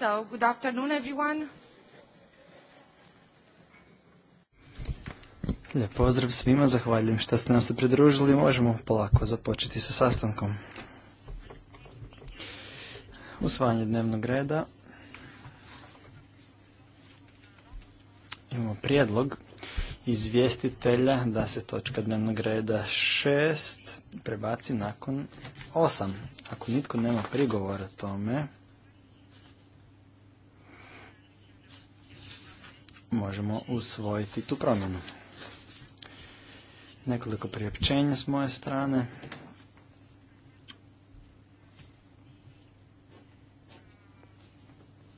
So, good afternoon everyone. Lijep pozdrav svima, zahvaljujem što ste nam se pridružili. Možemo polako započeti sa sastankom. Usvajanje dnevnog reda. Imamo prijedlog izvjestitelja da se točka dnevnog reda 6 prebaci nakon 8. Ako nitko nema prigovora tome, možemo usvojiti tu promjenu. Nekoliko priopćenja s moje strane.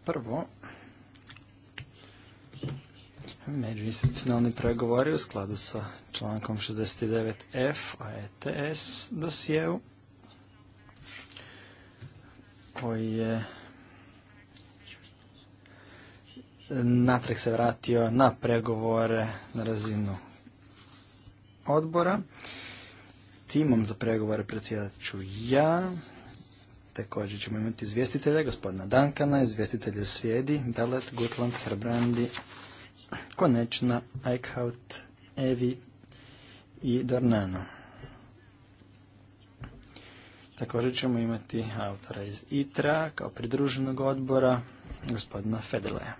Prvo, međuinstitucionalni pregovori u skladu sa člankom 69F AETS dosijevu koji je natrag se vratio na pregovore na razinu odbora. Timom za pregovore predsjedat ću ja. Također ćemo imati izvjestitelja, gospodina Dankana, izvjestitelje Svijedi, Belet, Gutland, Herbrandi, Konečna, Eichhout, Evi i Dornano. Također ćemo imati autora iz ITRA kao pridruženog odbora, gospodina Fedeleja.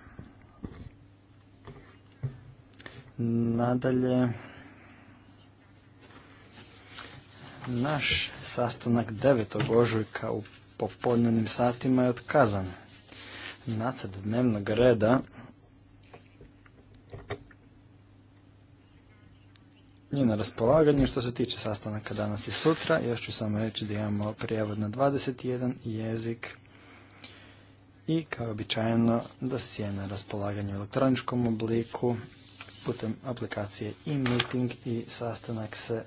Nadalje, naš sastanak 9. ožujka u popodnevnim satima je otkazan. Nacad dnevnog reda je na raspolaganju što se tiče sastanaka danas i sutra. Još ću samo reći da imamo prijevod na 21 jezik i kao običajno dosije na raspolaganju u elektroničkom obliku putem aplikacije e-meeting i sastanak se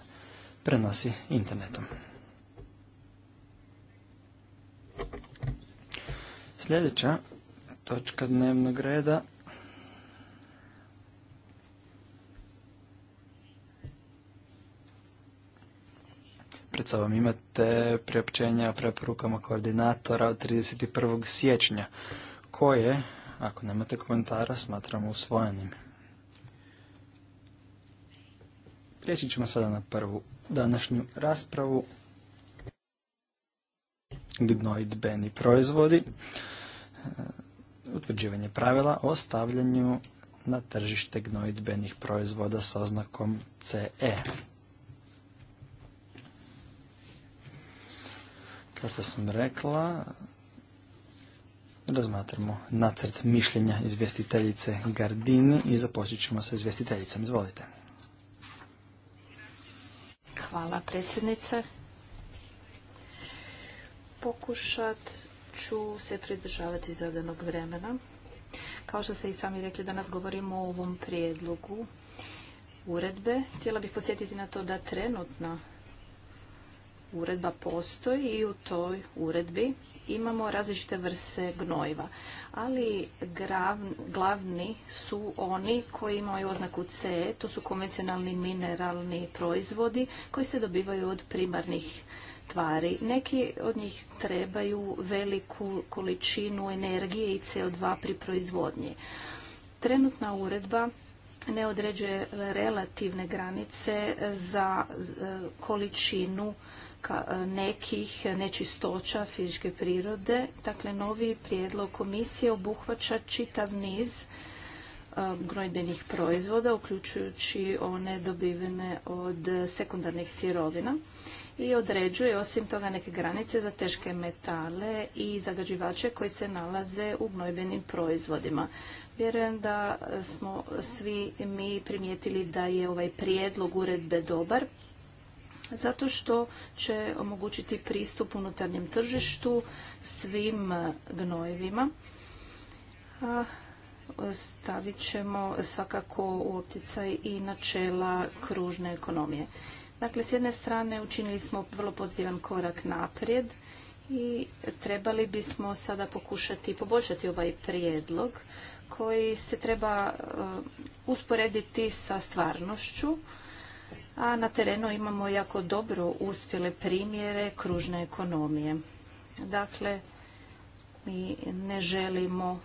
prenosi internetom. Sljedeća točka dnevnog reda Pred sobom imate priopćenja o preporukama koordinatora od 31. siječnja koje, ako nemate komentara, smatramo usvojenim. Prijeći ćemo sada na prvu današnju raspravu. Gnojdbeni proizvodi. Utvrđivanje pravila o stavljanju na tržište gnojdbenih proizvoda sa oznakom CE. Kao što sam rekla, razmatramo nacrt mišljenja izvjestiteljice Gardini i započet ćemo sa izvjestiteljicom. Izvolite. Hvala predsjednice. Pokušat ću se pridržavati zadanog vremena. Kao što ste i sami rekli, danas govorimo o ovom prijedlogu uredbe. Htjela bih podsjetiti na to da trenutno uredba postoji i u toj uredbi imamo različite vrste gnojiva, ali glavni su oni koji imaju oznaku C, to su konvencionalni mineralni proizvodi koji se dobivaju od primarnih tvari. Neki od njih trebaju veliku količinu energije i CO2 pri proizvodnji. Trenutna uredba ne određuje relativne granice za e, količinu E, nekih nečistoća fizičke prirode. Dakle, novi prijedlog komisije obuhvaća čitav niz e, gnojbenih proizvoda, uključujući one dobivene od sekundarnih sirovina i određuje osim toga neke granice za teške metale i zagađivače koji se nalaze u gnojbenim proizvodima. Vjerujem da smo svi mi primijetili da je ovaj prijedlog uredbe dobar zato što će omogućiti pristup unutarnjem tržištu svim gnojevima. Stavit ćemo svakako u opticaj i načela kružne ekonomije. Dakle, s jedne strane učinili smo vrlo pozitivan korak naprijed i trebali bismo sada pokušati poboljšati ovaj prijedlog koji se treba e, usporediti sa stvarnošću a na terenu imamo jako dobro uspjele primjere kružne ekonomije. Dakle, mi ne želimo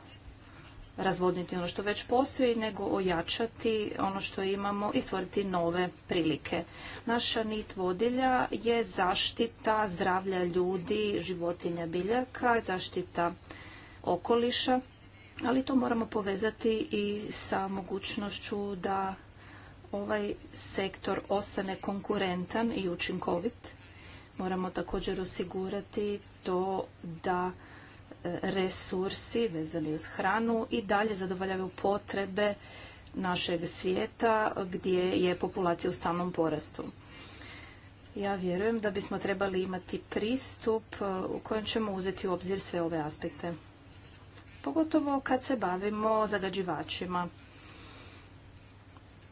razvodniti ono što već postoji, nego ojačati ono što imamo i stvoriti nove prilike. Naša nit vodilja je zaštita zdravlja ljudi, životinja, biljaka, zaštita okoliša, ali to moramo povezati i sa mogućnošću da ovaj sektor ostane konkurentan i učinkovit. Moramo također osigurati to da e, resursi vezani uz hranu i dalje zadovoljavaju potrebe našeg svijeta gdje je populacija u stalnom porastu. Ja vjerujem da bismo trebali imati pristup e, u kojem ćemo uzeti u obzir sve ove aspekte. Pogotovo kad se bavimo zagađivačima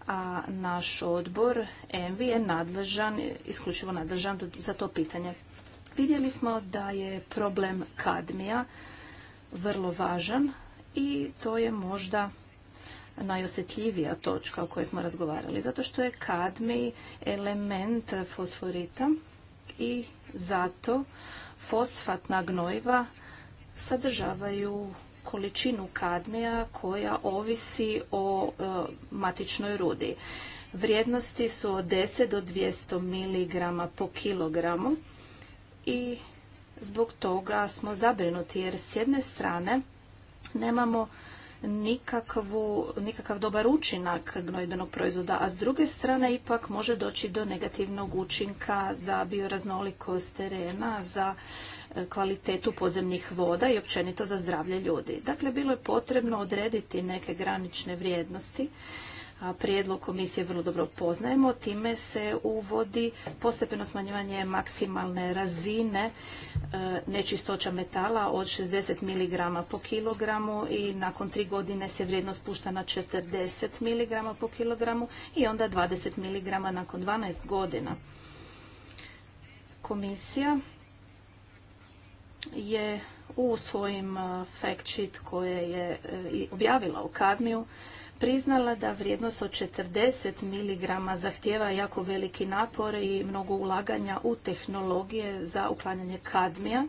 a naš odbor ENVI je nadležan, isključivo nadležan za to pitanje. Vidjeli smo da je problem kadmija vrlo važan i to je možda najosjetljivija točka o kojoj smo razgovarali, zato što je kadmi element fosforita i zato fosfatna gnojiva sadržavaju količinu kadmija koja ovisi o e, matičnoj rudi. Vrijednosti su od 10 do 200 mg po kilogramu i zbog toga smo zabrinuti jer s jedne strane nemamo nikakvu, nikakav dobar učinak gnojbenog proizvoda, a s druge strane ipak može doći do negativnog učinka za bioraznolikost terena, za e, kvalitetu podzemnih voda i općenito za zdravlje ljudi. Dakle, bilo je potrebno odrediti neke granične vrijednosti prijedlog komisije vrlo dobro poznajemo. Time se uvodi postepeno smanjivanje maksimalne razine e, nečistoća metala od 60 mg po kilogramu i nakon tri godine se vrijednost pušta na 40 mg po kilogramu i onda 20 mg nakon 12 godina. Komisija je u svojim e, fact sheet koje je e, objavila o kadmiju priznala da vrijednost od 40 mg zahtjeva jako veliki napor i mnogo ulaganja u tehnologije za uklanjanje kadmija,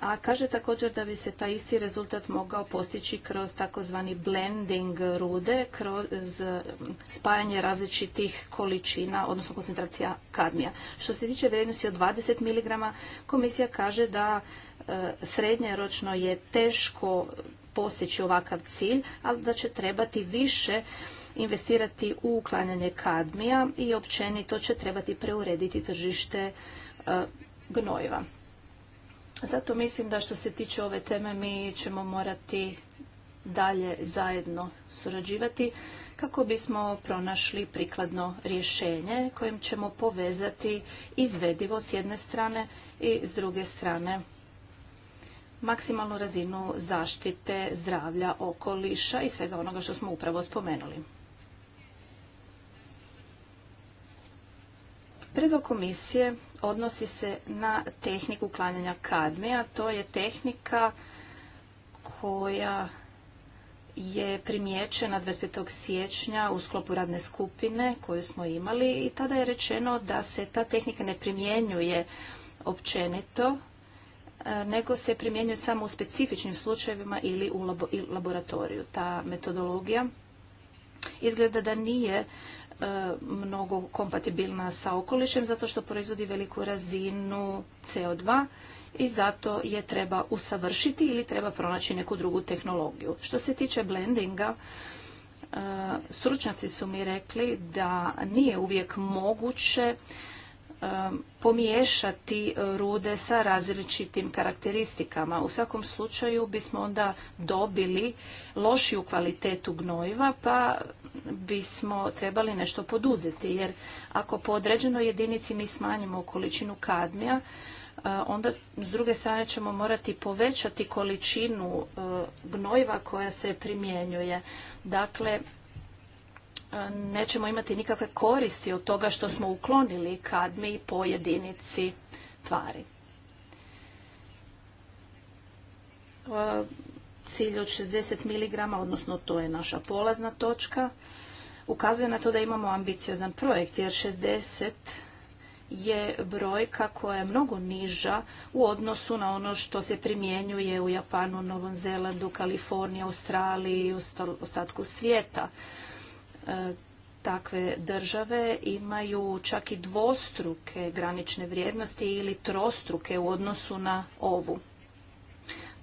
a kaže također da bi se taj isti rezultat mogao postići kroz takozvani blending rude, kroz eh, spajanje različitih količina, odnosno koncentracija kadmija. Što se tiče vrijednosti od 20 mg, komisija kaže da eh, srednjeročno je teško postići ovakav cilj, ali da će trebati više investirati u uklanjanje kadmija i općenito će trebati preurediti tržište e, gnojiva. Zato mislim da što se tiče ove teme mi ćemo morati dalje zajedno surađivati kako bismo pronašli prikladno rješenje kojim ćemo povezati izvedivo s jedne strane i s druge strane maksimalnu razinu zaštite zdravlja, okoliša i svega onoga što smo upravo spomenuli. Predlog komisije odnosi se na tehniku uklanjanja kadmija. To je tehnika koja je primijećena 25. siječnja u sklopu radne skupine koju smo imali i tada je rečeno da se ta tehnika ne primjenjuje općenito E, nego se primjenjuje samo u specifičnim slučajevima ili u laboratoriju. Ta metodologija izgleda da nije e, mnogo kompatibilna sa okolišem zato što proizvodi veliku razinu CO2 i zato je treba usavršiti ili treba pronaći neku drugu tehnologiju. Što se tiče blendinga, e, stručnjaci su mi rekli da nije uvijek moguće Um, pomiješati rude sa različitim karakteristikama. U svakom slučaju bismo onda dobili lošiju kvalitetu gnojiva pa bismo trebali nešto poduzeti jer ako po određenoj jedinici mi smanjimo količinu kadmija uh, onda s druge strane ćemo morati povećati količinu uh, gnojiva koja se primjenjuje. Dakle, nećemo imati nikakve koristi od toga što smo uklonili kad mi pojedinici tvari. E, cilj od 60 mg, odnosno to je naša polazna točka, ukazuje na to da imamo ambiciozan projekt, jer 60 je brojka koja je mnogo niža u odnosu na ono što se primjenjuje u Japanu, Novom Zelandu, Kaliforniji, Australiji i ostatku svijeta. E, takve države imaju čak i dvostruke granične vrijednosti ili trostruke u odnosu na ovu.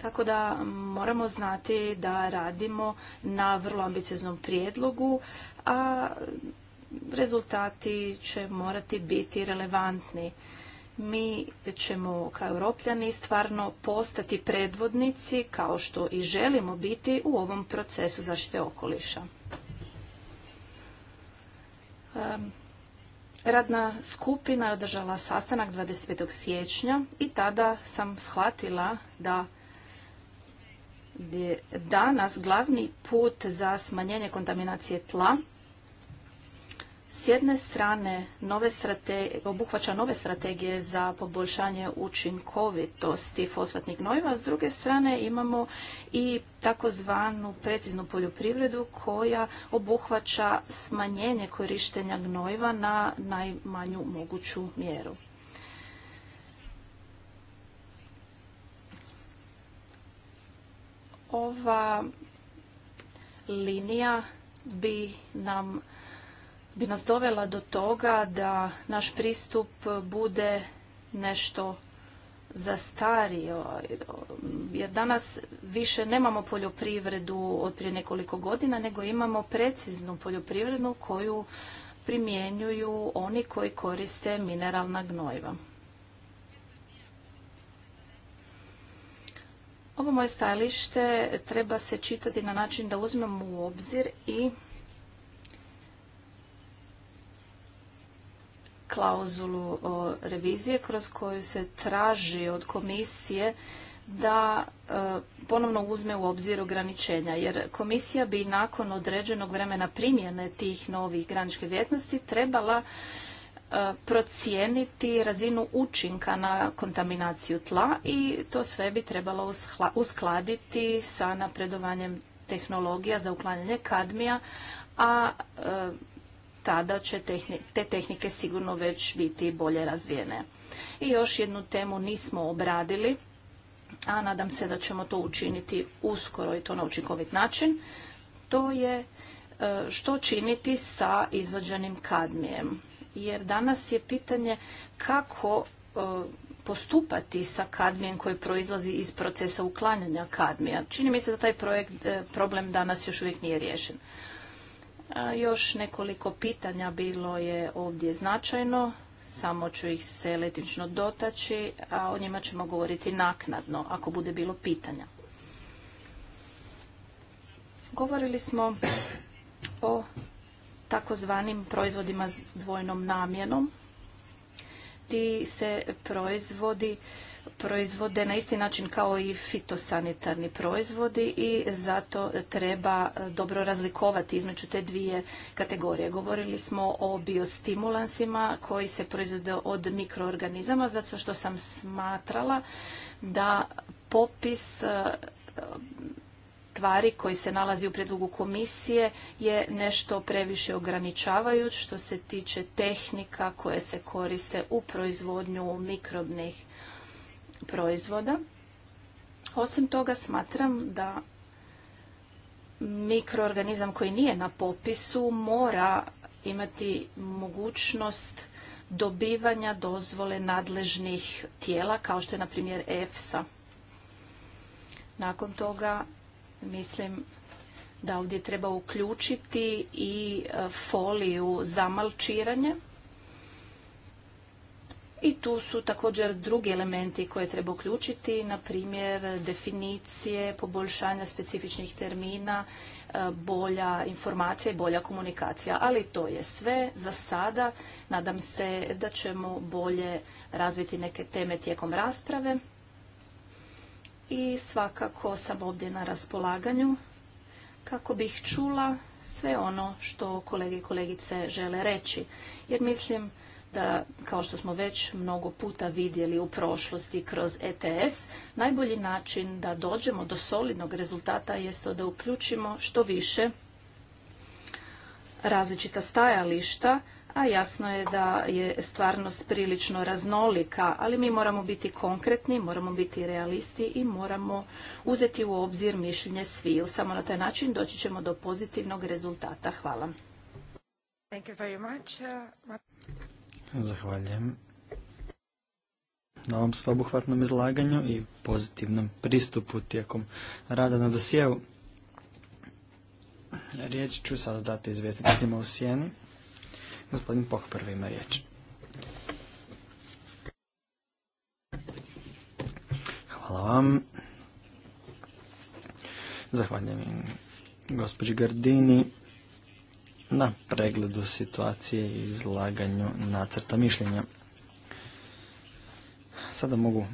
Tako da moramo znati da radimo na vrlo ambicioznom prijedlogu, a rezultati će morati biti relevantni. Mi ćemo kao europljani stvarno postati predvodnici kao što i želimo biti u ovom procesu zaštite okoliša. Radna skupina je održala sastanak 25. siječnja i tada sam shvatila da danas glavni put za smanjenje kontaminacije tla s jedne strane nove obuhvaća nove strategije za poboljšanje učinkovitosti fosfatnih gnojiva, s druge strane imamo i takozvanu preciznu poljoprivredu koja obuhvaća smanjenje korištenja gnojiva na najmanju moguću mjeru. Ova linija bi nam bi nas dovela do toga da naš pristup bude nešto zastario, jer danas više nemamo poljoprivredu od prije nekoliko godina, nego imamo preciznu poljoprivrednu koju primjenjuju oni koji koriste mineralna gnojiva. Ovo moje stajalište treba se čitati na način da uzmemo u obzir i klauzulu revizije kroz koju se traži od komisije da e, ponovno uzme u obzir ograničenja, jer komisija bi nakon određenog vremena primjene tih novih graničnih vjetnosti trebala e, procijeniti razinu učinka na kontaminaciju tla i to sve bi trebalo uskladiti sa napredovanjem tehnologija za uklanjanje kadmija, a e, tada će te tehnike sigurno već biti bolje razvijene. I još jednu temu nismo obradili, a nadam se da ćemo to učiniti uskoro i to na učinkovit način. To je e, što činiti sa izvađenim kadmijem. Jer danas je pitanje kako e, postupati sa kadmijem koji proizlazi iz procesa uklanjanja kadmija. Čini mi se da taj projekt, e, problem danas još uvijek nije riješen. Još nekoliko pitanja bilo je ovdje značajno, samo ću ih se dotaći, a o njima ćemo govoriti naknadno, ako bude bilo pitanja. Govorili smo o takozvanim proizvodima s dvojnom namjenom. Ti se proizvodi proizvode na isti način kao i fitosanitarni proizvodi i zato treba eh, dobro razlikovati između te dvije kategorije. Govorili smo o biostimulansima koji se proizvode od mikroorganizama zato što sam smatrala da popis eh, tvari koji se nalazi u predlogu komisije je nešto previše ograničavajuć što se tiče tehnika koje se koriste u proizvodnju mikrobnih proizvoda. Osim toga smatram da mikroorganizam koji nije na popisu mora imati mogućnost dobivanja dozvole nadležnih tijela kao što je na primjer EFSA. Nakon toga mislim da ovdje treba uključiti i e, foliju za malčiranje i tu su također drugi elementi koje treba uključiti, na primjer definicije, poboljšanja specifičnih termina, e, bolja informacija i bolja komunikacija. Ali to je sve za sada. Nadam se da ćemo bolje razviti neke teme tijekom rasprave. I svakako sam ovdje na raspolaganju kako bih čula sve ono što kolege i kolegice žele reći. Jer mislim da, kao što smo već mnogo puta vidjeli u prošlosti kroz ETS, najbolji način da dođemo do solidnog rezultata jest to da uključimo što više različita stajališta, a jasno je da je stvarnost prilično raznolika, ali mi moramo biti konkretni, moramo biti realisti i moramo uzeti u obzir mišljenje sviju. Samo na taj način doći ćemo do pozitivnog rezultata. Hvala. Uh, Zahvaljujem na ovom sveobuhvatnom izlaganju i pozitivnom pristupu tijekom rada na dosijevu. Riječ ću sada dati izvjestiteljima u sjeni. Gospodin Poh prvi ima riječ. Hvala vam. Zahvaljujem gospođi Gardini na pregledu situacije i izlaganju nacrta mišljenja. Sada mogu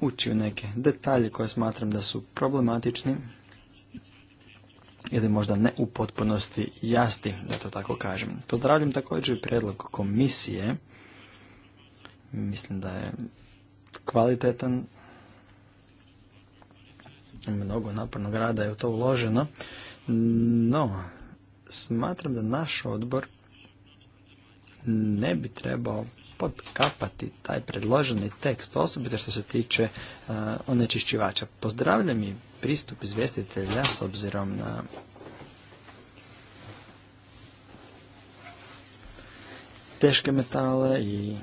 ući u neke detalje koje smatram da su problematični ili možda ne u potpunosti jasni, da to tako kažem. Pozdravljam također i prijedlog komisije. Mislim da je kvalitetan. Mnogo napornog rada je u to uloženo. No, smatram da naš odbor ne bi trebao potkapati taj predloženi tekst, osobito što se tiče e, onečišćivača. Pozdravljam i pristup izvjestitelja s obzirom na teške metale i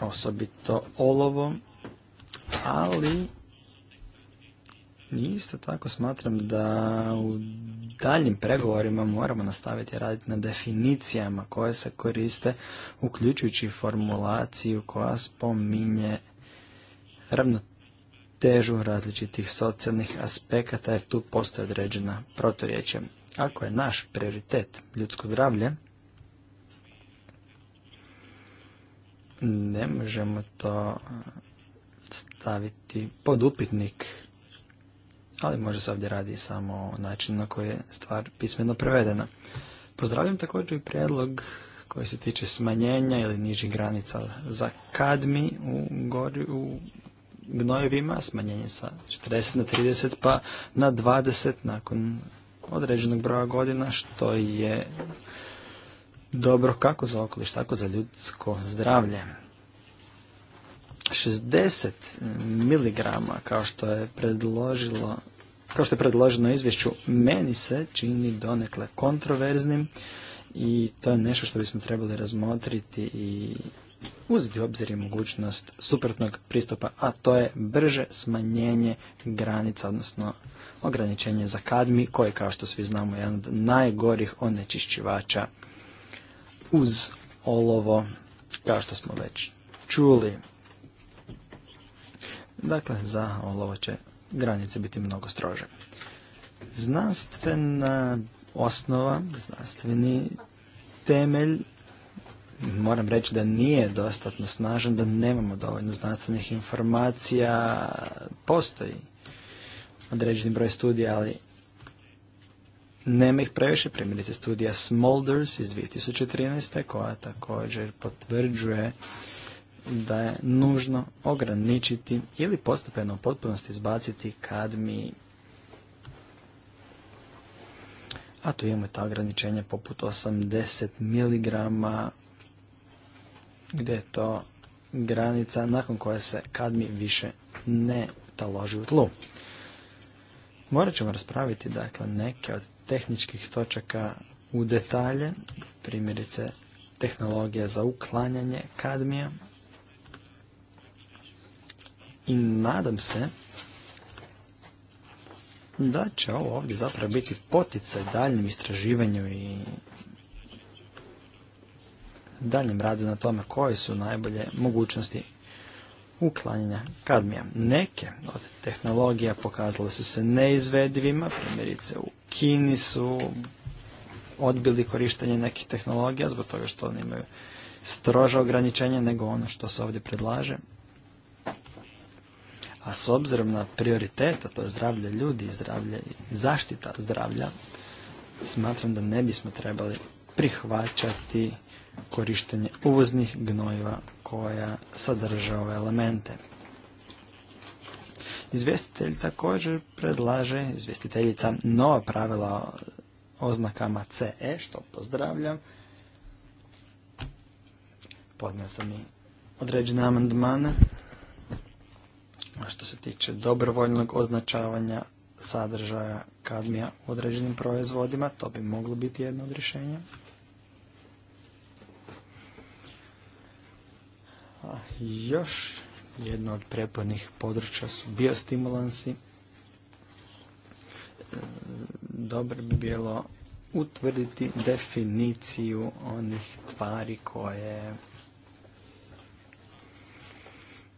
osobito olovo, ali isto tako smatram da u daljim pregovorima moramo nastaviti raditi na definicijama koje se koriste, uključujući formulaciju koja spominje ravnotežu različitih socijalnih aspekata, jer tu postoje određena proturječja. Ako je naš prioritet ljudsko zdravlje, ne možemo to staviti pod upitnik ali može se ovdje radi samo o načinu na koji je stvar pismeno prevedena. Pozdravljam također i prijedlog koji se tiče smanjenja ili nižih granica za kadmi u, gori, u gnojevima, smanjenje sa 40 na 30 pa na 20 nakon određenog broja godina, što je dobro kako za okoliš, tako za ljudsko zdravlje. 60 miligrama kao što je predložilo kao što je predloženo izvješću meni se čini donekle kontroverznim i to je nešto što bismo trebali razmotriti i uzeti u obzir i mogućnost suprotnog pristupa, a to je brže smanjenje granica, odnosno ograničenje za kadmi, koje kao što svi znamo je jedan od najgorih onečišćivača uz olovo, kao što smo već čuli. Dakle, za olovo će granice biti mnogo strože. Znanstvena osnova, znanstveni temelj, moram reći da nije dostatno snažan, da nemamo dovoljno znanstvenih informacija, postoji određeni broj studija, ali nema ih previše, primjerice studija Smolders iz 2013. koja također potvrđuje da je nužno ograničiti ili postepeno u potpunosti izbaciti kadmi a tu imamo ta ograničenja poput 80 mg gdje je to granica nakon koje se kadmi više ne taloži u tlu. Morat ćemo raspraviti dakle, neke od tehničkih točaka u detalje, primjerice tehnologija za uklanjanje kadmija, i nadam se da će ovo ovdje zapravo biti poticaj daljnjem istraživanju i daljem radu na tome koje su najbolje mogućnosti uklanjanja kadmija. Neke od tehnologija pokazale su se neizvedivima, primjerice u Kini su odbili korištenje nekih tehnologija zbog toga što oni imaju stroža ograničenje nego ono što se ovdje predlaže. A s obzirom na prioriteta, to je zdravlje ljudi, zdravlje i zaštita zdravlja, smatram da ne bismo trebali prihvaćati korištenje uvoznih gnojiva koja sadrže ove elemente. Izvjestitelj također predlaže, izvjestiteljica, nova pravila o oznakama CE, što pozdravljam. Podnio sam i određene amandmane a što se tiče dobrovoljnog označavanja sadržaja kadmija u određenim proizvodima, to bi moglo biti jedno od rješenja. A još jedno od prepornih područja su biostimulansi. E, dobro bi bilo utvrditi definiciju onih tvari koje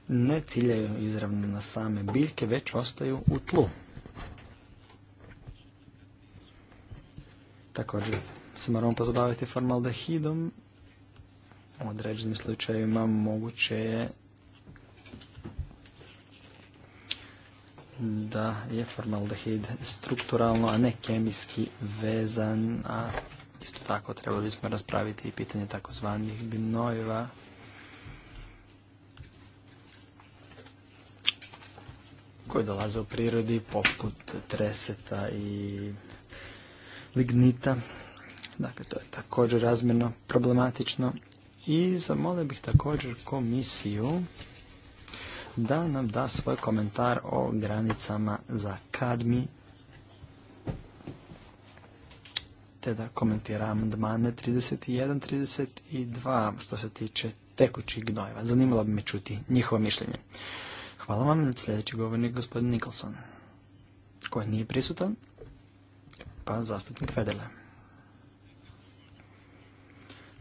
ne ciljaju izravno na same biljke, već ostaju u tlu. Također se moramo pozabaviti formaldehidom. U određenim slučajevima moguće je da je formaldehid strukturalno, a ne kemijski vezan, a isto tako trebali smo raspraviti i pitanje takozvanih gnojeva koji dolaze u prirodi poput treseta i lignita. Dakle, to je također razmjerno problematično. I zamolio bih također komisiju da nam da svoj komentar o granicama za kadmi te da komentira amandmane 31, 32 što se tiče tekućih gnojeva. Zanimalo bi me čuti njihovo mišljenje. Hvala vam. Sljedeći govornik gospodin Nikolson, koji nije prisutan, pa zastupnik Fedele.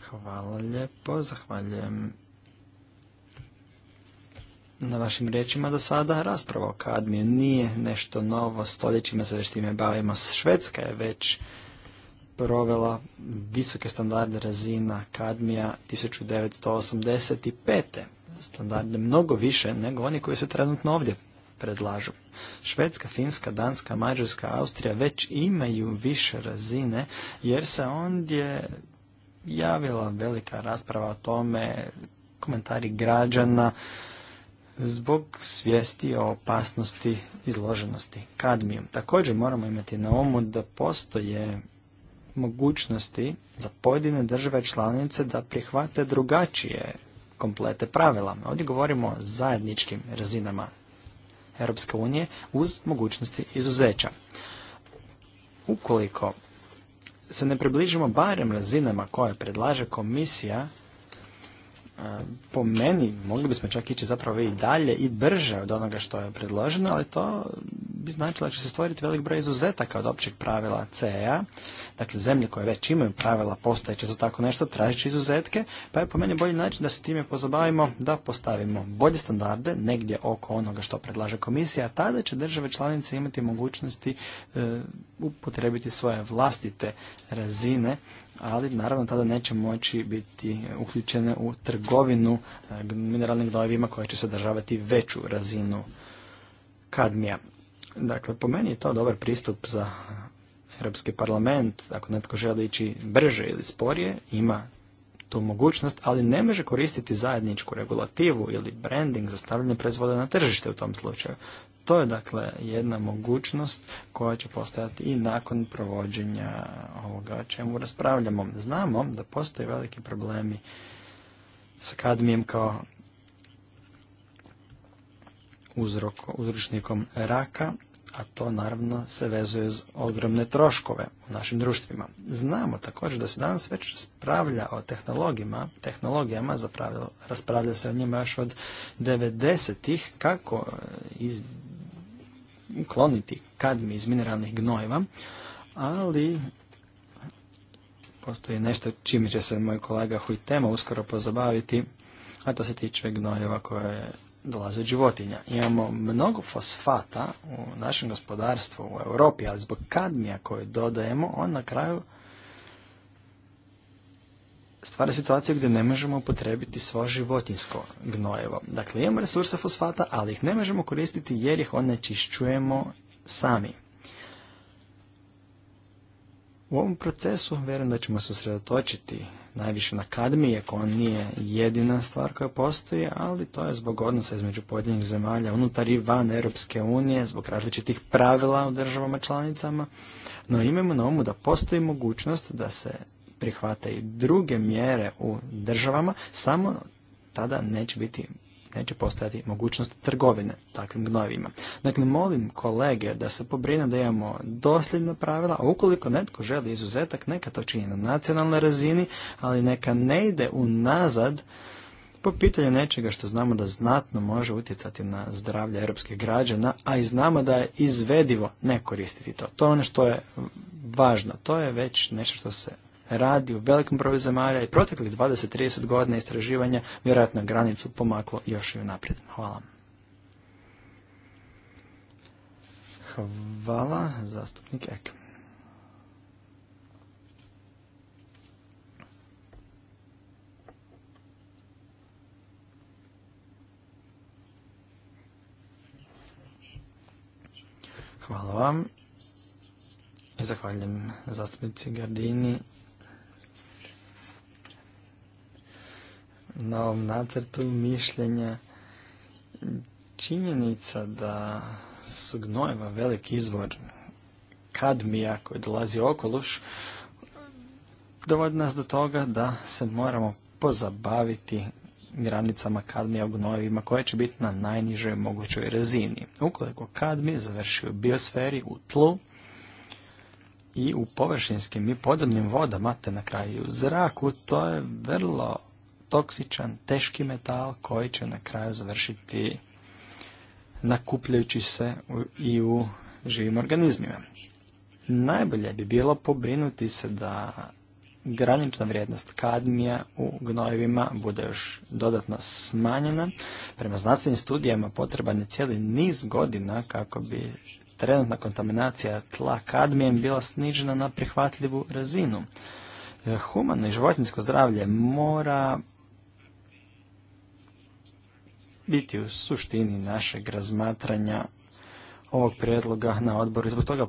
Hvala lijepo, zahvaljujem na vašim riječima do sada rasprava o kadmiju nije nešto novo, stoljećima se već time bavimo. Švedska je već provela visoke standarde razina kadmija 1985 standarde mnogo više nego oni koji se trenutno ovdje predlažu. Švedska, Finska, Danska, Mađarska, Austrija već imaju više razine jer se ondje javila velika rasprava o tome, komentari građana zbog svijesti o opasnosti izloženosti kadmiju. Također moramo imati na umu da postoje mogućnosti za pojedine države članice da prihvate drugačije komplete pravila. Ovdje govorimo o zajedničkim razinama Europske unije uz mogućnosti izuzeća. Ukoliko se ne približimo barem razinama koje predlaže komisija, po meni mogli bismo čak ići zapravo i dalje i brže od onoga što je predloženo, ali to bi značilo da će se stvoriti velik broj izuzetaka od općeg pravila CEA. Dakle, zemlje koje već imaju pravila postojeće za tako nešto tražit izuzetke, pa je po meni bolji način da se time pozabavimo, da postavimo bolje standarde negdje oko onoga što predlaže komisija, a tada će države članice imati mogućnosti e, upotrebiti svoje vlastite razine ali naravno tada neće moći biti uključene u trgovinu e, mineralnim gnojivima koje će sadržavati veću razinu kadmija. Dakle, po meni je to dobar pristup za Europski parlament, ako netko želi ići brže ili sporije, ima tu mogućnost, ali ne može koristiti zajedničku regulativu ili branding za stavljanje proizvoda na tržište u tom slučaju. To je dakle jedna mogućnost koja će postojati i nakon provođenja ovoga o čemu raspravljamo. Znamo da postoje veliki problemi s kadmijem kao uzrok, uzročnikom raka, a to naravno se vezuje s ogromne troškove u našim društvima. Znamo također da se danas već raspravlja o tehnologijama, tehnologijama zapravo raspravlja se o njima još od 90-ih kako iz, ukloniti kadmi iz mineralnih gnojeva, ali postoji nešto čime će se moj kolega Huitema uskoro pozabaviti, a to se tiče gnojeva koje dolaze od životinja. Imamo mnogo fosfata u našem gospodarstvu u Europi, ali zbog kadmija koje dodajemo, on na kraju stvara situacija gdje ne možemo potrebiti svo životinsko gnojevo. Dakle, imamo resurse fosfata, ali ih ne možemo koristiti jer ih onečišćujemo sami. U ovom procesu vjerujem da ćemo se usredotočiti najviše na kadmi, iako on nije jedina stvar koja postoji, ali to je zbog odnosa između pojedinih zemalja unutar i van Europske unije, zbog različitih pravila u državama članicama, no imamo na umu da postoji mogućnost da se prihvate i druge mjere u državama, samo tada neće biti neće postojati mogućnost trgovine takvim gnojivima. Dakle, molim kolege da se pobrinu da imamo dosljedna pravila, a ukoliko netko želi izuzetak, neka to čini na nacionalnoj razini, ali neka ne ide unazad po pitanju nečega što znamo da znatno može utjecati na zdravlje europskih građana, a i znamo da je izvedivo ne koristiti to. To je ono što je važno, to je već nešto što se radi u velikom broju zemalja i proteklih 20-30 godina istraživanja vjerojatno granicu pomaklo još i naprijed. Hvala. Hvala, zastupnik Ek. Hvala vam. Zahvaljujem zastupnici Gardini na ovom nacrtu mišljenja činjenica da su gnojeva velik izvor kadmija koji dolazi okološ dovodi nas do toga da se moramo pozabaviti granicama kadmija u gnojevima koje će biti na najnižoj mogućoj razini. Ukoliko kadmi završi u biosferi, u tlu i u površinskim i podzemnim vodama, te na kraju u zraku, to je vrlo toksičan, teški metal koji će na kraju završiti nakupljajući se i u živim organizmima. Najbolje bi bilo pobrinuti se da granična vrijednost kadmija u gnojevima bude još dodatno smanjena. Prema znanstvenim studijama potreban je cijeli niz godina kako bi trenutna kontaminacija tla kadmijem bila snižena na prihvatljivu razinu. Humano i životinsko zdravlje mora biti u suštini našeg razmatranja ovog prijedloga na odboru. Zbog toga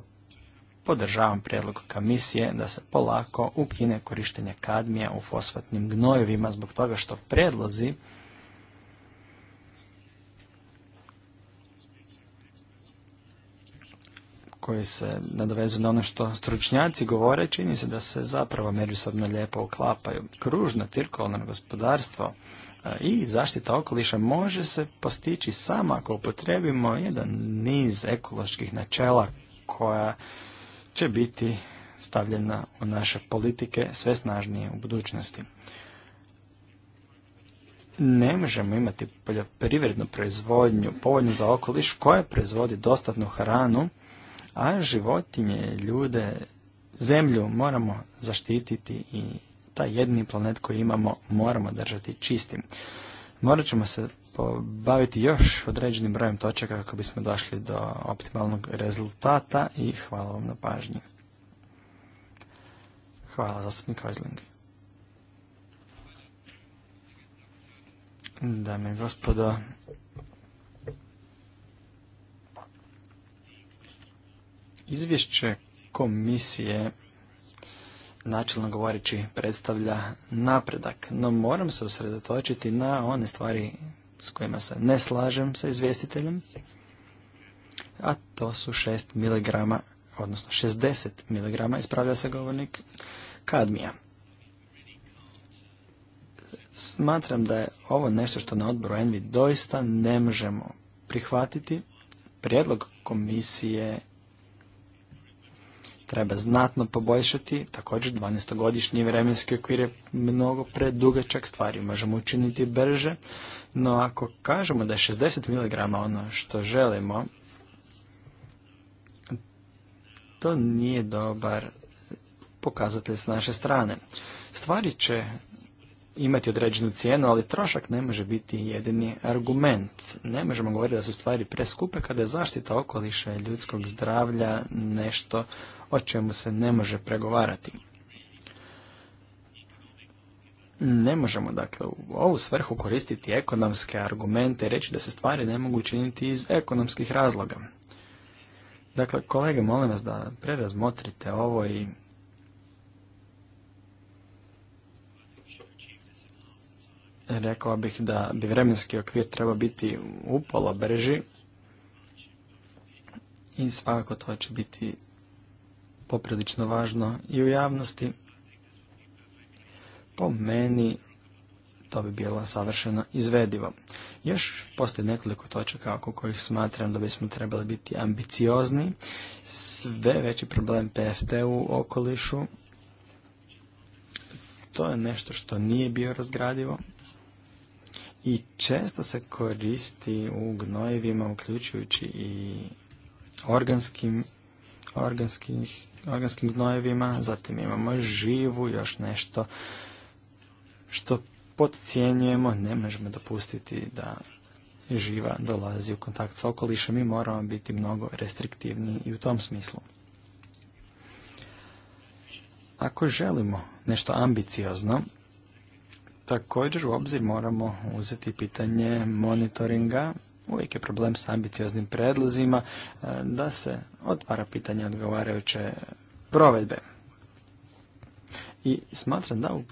podržavam prijedlog komisije da se polako ukine korištenje kadmija u fosfatnim gnojevima zbog toga što predlozi koji se nadovezu na ono što stručnjaci govore, čini se da se zapravo međusobno lijepo uklapaju. Kružno cirkularno gospodarstvo i zaštita okoliša može se postići samo ako upotrebimo jedan niz ekoloških načela koja će biti stavljena u naše politike sve snažnije u budućnosti. Ne možemo imati poljoprivrednu proizvodnju povoljnu za okoliš koja proizvodi dostatnu hranu, a životinje, ljude, zemlju moramo zaštititi i taj jedini planet koji imamo moramo držati čistim. Morat ćemo se pobaviti još određenim brojem točaka kako bismo došli do optimalnog rezultata i hvala vam na pažnji. Hvala, zastupnik Dame i gospodo, izvješće komisije načelno govoreći predstavlja napredak, no moram se usredotočiti na one stvari s kojima se ne slažem sa izvjestiteljem, a to su 6 mg, odnosno 60 mg, ispravlja se govornik, kadmija. Smatram da je ovo nešto što na odboru Envi doista ne možemo prihvatiti. Prijedlog komisije treba znatno poboljšati, također 12-godišnji vremenski okvir je mnogo predugačak stvari, možemo učiniti brže, no ako kažemo da je 60 mg ono što želimo, to nije dobar pokazatelj s naše strane. Stvari će imati određenu cijenu, ali trošak ne može biti jedini argument. Ne možemo govoriti da su stvari preskupe kada je zaštita okoliša i ljudskog zdravlja nešto o čemu se ne može pregovarati. Ne možemo dakle u ovu svrhu koristiti ekonomske argumente i reći da se stvari ne mogu činiti iz ekonomskih razloga. Dakle, kolege, molim vas da prerazmotrite ovo i rekao bih da bi vremenski okvir treba biti upolo brži i svakako to će biti poprilično važno i u javnosti. Po meni to bi bila savršeno izvedivo. Još postoji nekoliko točaka oko kojih smatram da bismo trebali biti ambiciozni. Sve veći problem PFT u okolišu. To je nešto što nije bio razgradivo i često se koristi u gnojivima uključujući i organskim organskih organskim gnojevima, zatim imamo živu, još nešto što podcijenjujemo, ne možemo dopustiti da živa dolazi u kontakt s okolišem mi moramo biti mnogo restriktivniji i u tom smislu. Ako želimo nešto ambiciozno, također u obzir moramo uzeti pitanje monitoringa uvijek je problem s ambicioznim predlozima e, da se otvara pitanje odgovarajuće provedbe. I smatram da u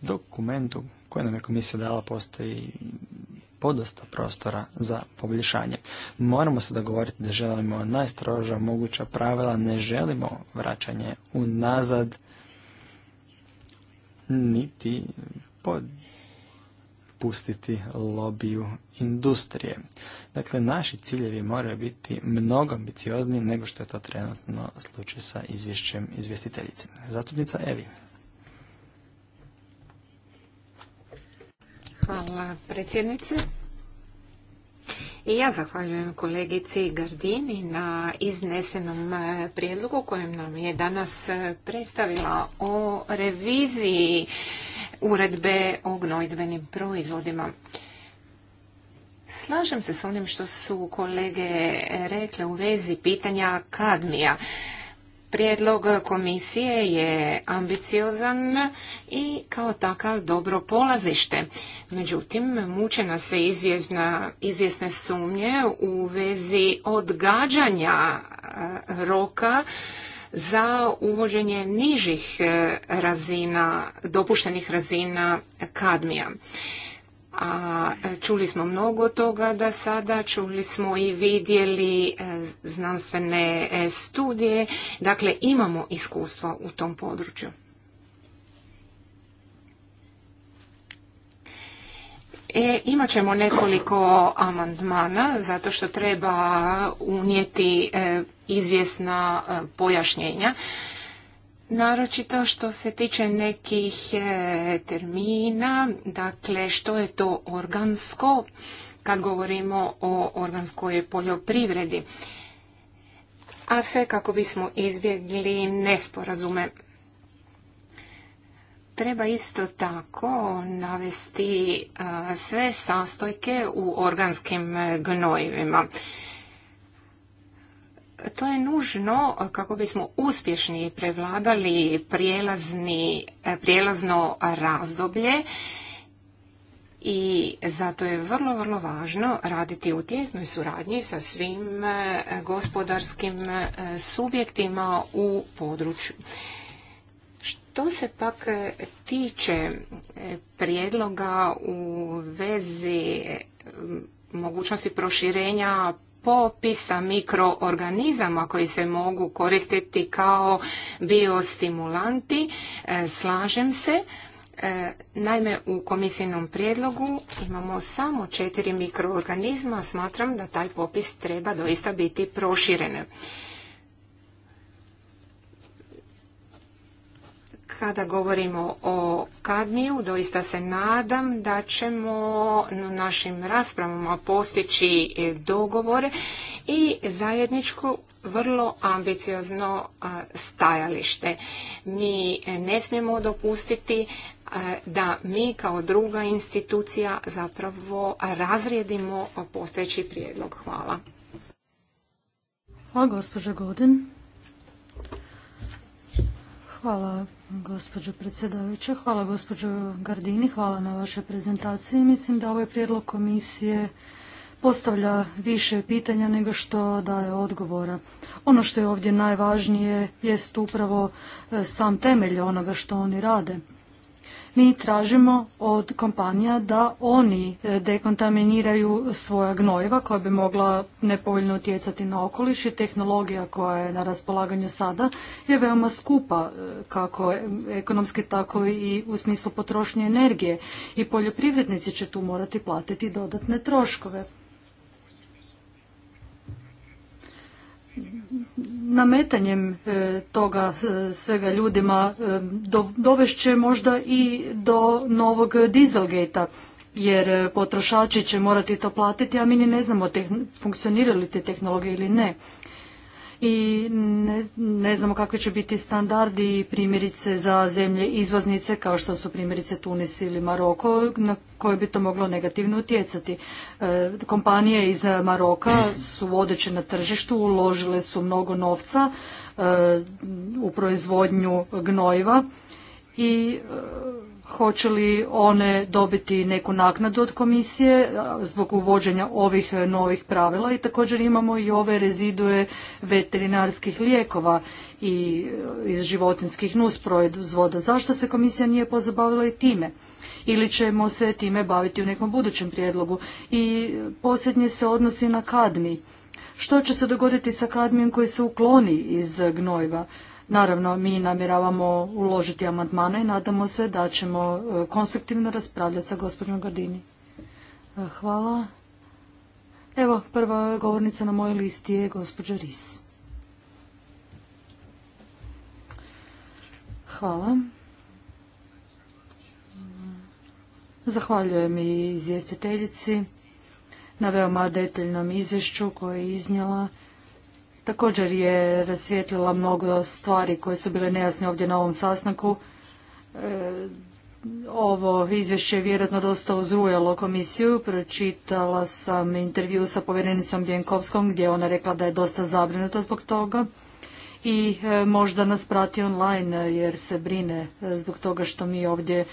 dokumentu koje nam je komisija dala postoji podosta prostora za poboljšanje. Moramo se dogovoriti da želimo najstroža moguća pravila, ne želimo vraćanje unazad niti pod prepustiti lobiju industrije. Dakle, naši ciljevi moraju biti mnogo ambiciozniji nego što je to trenutno slučaj sa izvješćem izvjestiteljice. Zastupnica Evi. Hvala predsjednice. I ja zahvaljujem kolegici Gardini na iznesenom e, prijedlogu kojem nam je danas e, predstavila o reviziji uredbe o gnojdbenim proizvodima. Slažem se s onim što su kolege rekle u vezi pitanja kadmija. Prijedlog komisije je ambiciozan i kao takav dobro polazište. Međutim, mučena se izvjesna, izvjesne sumnje u vezi odgađanja e, roka za uvođenje nižih e, razina, dopuštenih razina kadmija a e, čuli smo mnogo toga da sada, čuli smo i vidjeli e, znanstvene e, studije, dakle imamo iskustva u tom području. E, imat ćemo nekoliko amandmana zato što treba unijeti izvjesna pojašnjenja naročito što se tiče nekih e, termina, dakle što je to organsko kad govorimo o organskoj poljoprivredi, a sve kako bismo izbjegli nesporazume. Treba isto tako navesti sve sastojke u organskim gnojivima. To je nužno kako bismo uspješni prevladali prijelazni, e, prijelazno razdoblje i zato je vrlo, vrlo važno raditi u tjesnoj suradnji sa svim e, gospodarskim e, subjektima u području. Što se pak tiče prijedloga u vezi mogućnosti proširenja popisa mikroorganizama koji se mogu koristiti kao biostimulanti. E, slažem se. E, naime, u komisijnom prijedlogu imamo samo četiri mikroorganizma. Smatram da taj popis treba doista biti proširen. Kada govorimo o kadmiju, doista se nadam da ćemo našim raspravama postići dogovore i zajedničko vrlo ambiciozno stajalište. Mi ne smijemo dopustiti da mi kao druga institucija zapravo razrijedimo postojeći prijedlog. Hvala. Hvala gospođa Godin. Hvala gospođo predsjedavajuća. Hvala gospođo Gardini, hvala na vašoj prezentaciji. Mislim da ovaj prijedlog komisije postavlja više pitanja nego što daje odgovora. Ono što je ovdje najvažnije jest upravo e, sam temelj onoga što oni rade. Mi tražimo od kompanija da oni e, dekontaminiraju svoja gnojiva koja bi mogla nepovoljno utjecati na okoliš i tehnologija koja je na raspolaganju sada je veoma skupa e, kako ekonomski tako i u smislu potrošnje energije i poljoprivrednici će tu morati platiti dodatne troškove. nametanjem e, toga e, svega ljudima e, dovešće možda i do novog dieselgate jer potrošači će morati to platiti, a mi ni ne znamo funkcionira li te tehnologije ili ne i ne, znamo kakvi će biti standardi primjerice za zemlje izvoznice kao što su primjerice Tunis ili Maroko na koje bi to moglo negativno utjecati. E, kompanije iz Maroka su vodeće na tržištu, uložile su mnogo novca e, u proizvodnju gnojiva i e, hoće li one dobiti neku naknadu od komisije zbog uvođenja ovih e, novih pravila i također imamo i ove rezidue veterinarskih lijekova i e, iz životinskih nusproizvoda. Zašto se komisija nije pozabavila i time? Ili ćemo se time baviti u nekom budućem prijedlogu? I e, posljednje se odnosi na kadmi. Što će se dogoditi sa kadmijem koji se ukloni iz gnojiva? Naravno, mi namjeravamo uložiti amandmane i nadamo se da ćemo e, konstruktivno raspravljati sa gospođom Gardini. E, hvala. Evo, prva govornica na mojoj listi je gospođa Ris. Hvala. Zahvaljujem i izvjestiteljici na veoma detaljnom izvješću koje je iznijela također je rasvijetlila mnogo stvari koje su bile nejasne ovdje na ovom sastanku. E, ovo izvješće je vjerojatno dosta uzrujalo komisiju. Pročitala sam intervju sa povjerenicom Bjenkovskom gdje je ona rekla da je dosta zabrinuta zbog toga i e, možda nas prati online jer se brine e, zbog toga što mi ovdje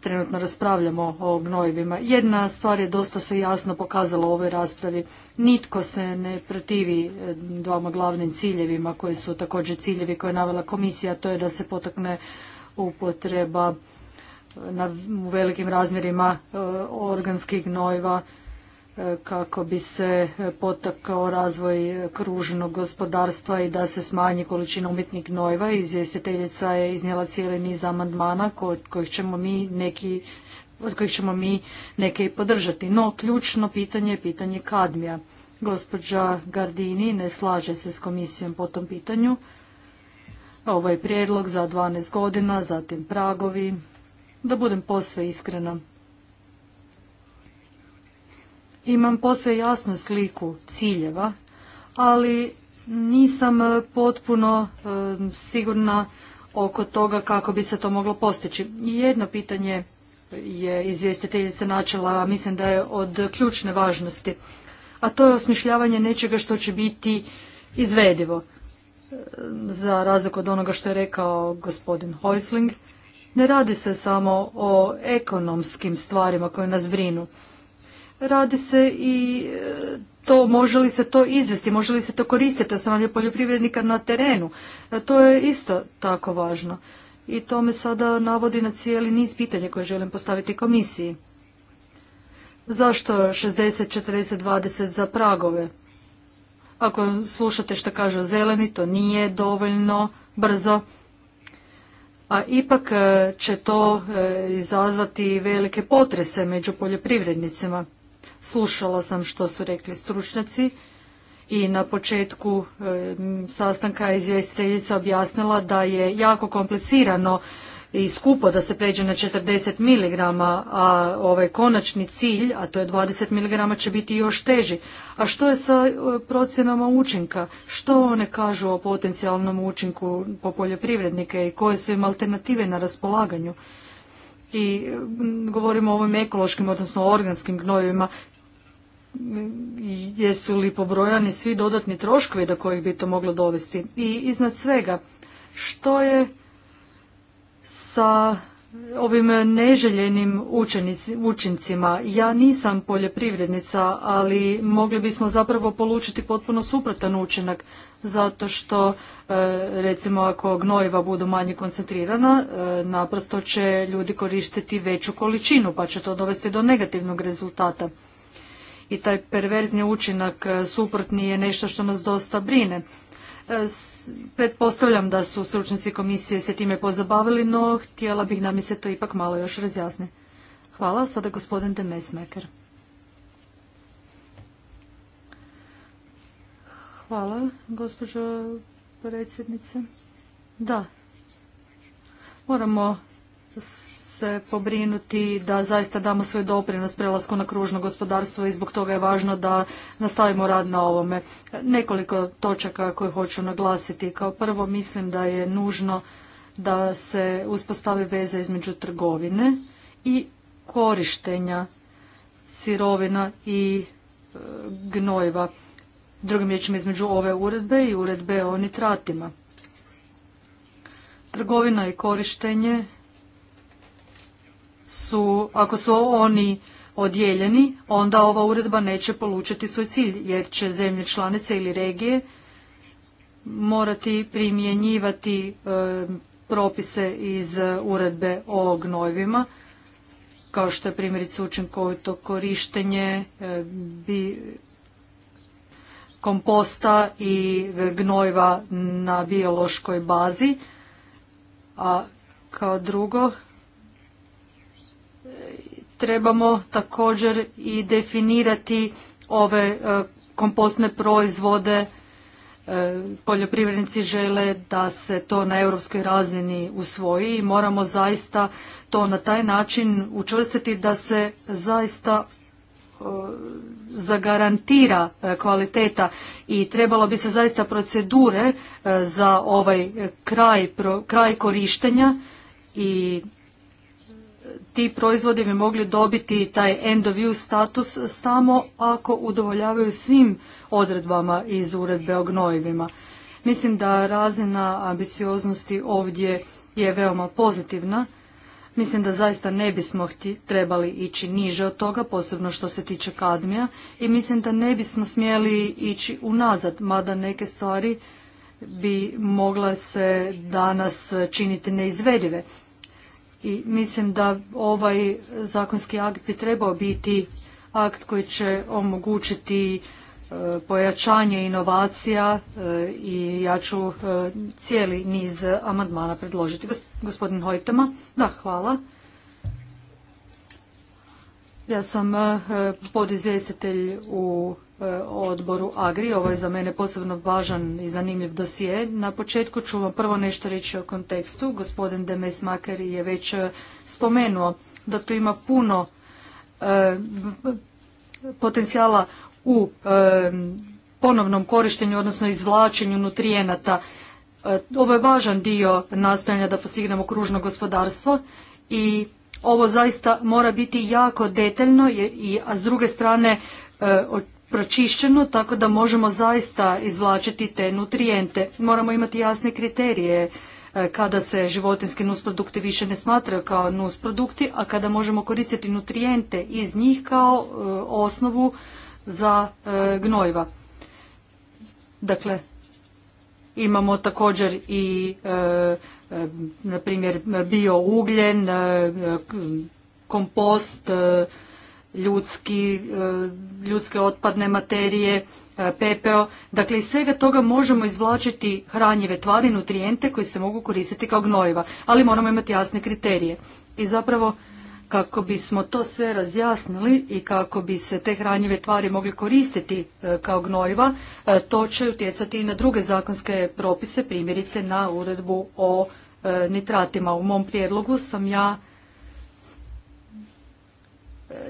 trenutno raspravljamo o gnojivima. Jedna stvar je dosta se jasno pokazala u ovoj raspravi. Nitko se ne protivi e, dvama glavnim ciljevima koji su također ciljevi koje je navela komisija, to je da se potakne upotreba e, u velikim razmjerima e, organskih gnojiva kako bi se potakao razvoj kružnog gospodarstva i da se smanji količina umjetnih gnojiva. Izvjestiteljica je iznijela cijeli niz amandmana kojih ćemo mi kojih ćemo mi neke i podržati. No, ključno pitanje je pitanje kadmija. Gospođa Gardini ne slaže se s komisijom po tom pitanju. Ovo je prijedlog za 12 godina, zatim pragovi. Da budem posve iskrena, imam posve jasnu sliku ciljeva, ali nisam e, potpuno e, sigurna oko toga kako bi se to moglo postići. Jedno pitanje je izvjestiteljica načela, mislim da je od ključne važnosti, a to je osmišljavanje nečega što će biti izvedivo. E, za razliku od onoga što je rekao gospodin Hojsling, ne radi se samo o ekonomskim stvarima koje nas brinu radi se i e, to može li se to izvesti, može li se to koristiti osnovanje poljoprivrednika na terenu. E, to je isto tako važno. I to me sada navodi na cijeli niz pitanja koje želim postaviti komisiji. Zašto 60, 40, 20 za pragove? Ako slušate što kažu zeleni, to nije dovoljno brzo. A ipak e, će to izazvati velike potrese među poljoprivrednicima. Slušala sam što su rekli stručnjaci i na početku e, sastanka je izvjestiteljica objasnila da je jako komplicirano i skupo da se pređe na 40 mg, a ovaj konačni cilj, a to je 20 mg, će biti još teži. A što je sa e, procjenama učinka? Što one kažu o potencijalnom učinku po poljoprivrednike i koje su im alternative na raspolaganju? I govorimo o ovim ekološkim, odnosno organskim gnojivima jesu li pobrojani svi dodatni troškovi do kojih bi to moglo dovesti. I iznad svega, što je sa ovim neželjenim učincima. Ja nisam poljoprivrednica, ali mogli bismo zapravo polučiti potpuno suprotan učinak, zato što e, recimo ako gnojiva budu manje koncentrirana, e, naprosto će ljudi koristiti veću količinu, pa će to dovesti do negativnog rezultata i taj perverzni učinak e, suprotni je nešto što nas dosta brine. E, pretpostavljam da su stručnici komisije se time pozabavili, no htjela bih da mi se to ipak malo još razjasni. Hvala. Sada gospodin Demesmeker. Hvala, gospođo predsjednice. Da, moramo se pobrinuti da zaista damo svoj doprinos prelasku na kružno gospodarstvo i zbog toga je važno da nastavimo rad na ovome. Nekoliko točaka koje hoću naglasiti. Kao prvo mislim da je nužno da se uspostavi veza između trgovine i korištenja sirovina i e, gnojiva. Drugim riječima između ove uredbe i uredbe o nitratima. Trgovina i korištenje su, ako su oni odijeljeni, onda ova uredba neće polučiti svoj cilj, jer će zemlje članice ili regije morati primjenjivati e, propise iz e, uredbe o gnojivima, kao što je primjerice učinkovito korištenje e, komposta i gnojiva na biološkoj bazi, a kao drugo trebamo također i definirati ove e, kompostne proizvode. E, poljoprivrednici žele da se to na europskoj razini usvoji i moramo zaista to na taj način učvrstiti da se zaista e, zagarantira kvaliteta i trebalo bi se zaista procedure za ovaj kraj, kraj korištenja i ti proizvodi bi mogli dobiti taj end of use status samo ako udovoljavaju svim odredbama iz uredbe o gnojivima. Mislim da razina ambicioznosti ovdje je veoma pozitivna. Mislim da zaista ne bismo trebali ići niže od toga, posebno što se tiče kadmija i mislim da ne bismo smjeli ići unazad, mada neke stvari bi mogla se danas činiti neizvedive i mislim da ovaj zakonski akt bi trebao biti akt koji će omogućiti e, pojačanje inovacija e, i ja ću e, cijeli niz amandmana predložiti. Gospodin Hojtema, da, hvala. Ja sam podizvjestitelj u odboru Agri. Ovo je za mene posebno važan i zanimljiv dosije. Na početku ću vam prvo nešto reći o kontekstu. Gospodin Demes Maker je već e, spomenuo da tu ima puno e, potencijala u e, ponovnom korištenju, odnosno izvlačenju nutrijenata. ovo je važan dio nastojanja da postignemo kružno gospodarstvo i ovo zaista mora biti jako detaljno, i, a s druge strane pročišćeno tako da možemo zaista izvlačiti te nutrijente. Moramo imati jasne kriterije e, kada se životinski nusprodukti više ne smatraju kao nusprodukti, a kada možemo koristiti nutrijente iz njih kao e, osnovu za e, gnojiva. Dakle, imamo također i na primjer bio ugljen, kompost, ljudski, e, ljudske otpadne materije, e, pepeo. Dakle, iz svega toga možemo izvlačiti hranjive tvari, nutrijente koji se mogu koristiti kao gnojiva, ali moramo imati jasne kriterije. I zapravo, kako bismo to sve razjasnili i kako bi se te hranjive tvari mogli koristiti e, kao gnojiva, to će utjecati i na druge zakonske propise, primjerice na uredbu o nitratima. U mom prijedlogu sam ja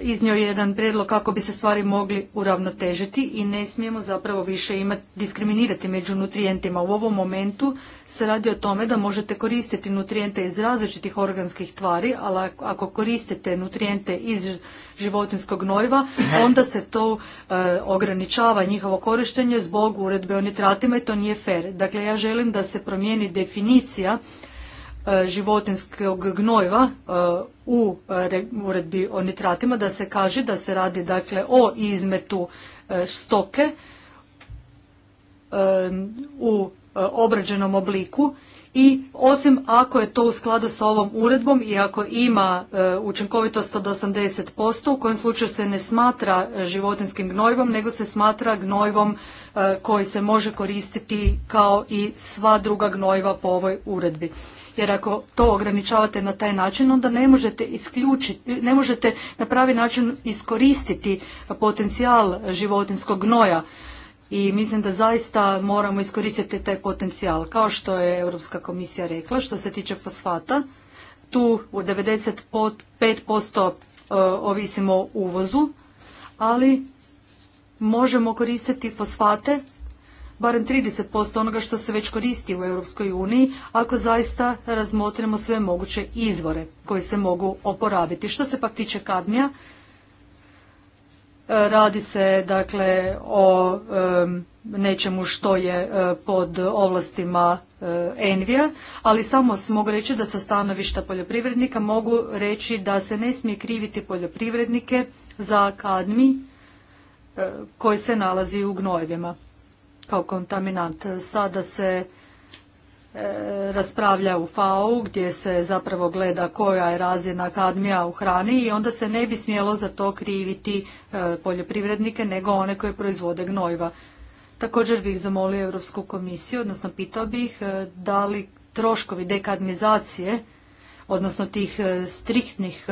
iznio jedan prijedlog kako bi se stvari mogli uravnotežiti i ne smijemo zapravo više imati diskriminirati među nutrijentima. U ovom momentu se radi o tome da možete koristiti nutrijente iz različitih organskih tvari, ali ako koristite nutrijente iz životinskog gnojiva, onda se to e, ograničava njihovo korištenje zbog uredbe o nitratima i to nije fer. Dakle, ja želim da se promijeni definicija E, životinskog gnojiva e, u e, uredbi o nitratima da se kaže da se radi dakle o izmetu stoke u obrađenom obliku i osim ako je to u skladu sa ovom uredbom i ako ima učinkovitost od 80%, u kojem slučaju se ne smatra životinskim gnojivom, nego se smatra gnojivom koji se može koristiti kao i sva druga gnojiva po ovoj uredbi jer ako to ograničavate na taj način onda ne možete isključiti, ne možete na pravi način iskoristiti potencijal životinskog gnoja i mislim da zaista moramo iskoristiti taj potencijal. Kao što je Europska komisija rekla, što se tiče fosfata, tu u 95% e, ovisimo o uvozu, ali možemo koristiti fosfate barem 30% onoga što se već koristi u EU, ako zaista razmotrimo sve moguće izvore koji se mogu oporabiti. Što se pak tiče kadmija, e, radi se dakle o e, nečemu što je e, pod ovlastima Envija, ali samo mogu reći da sa stanovišta poljoprivrednika mogu reći da se ne smije kriviti poljoprivrednike za kadmi koji se nalazi u gnojevima kao kontaminant. Sada se e, raspravlja u FAO gdje se zapravo gleda koja je razina kadmija u hrani i onda se ne bi smjelo za to kriviti e, poljoprivrednike nego one koje proizvode gnojiva. Također bih zamolio Europsku komisiju, odnosno pitao bih e, da li troškovi dekadmizacije, odnosno tih striktnih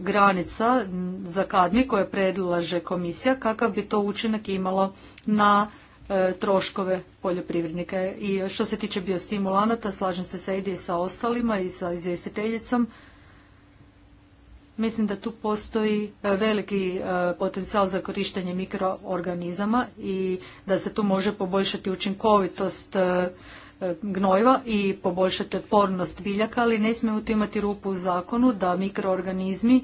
granica za kadmi koje predlaže komisija, kakav bi to učinak imalo na E, troškove poljoprivrednika. I što se tiče biostimulanata, slažem se sa Edi sa ostalima i sa izvjestiteljicom. Mislim da tu postoji e, veliki e, potencijal za korištenje mikroorganizama i da se tu može poboljšati učinkovitost gnojiva i poboljšati otpornost biljaka, ali ne smijemo tu imati rupu u zakonu da mikroorganizmi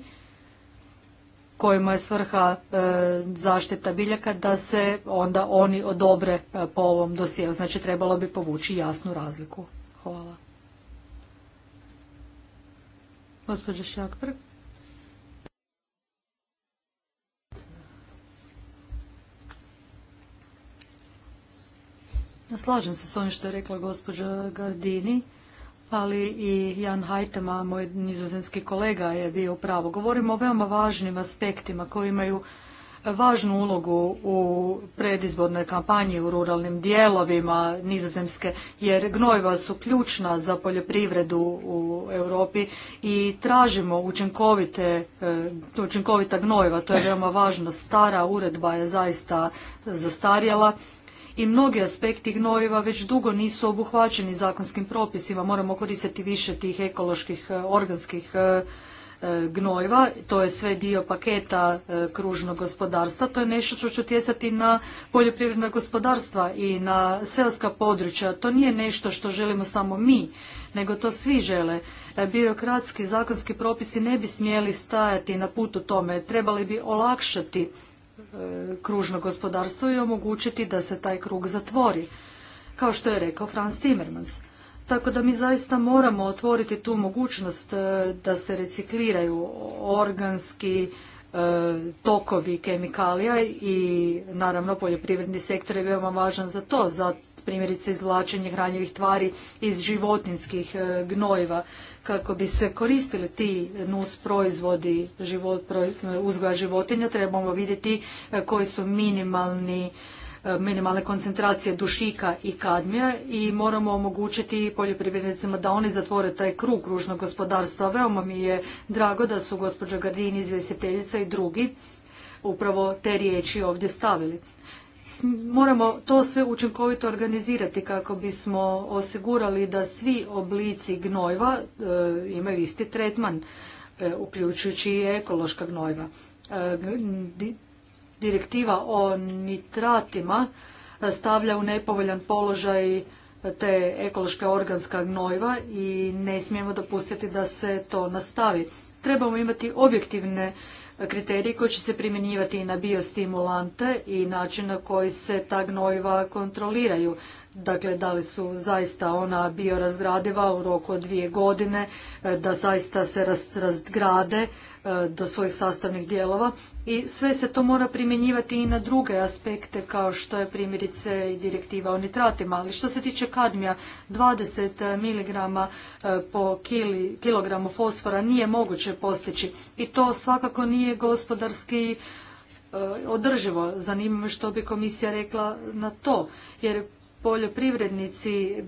kojima je svrha e, zaštita biljaka da se onda oni odobre e, po ovom dosijelu. Znači trebalo bi povući jasnu razliku. Hvala. Gospođa Šjakpr. Slažem se s onim što je rekla gospođa Gardini ali i Jan Hajtema, moj nizozemski kolega, je bio pravo. Govorimo o veoma važnim aspektima koji imaju važnu ulogu u predizbornoj kampanji u ruralnim dijelovima nizozemske, jer gnojiva su ključna za poljoprivredu u Europi i tražimo učinkovite, e, učinkovita gnojiva, to je veoma važno. Stara uredba je zaista zastarjela i mnogi aspekti gnojiva već dugo nisu obuhvaćeni zakonskim propisima. Moramo koristiti više tih ekoloških e, organskih e, e, gnojiva, to je sve dio paketa kružnog gospodarstva, to je nešto što će utjecati na poljoprivredna gospodarstva i na seoska područja. To nije nešto što želimo samo mi, nego to svi žele. Birokratski zakonski propisi ne bi smjeli stajati na putu tome, trebali bi olakšati E, kružno gospodarstvo i omogućiti da se taj krug zatvori, kao što je rekao Franz Timmermans. Tako da mi zaista moramo otvoriti tu mogućnost e, da se recikliraju organski e, tokovi kemikalija i naravno poljoprivredni sektor je veoma važan za to primjerice izvlačenje hranjivih tvari iz životinskih e, gnojiva kako bi se koristili ti nus proizvodi život, e, uzgoja životinja trebamo vidjeti e, koji su minimalni minimalne koncentracije dušika i kadmija i moramo omogućiti poljoprivrednicima da oni zatvore taj krug kružnog gospodarstva. Veoma mi je drago da su gospođa Gardin, izvjestiteljica i drugi upravo te riječi ovdje stavili moramo to sve učinkovito organizirati kako bismo osigurali da svi oblici gnojiva e, imaju isti tretman, e, uključujući i ekološka gnojiva. E, direktiva o nitratima stavlja u nepovoljan položaj te ekološka organska gnojiva i ne smijemo dopustiti da se to nastavi. Trebamo imati objektivne kriteriji koji će se primjenjivati i na biostimulante i način na koji se ta gnojiva kontroliraju dakle da li su zaista ona biorazgradiva u roku od dvije godine, e, da zaista se razgrade e, do svojih sastavnih dijelova i sve se to mora primjenjivati i na druge aspekte kao što je primjerice i direktiva o nitratima. Ali što se tiče kadmija, 20 mg e, po kilogramu fosfora nije moguće postići i to svakako nije gospodarski održivo. Zanima me što bi komisija rekla na to, jer poljoprivrednici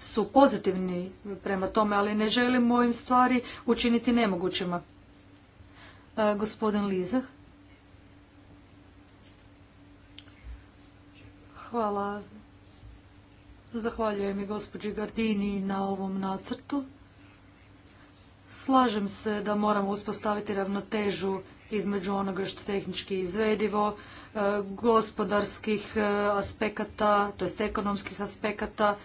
su pozitivni prema tome, ali ne želimo im stvari učiniti nemogućima. E, gospodin Lizah. Hvala. Zahvaljujem i gospođi Gardini na ovom nacrtu. Slažem se da moramo uspostaviti ravnotežu između onoga što je tehnički izvedivo, E, gospodarskih e, aspekata, to jest ekonomskih aspekata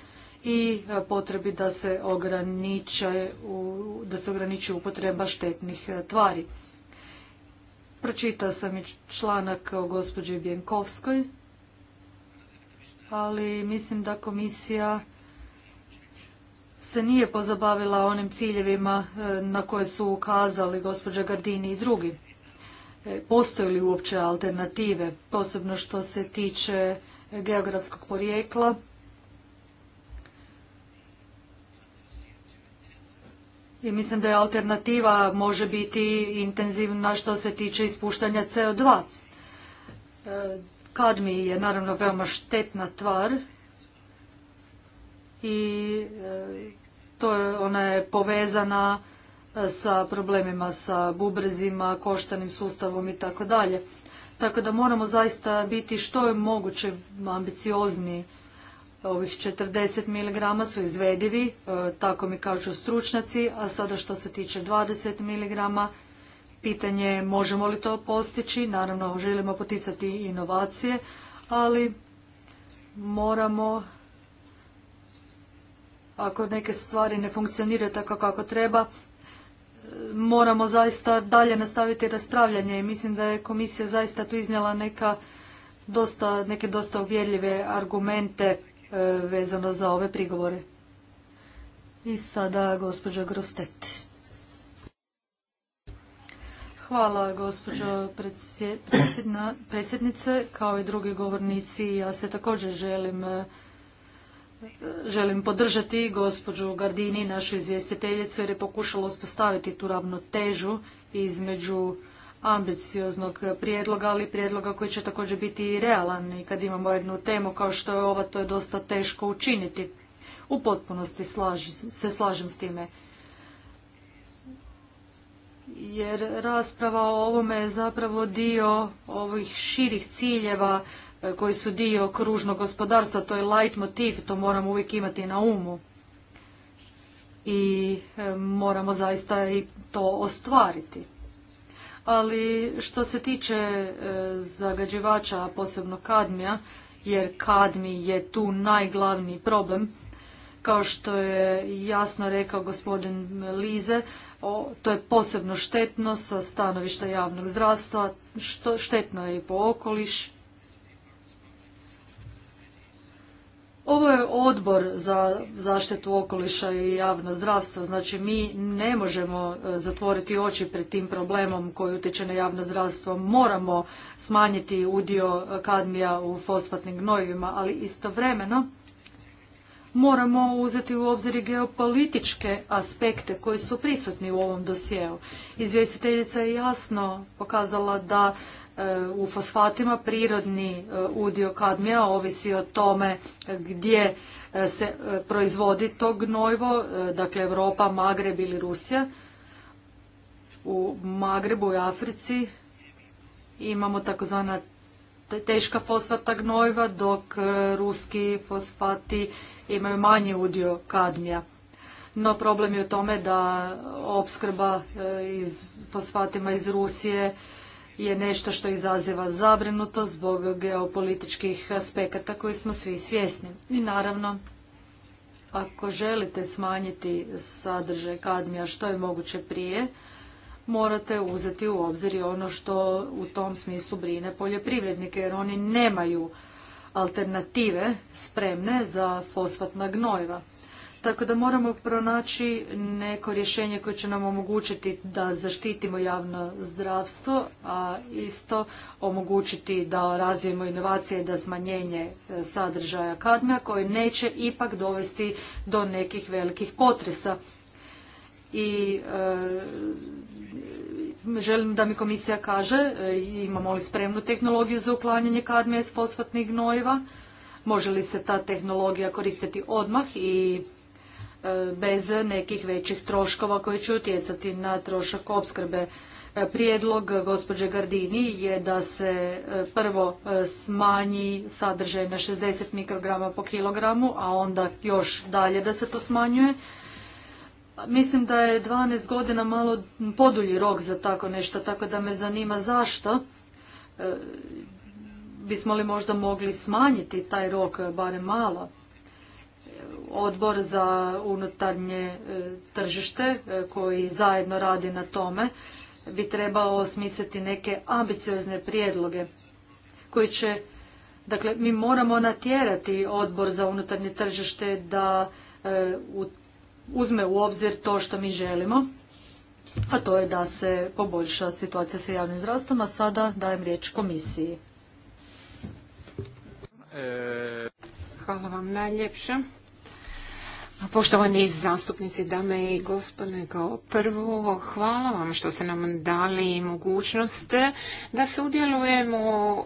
i e, potrebi da se ograniče, da se ograniči upotreba štetnih tvari. Pročitao sam i članak o gospođi Bjenkovskoj, ali mislim da komisija se nije pozabavila onim ciljevima na koje su ukazali gospođa Gardini i drugi. E, postoje li uopće alternative, posebno što se tiče geografskog porijekla. I mislim da je alternativa može biti intenzivna što se tiče ispuštanja CO2. E, Kadmi je naravno veoma štetna tvar i e, to je, ona je povezana sa problemima sa bubrezima, koštanim sustavom i tako dalje. Tako da moramo zaista biti što je moguće ambiciozni. Ovih 40 mg su izvedivi, e, tako mi kažu stručnjaci, a sada što se tiče 20 mg, pitanje je možemo li to postići. Naravno, želimo poticati inovacije, ali moramo ako neke stvari ne funkcioniraju tako kako treba, moramo zaista dalje nastaviti raspravljanje i mislim da je komisija zaista tu iznijela dosta, neke dosta uvjerljive argumente e, vezano za ove prigovore. I sada gospođa Grostet. Hvala gospođo predsjednice, kao i drugi govornici. Ja se također želim e, želim podržati gospođu Gardini, našu izvjestiteljicu, jer je pokušala uspostaviti tu ravnotežu između ambicioznog prijedloga, ali prijedloga koji će također biti i realan i kad imamo jednu temu kao što je ova, to je dosta teško učiniti. U potpunosti se slažem s time. Jer rasprava o ovome je zapravo dio ovih širih ciljeva E, koji su dio kružnog gospodarstva, to je light motiv, to moramo uvijek imati na umu. I e, moramo zaista i to ostvariti. Ali što se tiče e, zagađivača, posebno kadmija, jer kadmi je tu najglavniji problem, kao što je jasno rekao gospodin Lize, to je posebno štetno sa stanovišta javnog zdravstva, što, štetno je i po okoliš, Ovo je odbor za zaštitu okoliša i javno zdravstvo, znači mi ne možemo e, zatvoriti oči pred tim problemom koji utječe na javno zdravstvo. Moramo smanjiti udio kadmija u fosfatnim gnojivima, ali istovremeno moramo uzeti u obzir i geopolitičke aspekte koji su prisutni u ovom dosjeu. Izvjestiteljica je jasno pokazala da u fosfatima prirodni e, udio kadmija ovisi o tome gdje e, se e, proizvodi to gnojivo, dakle Europa, Magreb ili Rusija. U Magrebu i Africi imamo takozvana teška fosfata gnojiva, dok ruski fosfati imaju manji udio kadmija. No problem je u tome da opskrba fosfatima iz Rusije je nešto što izaziva zabrinutost zbog geopolitičkih aspekata koji smo svi svjesni. I naravno, ako želite smanjiti sadržaj kadmija što je moguće prije, morate uzeti u obzir i ono što u tom smislu brine poljoprivrednike, jer oni nemaju alternative spremne za fosfatna gnojiva. Tako da moramo pronaći neko rješenje koje će nam omogućiti da zaštitimo javno zdravstvo, a isto omogućiti da razvijemo inovacije da smanjenje e, sadržaja kadmija koje neće ipak dovesti do nekih velikih potresa. I e, želim da mi komisija kaže e, imamo li spremnu tehnologiju za uklanjanje kadmija iz fosfatnih gnojiva, može li se ta tehnologija koristiti odmah i E, bez nekih većih troškova koji će utjecati na trošak opskrbe. E, prijedlog gospođe Gardini je da se e, prvo smanji sadržaj na 60 mikrograma po kilogramu, a onda još dalje da se to smanjuje. Mislim da je 12 godina malo podulji rok za tako nešto, tako da me zanima zašto. Bismo li možda mogli smanjiti taj rok barem malo? odbor za unutarnje e, tržište e, koji zajedno radi na tome bi trebao osmisliti neke ambiciozne prijedloge koji će dakle mi moramo natjerati odbor za unutarnje tržište da e, uzme u obzir to što mi želimo a to je da se poboljša situacija sa javnim zdravstvom a sada dajem riječ komisiji Hvala vam najljepše. Poštovani zastupnici, dame i gospodine, kao prvo hvala vam što ste nam dali mogućnost da sudjelujemo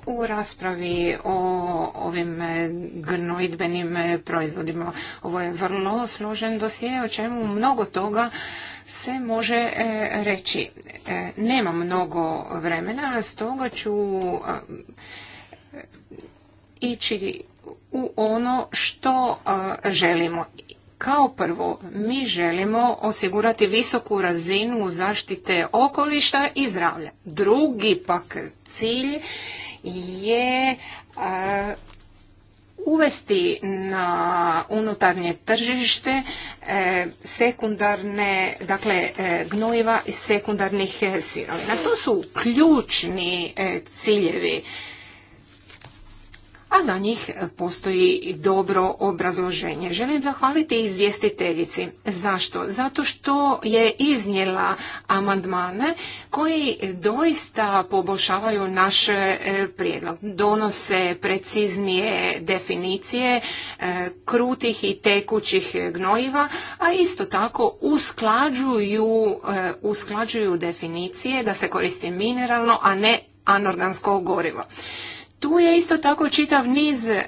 u raspravi o ovim grnoidbenim proizvodima. Ovo je vrlo složen dosije o čemu mnogo toga se može e, reći. E, nema mnogo vremena, stoga ću e, ići u ono što želimo kao prvo, mi želimo osigurati visoku razinu zaštite okoliša i zdravlja. Drugi pak cilj je uvesti na unutarnje tržište e, sekundarne, dakle e, gnojiva iz sekundarnih sirovina. To su ključni e, ciljevi a za njih postoji dobro obrazloženje. Želim zahvaliti izvjestiteljici. Zašto? Zato što je iznijela amandmane koji doista poboljšavaju naš e, prijedlog. Donose preciznije definicije e, krutih i tekućih gnojiva, a isto tako usklađuju, e, usklađuju definicije da se koristi mineralno, a ne anorgansko gorivo tu je isto tako čitav niz e,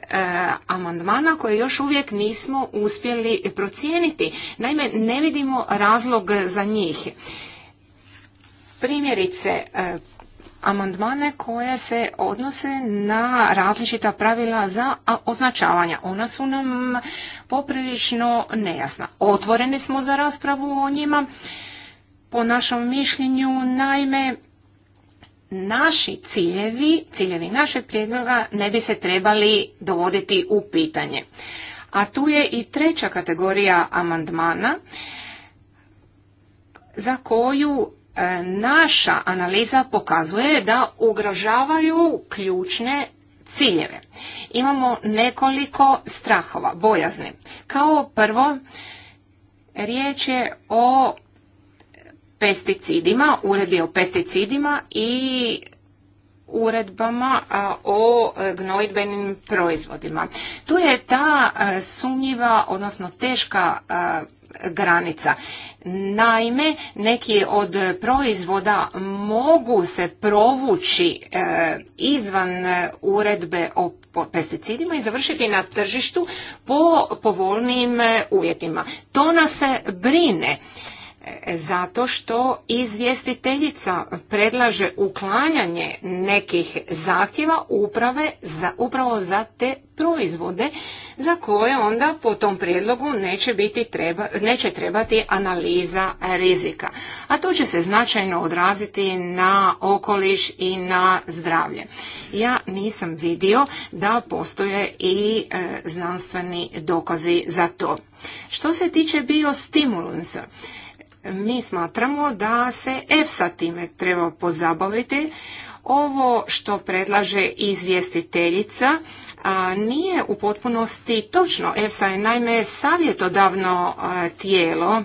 amandmana koje još uvijek nismo uspjeli procijeniti. Naime, ne vidimo razlog za njih. Primjerice, e, amandmane koje se odnose na različita pravila za označavanja. Ona su nam poprilično nejasna. Otvoreni smo za raspravu o njima. Po našem mišljenju, naime, naši ciljevi, ciljevi našeg prijedloga ne bi se trebali dovoditi u pitanje. A tu je i treća kategorija amandmana za koju e, naša analiza pokazuje da ugrožavaju ključne ciljeve. Imamo nekoliko strahova, bojazni. Kao prvo, riječ je o pesticidima, uredbi o pesticidima i uredbama o e, gnojidbenim proizvodima. Tu je ta e, sumnjiva, odnosno teška e, granica. Naime, neki od proizvoda mogu se provući izvan uredbe o pesticidima i završiti na tržištu po povoljnim uvjetima. To nas brine E, zato što izvjestiteljica predlaže uklanjanje nekih zahtjeva uprave za, upravo za te proizvode za koje onda po tom prijedlogu neće, biti treba, neće trebati analiza rizika. A to će se značajno odraziti na okoliš i na zdravlje. Ja nisam vidio da postoje i e, znanstveni dokazi za to. Što se tiče biostimulansa, mi smatramo da se EFSA time treba pozabaviti. Ovo što predlaže izvjestiteljica nije u potpunosti točno. EFSA je naime savjetodavno tijelo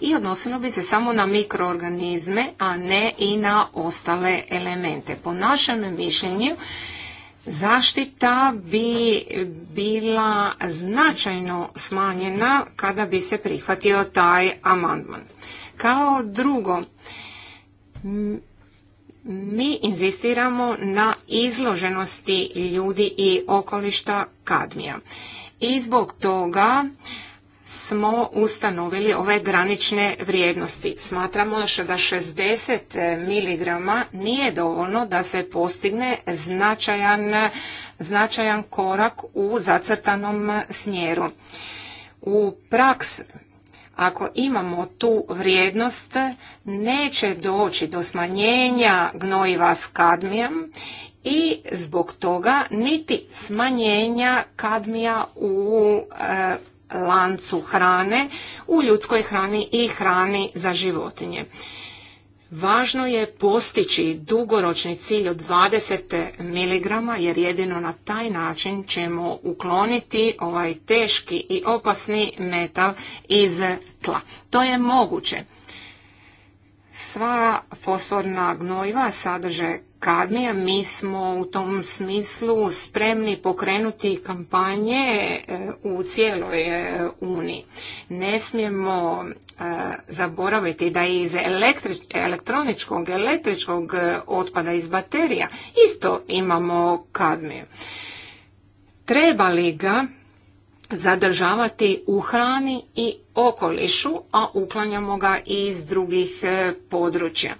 i odnosilo bi se samo na mikroorganizme, a ne i na ostale elemente. Po našem mišljenju zaštita bi bila značajno smanjena kada bi se prihvatio taj amandman. Kao drugo, mi inzistiramo na izloženosti ljudi i okolišta kadmija. I zbog toga smo ustanovili ove granične vrijednosti. Smatramo da 60 e, mg nije dovoljno da se postigne značajan, značajan korak u zacrtanom smjeru. U praks ako imamo tu vrijednost, neće doći do smanjenja gnojiva s kadmijem i zbog toga niti smanjenja kadmija u e, lancu hrane u ljudskoj hrani i hrani za životinje. Važno je postići dugoročni cilj od 20 mg jer jedino na taj način ćemo ukloniti ovaj teški i opasni metal iz tla. To je moguće. Sva fosforna gnojiva sadrže kadmija. Mi smo u tom smislu spremni pokrenuti kampanje e, u cijeloj e, Uniji. Ne smijemo e, zaboraviti da iz elektroničkog, električkog otpada iz baterija isto imamo kadmiju. Treba li ga zadržavati u hrani i okolišu, a uklanjamo ga iz drugih područja.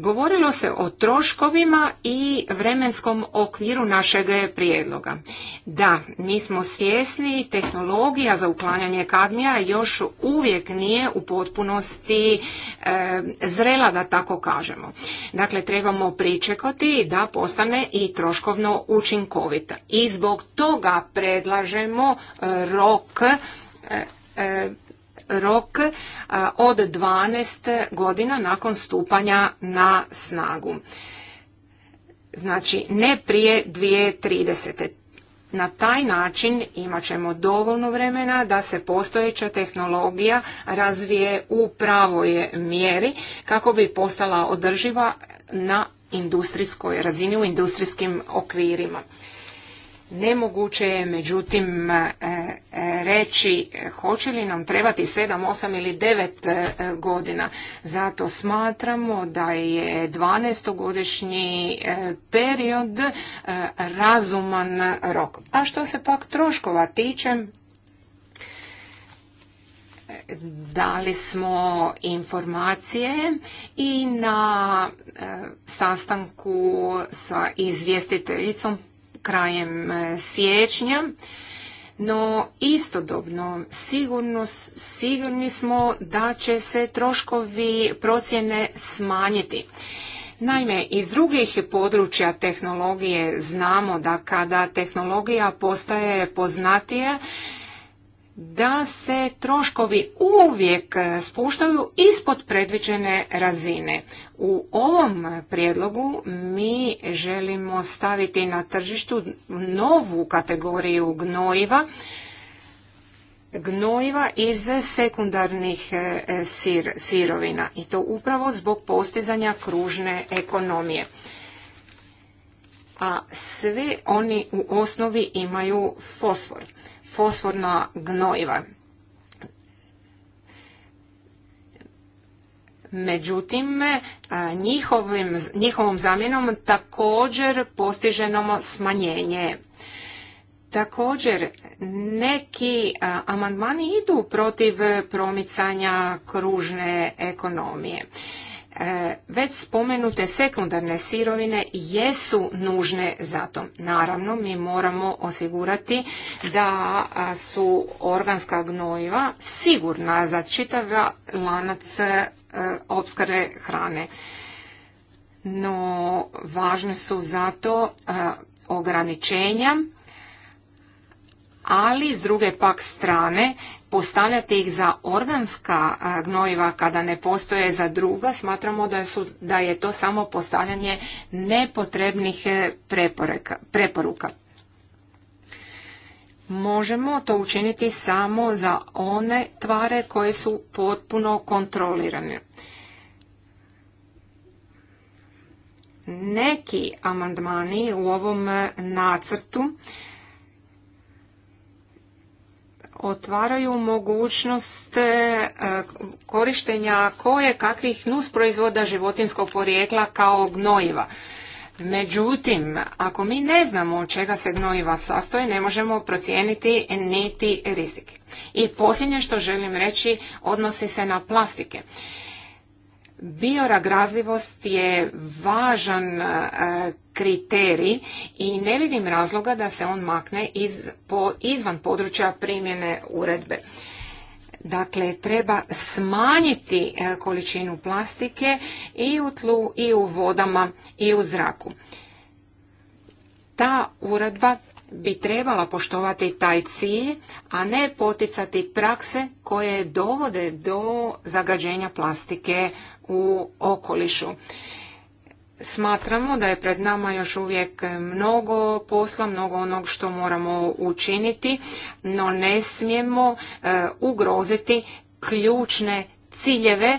Govorilo se o troškovima i vremenskom okviru našeg prijedloga. Da, mi smo svjesni, tehnologija za uklanjanje kadmija još uvijek nije u potpunosti e, zrela, da tako kažemo. Dakle, trebamo pričekati da postane i troškovno učinkovita. I zbog toga predlažemo rok e, e, rok od 12 godina nakon stupanja na snagu. Znači ne prije 2030. Na taj način imat ćemo dovoljno vremena da se postojeća tehnologija razvije u pravoj mjeri kako bi postala održiva na industrijskoj razini u industrijskim okvirima. Nemoguće je međutim e, e, reći hoće li nam trebati 7, 8 ili 9 e, godina. Zato smatramo da je 12-godišnji period razuman rok. A što se pak troškova tiče, dali smo informacije i na sastanku sa izvjestiteljicom krajem e, siječnja, no istodobno sigurno, sigurni smo da će se troškovi procjene smanjiti. Naime, iz drugih područja tehnologije znamo da kada tehnologija postaje poznatija, da se troškovi uvijek spuštaju ispod predviđene razine. U ovom prijedlogu mi želimo staviti na tržištu novu kategoriju gnojiva, gnojiva iz sekundarnih e, sirovina i to upravo zbog postizanja kružne ekonomije. A svi oni u osnovi imaju fosfor fosforna gnojiva. Međutim, njihovom zamjenom također postižemo smanjenje. Također, neki amandmani idu protiv promicanja kružne ekonomije. E, već spomenute sekundarne sirovine jesu nužne za to. Naravno, mi moramo osigurati da su organska gnojiva sigurna za čitav lanac e, opskrbe hrane. No, važne su zato ograničenja ali s druge pak strane postavljati ih za organska gnojiva kada ne postoje za druga, smatramo da, su, da je to samo postavljanje nepotrebnih e, preporuka. Možemo to učiniti samo za one tvare koje su potpuno kontrolirane. Neki amandmani u ovom e, nacrtu otvaraju mogućnost e, korištenja koje kakvih nus proizvoda životinskog porijekla kao gnojiva. Međutim, ako mi ne znamo od čega se gnojiva sastoje, ne možemo procijeniti niti rizike. I posljednje što želim reći odnosi se na plastike. Bioragrazivost je važan e, kriterij i ne vidim razloga da se on makne iz, izvan područja primjene uredbe. Dakle, treba smanjiti e, količinu plastike i u tlu, i u vodama, i u zraku. Ta uredba bi trebala poštovati taj cilj, a ne poticati prakse koje dovode do zagađenja plastike u okolišu. Smatramo da je pred nama još uvijek mnogo posla, mnogo onog što moramo učiniti, no ne smijemo e, ugroziti ključne ciljeve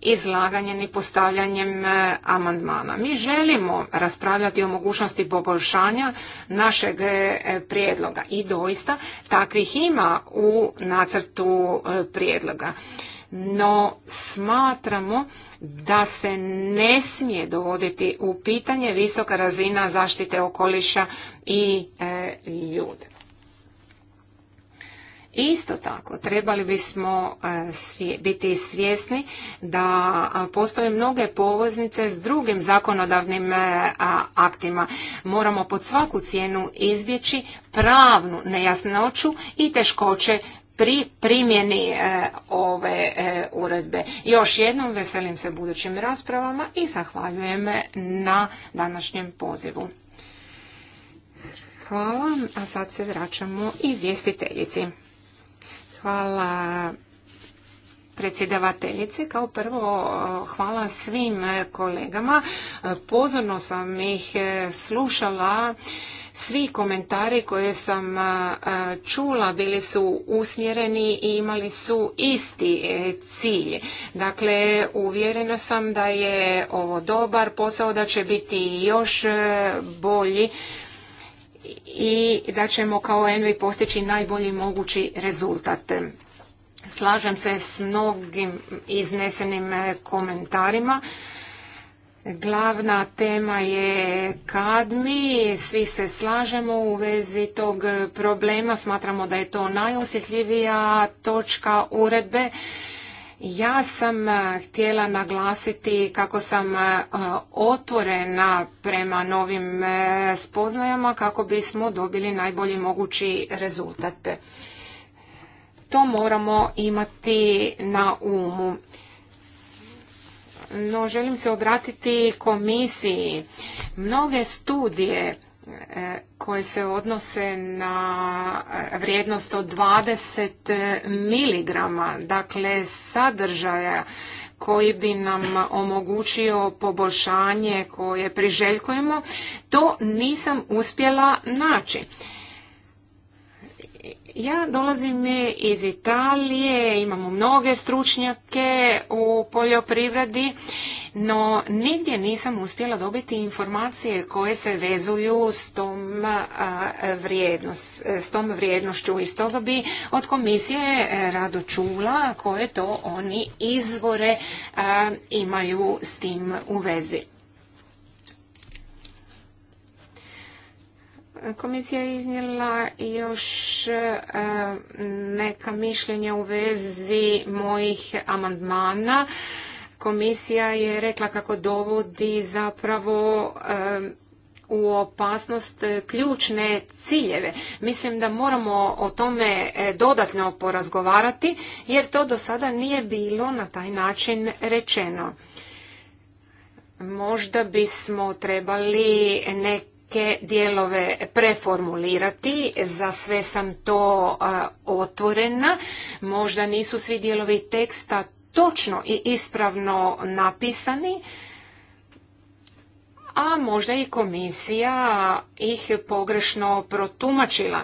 izlaganjem i postavljanjem e, amandmana. Mi želimo raspravljati o mogućnosti poboljšanja našeg e, prijedloga i doista takvih ima u nacrtu prijedloga no smatramo da se ne smije dovoditi u pitanje visoka razina zaštite okoliša i e, ljudi. Isto tako, trebali bismo e, biti svjesni da postoje mnoge povoznice s drugim zakonodavnim e, aktima. Moramo pod svaku cijenu izbjeći pravnu nejasnoću i teškoće pri primjeni e, ove e, uredbe. Još jednom veselim se budućim raspravama i zahvaljujem na današnjem pozivu. Hvala, a sad se vraćamo izvjestiteljici. Hvala predsjedavateljice. Kao prvo e, hvala svim kolegama. Pozorno sam ih slušala svi komentari koje sam čula bili su usmjereni i imali su isti e, cilj. Dakle, uvjerena sam da je ovo dobar posao, da će biti još e, bolji i da ćemo kao Envi postići najbolji mogući rezultat. Slažem se s mnogim iznesenim e, komentarima. Glavna tema je kad mi svi se slažemo u vezi tog problema, smatramo da je to najosjetljivija točka uredbe. Ja sam e, htjela naglasiti kako sam e, otvorena prema novim e, spoznajama kako bismo dobili najbolji mogući rezultate. To moramo imati na umu no želim se obratiti komisiji. Mnoge studije e, koje se odnose na e, vrijednost od 20 miligrama, dakle sadržaja koji bi nam omogućio poboljšanje koje priželjkujemo, to nisam uspjela naći. Ja dolazim iz Italije, imamo mnoge stručnjake u poljoprivredi, no nigdje nisam uspjela dobiti informacije koje se vezuju s tom, vrijednost, s tom vrijednošću. I stoga bi od komisije e, rado čula koje to oni izvore imaju s tim u vezi. Komisija je iznijela još e, neka mišljenja u vezi mojih amandmana. Komisija je rekla kako dovodi zapravo e, u opasnost ključne ciljeve. Mislim da moramo o tome e, dodatno porazgovarati jer to do sada nije bilo na taj način rečeno. Možda bismo trebali neke neke dijelove preformulirati. Za sve sam to otvorena. Možda nisu svi dijelovi teksta točno i ispravno napisani, a možda i komisija ih pogrešno protumačila.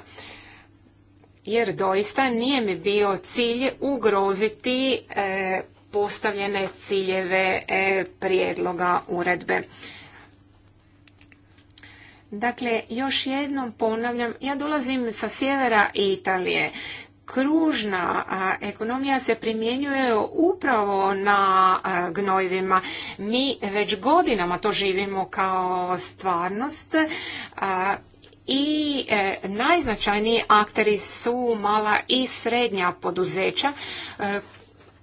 Jer doista nije mi bio cilj ugroziti e, postavljene ciljeve e, prijedloga uredbe. Dakle, još jednom ponavljam, ja dolazim sa sjevera Italije. Kružna ekonomija se primjenjuje upravo na a, Mi već godinama to živimo kao stvarnost. i e, najznačajniji akteri su mala i srednja poduzeća e,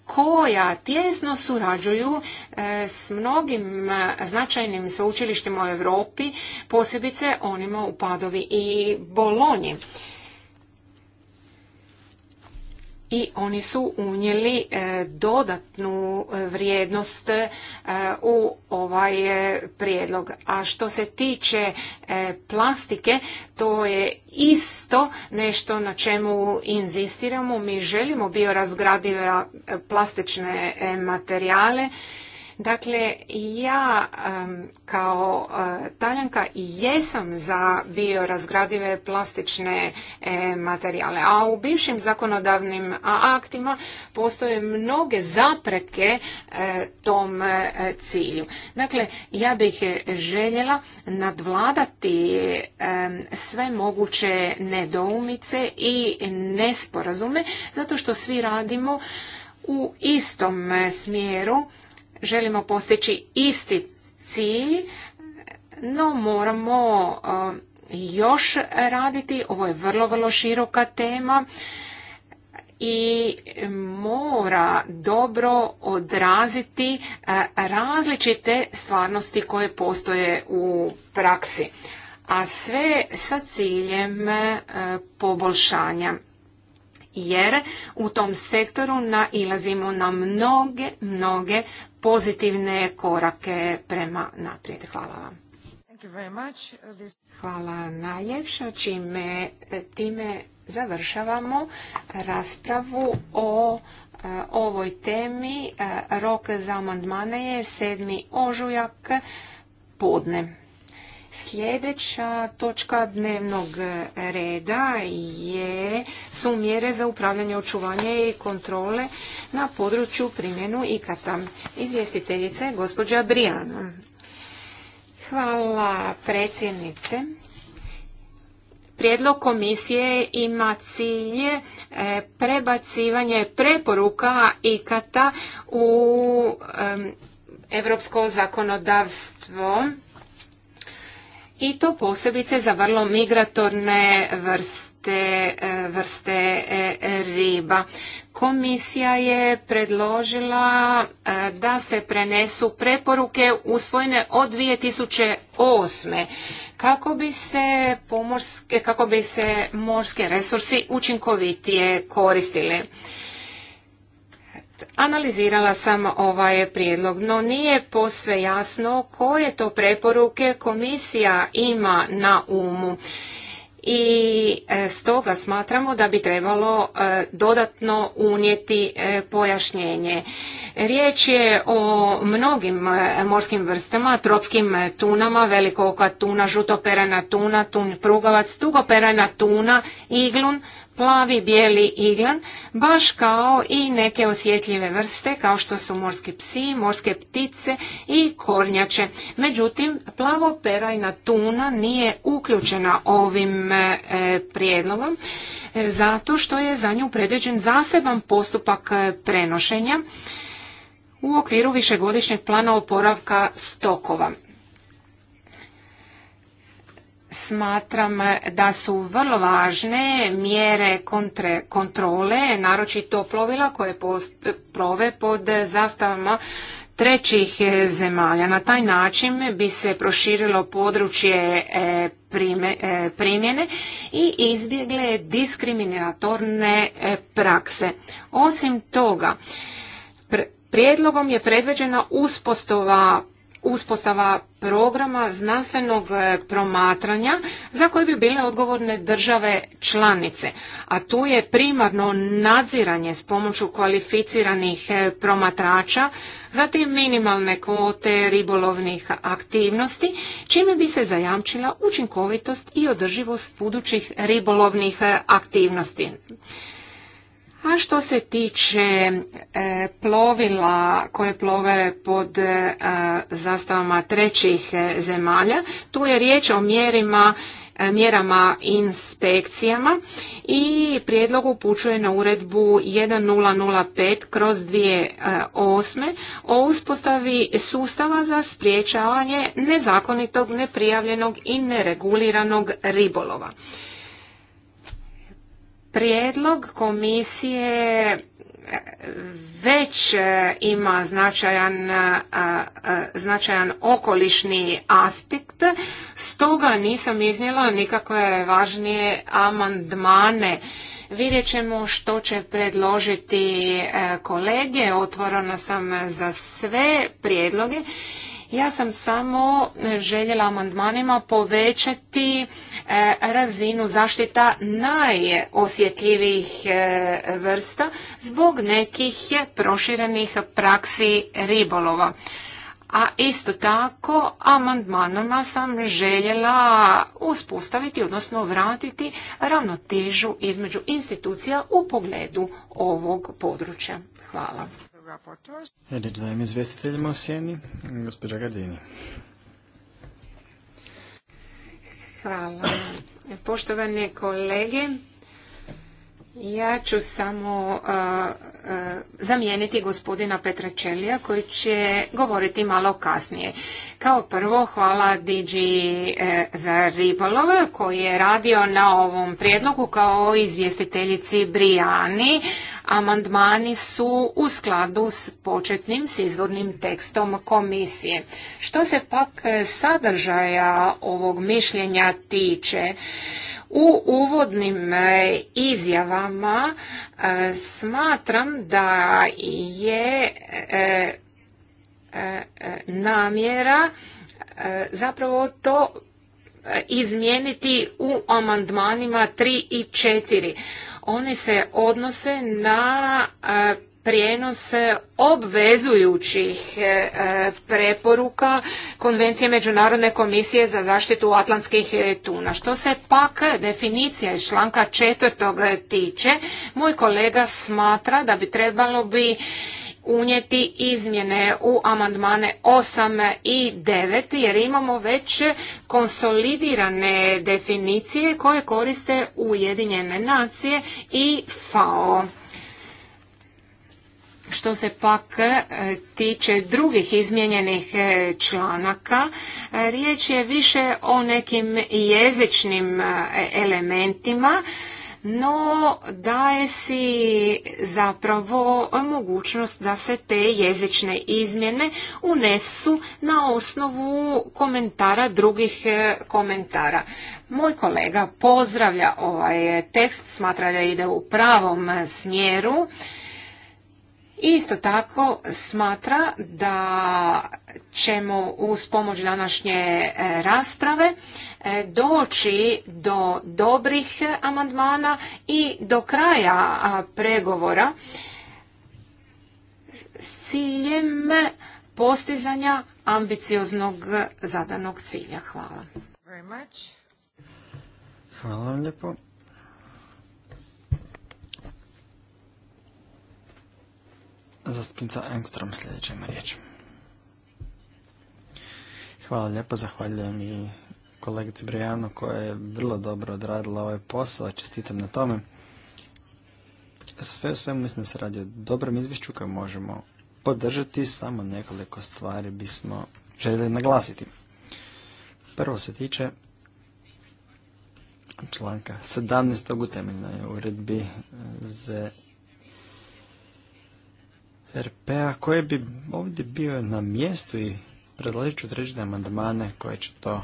koja tjesno surađuju e, s mnogim e, značajnim sveučilištima u Europi, posebice onima u Padovi i Bolonji i oni su unijeli e, dodatnu e, vrijednost e, u ovaj prijedlog. A što se tiče plastike, to je isto nešto na čemu inzistiramo. Mi želimo biorazgradive plastične materijale Dakle, ja kao eh, Taljanka jesam za biorazgradive plastične eh, materijale, a u bivšim zakonodavnim aktima postoje mnoge zapreke eh, tom cilju. Dakle, ja bih željela nadvladati sve moguće nedoumice i nesporazume, zato što svi radimo u istom smjeru želimo postići isti cilj, no moramo e, još raditi. Ovo je vrlo, vrlo široka tema i mora dobro odraziti e, različite stvarnosti koje postoje u praksi, a sve sa ciljem e, poboljšanja jer u tom sektoru nailazimo na mnoge, mnoge pozitivne korake prema naprijed. Hvala vam. Hvala najljepša. Čime time završavamo raspravu o eh, ovoj temi. Eh, rok za amandmane je 7. ožujak podne. Sljedeća točka dnevnog reda je, su mjere za upravljanje, očuvanje i kontrole na području primjenu IKATA. Izvjestiteljica gospođa Brijana. Hvala predsjednice. Prijedlog komisije ima cilj e, prebacivanje preporuka IKATA u europsko zakonodavstvo i to posebice za vrlo migratorne vrste, e, vrste e, riba. Komisija je predložila e, da se prenesu preporuke usvojene od 2008. kako bi se, pomorske, kako bi se morske resursi učinkovitije koristili analizirala sam ovaj prijedlog, no nije posve jasno koje to preporuke komisija ima na umu. I e, stoga smatramo da bi trebalo e, dodatno unijeti e, pojašnjenje. Riječ je o mnogim morskim vrstama, tropskim tunama, velikoka tuna, žutoperana tuna, tun prugavac, tugoperana tuna, iglun, plavi, bijeli iglan, baš kao i neke osjetljive vrste kao što su morski psi, morske ptice i kornjače. Međutim, plavo perajna tuna nije uključena ovim e, prijedlogom e, zato što je za nju predviđen zaseban postupak e, prenošenja u okviru višegodišnjeg plana oporavka stokova smatram eh, da su vrlo važne mjere kontrole, naročito plovila koje prove pod zastavama trećih eh, zemalja. Na taj način bi se proširilo područje eh, primjene i izbjegle diskriminatorne prakse. Osim toga, prijedlogom je predveđena uspostava uspostava programa znanstvenog e, promatranja za koje bi bile odgovorne države članice. A tu je primarno nadziranje s pomoću kvalificiranih e, promatrača, zatim minimalne kvote ribolovnih aktivnosti, čime bi se zajamčila učinkovitost i održivost budućih ribolovnih e, aktivnosti. A što se tiče e, plovila koje plove pod e, zastavama trećih e, zemalja, tu je riječ o mjerima mjerama inspekcijama i prijedlog upućuje na uredbu 1005 kroz 2008 o uspostavi sustava za spriječavanje nezakonitog, neprijavljenog i nereguliranog ribolova. Prijedlog komisije već e, ima značajan, e, e, značajan okolišni aspekt, stoga nisam iznijela nikakve važnije amandmane. Vidjet ćemo što će predložiti kolege, otvorena sam za sve prijedloge ja sam samo e, željela amandmanima povećati e, razinu zaštita najosjetljivijih e, vrsta zbog nekih proširenih praksi ribolova. A isto tako, amandmanama sam željela uspostaviti, odnosno vratiti ravnotežu između institucija u pogledu ovog područja. Hvala. Reč e, dajem izvjestiteljima u sjeni, gospođa Gardini. Hvala. Poštovane kolege, ja ću samo zamijeniti gospodina Petra Čelija koji će govoriti malo kasnije. Kao prvo hvala DG e, za ribolov koji je radio na ovom prijedlogu kao izvjestiteljici Brijani. Amandmani su u skladu s početnim s izvornim tekstom komisije. Što se pak sadržaja ovog mišljenja tiče, u uvodnim e, izjavama e, smatram da je e, namjera zapravo to izmijeniti u amandmanima 3 i 4. Oni se odnose na prijenos obvezujućih e, e, preporuka Konvencije Međunarodne komisije za zaštitu atlantskih e, tuna. Što se pak definicija iz članka četvrtog tiče, moj kolega smatra da bi trebalo bi unijeti izmjene u amandmane 8 i 9 jer imamo već konsolidirane definicije koje koriste Ujedinjene nacije i FAO. Što se pak e, tiče drugih izmijenjenih e, članaka, e, riječ je više o nekim jezičnim elementima, no daje si zapravo mogućnost da se te jezične izmjene unesu na osnovu komentara drugih komentara. Moj kolega pozdravlja ovaj tekst, smatra da ide u pravom smjeru Isto tako smatra da ćemo uz pomoć današnje e, rasprave e, doći do dobrih amandmana i do kraja pregovora s ciljem postizanja ambicioznog zadanog cilja. Hvala. Hvala vam lijepo. Zastupnica Engstrom sljedeća ima riječ. Hvala lijepo, zahvaljujem i kolegici Brijanu koja je vrlo dobro odradila ovaj posao, čestitam na tome. Sve u svemu mislim da se radi o dobrom izvješću koje možemo podržati, samo nekoliko stvari bismo željeli naglasiti. Prvo se tiče članka 17. u temeljnoj uredbi za RP-a koji bi ovdje bio na mjestu i predložit ću određene amandmane koje će to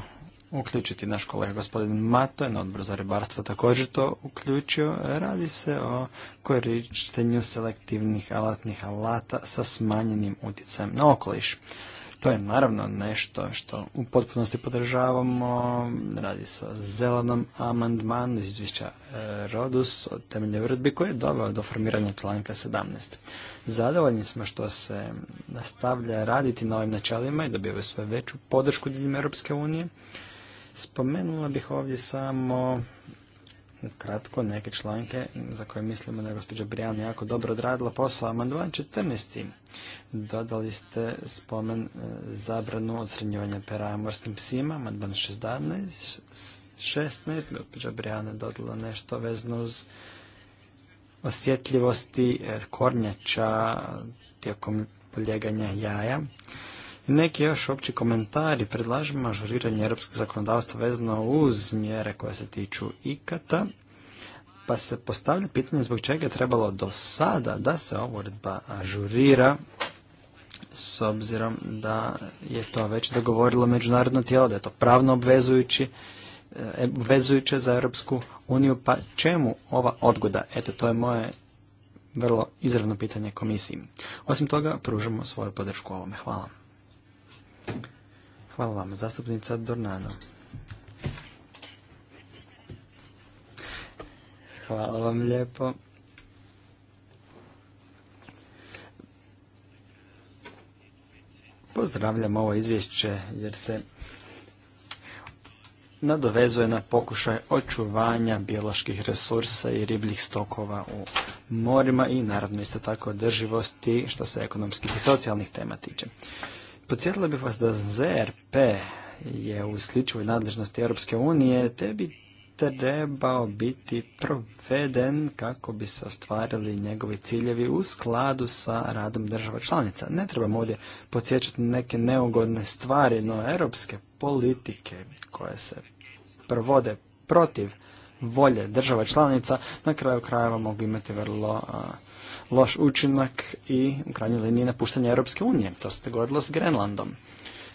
uključiti. Naš kolega gospodin Mato je na odboru za ribarstvo također to uključio. Radi se o korištenju selektivnih alatnih alata sa smanjenim utjecajem na okoliš. To je naravno nešto što u potpunosti podržavamo. Radi se o zelenom amandmanu izvješća eh, Rodus od temelje uredbi koji je doveo do formiranja članka 17. Zadovoljni smo što se nastavlja raditi na ovim načelima i dobivaju sve veću podršku diljem Europske unije. Spomenula bih ovdje samo kratko neke članke za koje mislimo da je gospođa Brijan jako dobro odradila posao. Amandman 14. Dodali ste spomen e, zabranu odsrednjivanja pera morskim psima. Amandman 16. 16. Gospođa Brijana dodala nešto vezno uz osjetljivosti eh, kornjača tijekom poljeganja jaja. Neki još opći komentari predlažemo ažuriranje europskog zakonodavstva vezano uz mjere koje se tiču ikata, pa se postavlja pitanje zbog čega je trebalo do sada da se ova uredba ažurira s obzirom da je to već dogovorilo međunarodno tijelo, da je to pravno obvezujući E, vezujuće za Europsku uniju, pa čemu ova odgoda? Eto, to je moje vrlo izravno pitanje komisiji. Osim toga, pružamo svoju podršku ovome. Hvala. Hvala vam, zastupnica Dornano. Hvala vam lijepo. Pozdravljam ovo izvješće jer se nadovezuje na pokušaj očuvanja bioloških resursa i ribljih stokova u morima i naravno isto tako održivosti što se ekonomskih i socijalnih tema tiče. Podsjetila bih vas da ZRP je u isključivoj nadležnosti Europske unije, te bi trebao biti proveden kako bi se ostvarili njegovi ciljevi u skladu sa radom država članica. Ne trebamo ovdje podsjećati neke neugodne stvari, no europske politike koje se provode protiv volje država članica na kraju krajeva mogu imati vrlo loš učinak i u krajnjoj liniji napuštanje Europske unije. To se dogodilo s Grenlandom.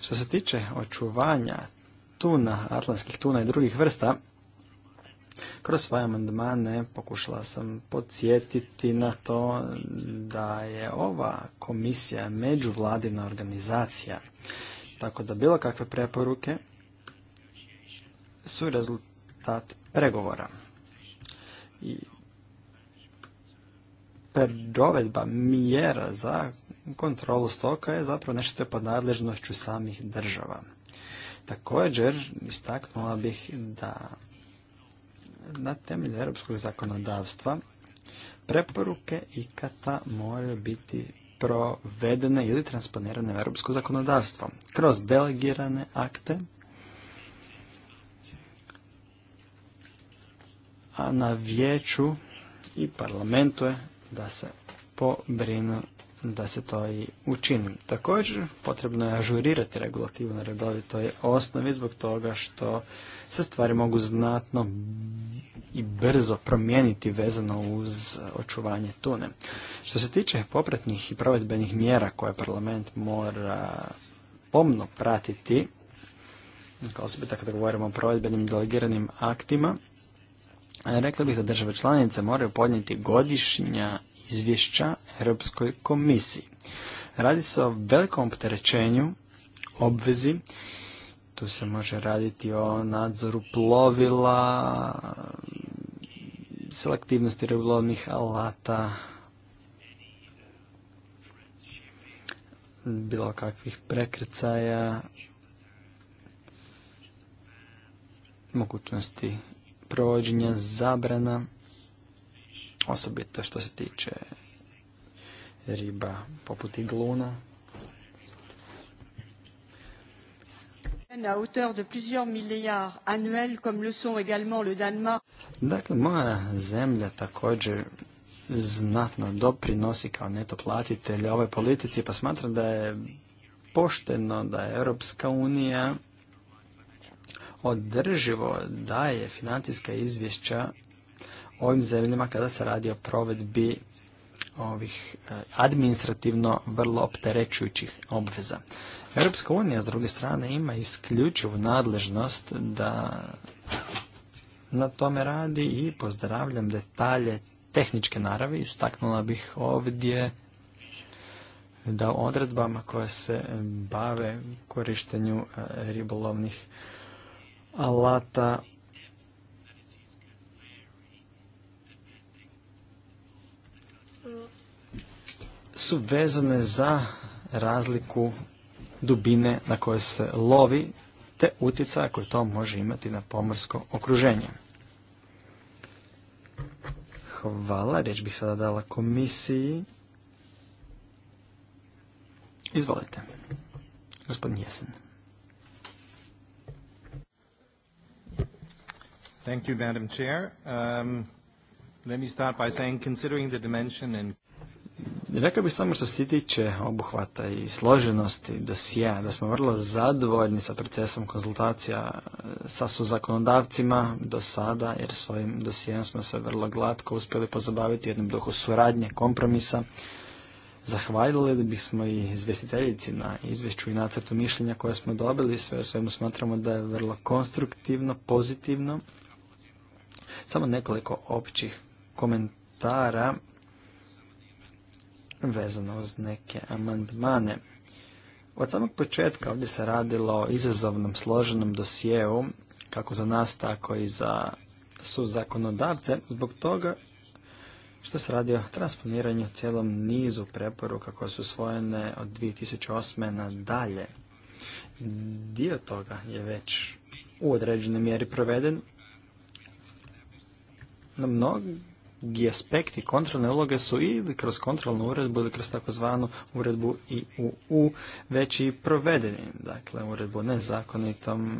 Što se tiče očuvanja tuna, atlantskih tuna i drugih vrsta, kroz svoje amandmane pokušala sam podsjetiti na to da je ova komisija međuvladina organizacija, tako da bilo kakve preporuke su rezultat pregovora. I mjera za kontrolu stoka je zapravo nešto je pod nadležnošću samih država. Također istaknula bih da na temelju europskog zakonodavstva preporuke i ikata moraju biti provedene ili transponirane u europsko zakonodavstvo kroz delegirane akte, a na vijeću i parlamentu je da se pobrinu da se to i učini. Također potrebno je ažurirati regulativu na redovitoj osnovi zbog toga što se stvari mogu znatno i brzo promijeniti vezano uz očuvanje tune. Što se tiče popretnih i provedbenih mjera koje parlament mora pomno pratiti, kao osobito kada govorimo o provedbenim delegiranim aktima, rekla bih da države članice moraju podnijeti godišnja izvješća Europskoj komisiji. Radi se o velikom opterećenju, obvezi tu se može raditi o nadzoru plovila, selektivnosti ribolovnih alata, bilo kakvih prekrcaja, mogućnosti provođenja zabrana, osobito što se tiče riba poput igluna. à hauteur de plusieurs milliards annuels, comme le sont également le Danemark. Dakle, moja zemlja također znatno doprinosi kao neto platitelj ovoj politici, pa smatram da je pošteno da je Europska unija održivo daje financijska izvješća ovim zemljama kada se radi o provedbi ovih eh, administrativno vrlo opterećujućih obveza. Europska unija s druge strane ima isključivu nadležnost da na tome radi i pozdravljam detalje tehničke naravi. Istaknula bih ovdje da u odredbama koje se bave korištenju eh, ribolovnih alata su vezane za razliku dubine na kojoj se lovi te utjecaja koje to može imati na pomorsko okruženje. Hvala, riječ bih sada dala komisiji. Izvolite, gospodin Jesen. Thank you, Madam Chair. Um, let me start by saying, considering the dimension and Rekao bih samo što se tiče obuhvata i složenosti dosija, da smo vrlo zadovoljni sa procesom konzultacija e, sa suzakonodavcima do sada, jer s ovim dosijem smo se vrlo glatko uspjeli pozabaviti jednom duhu suradnje, kompromisa. Zahvalili bismo i izvjestiteljici na izvješću i nacrtu mišljenja koje smo dobili, sve o svemu smatramo da je vrlo konstruktivno, pozitivno. Samo nekoliko općih komentara vezano uz neke amandmane. Od samog početka ovdje se radilo o izazovnom složenom dosjeu, kako za nas, tako i za su zakonodavce, zbog toga što se radi o transponiranju cijelom nizu preporuka koje su usvojene od 2008. na dalje. Dio toga je već u određenoj mjeri proveden, na mnogo i aspekti kontrolne uloge su ili kroz kontrolnu uredbu ili kroz takozvanu uredbu u već i provedenim, dakle uredbu o nezakonitom, e,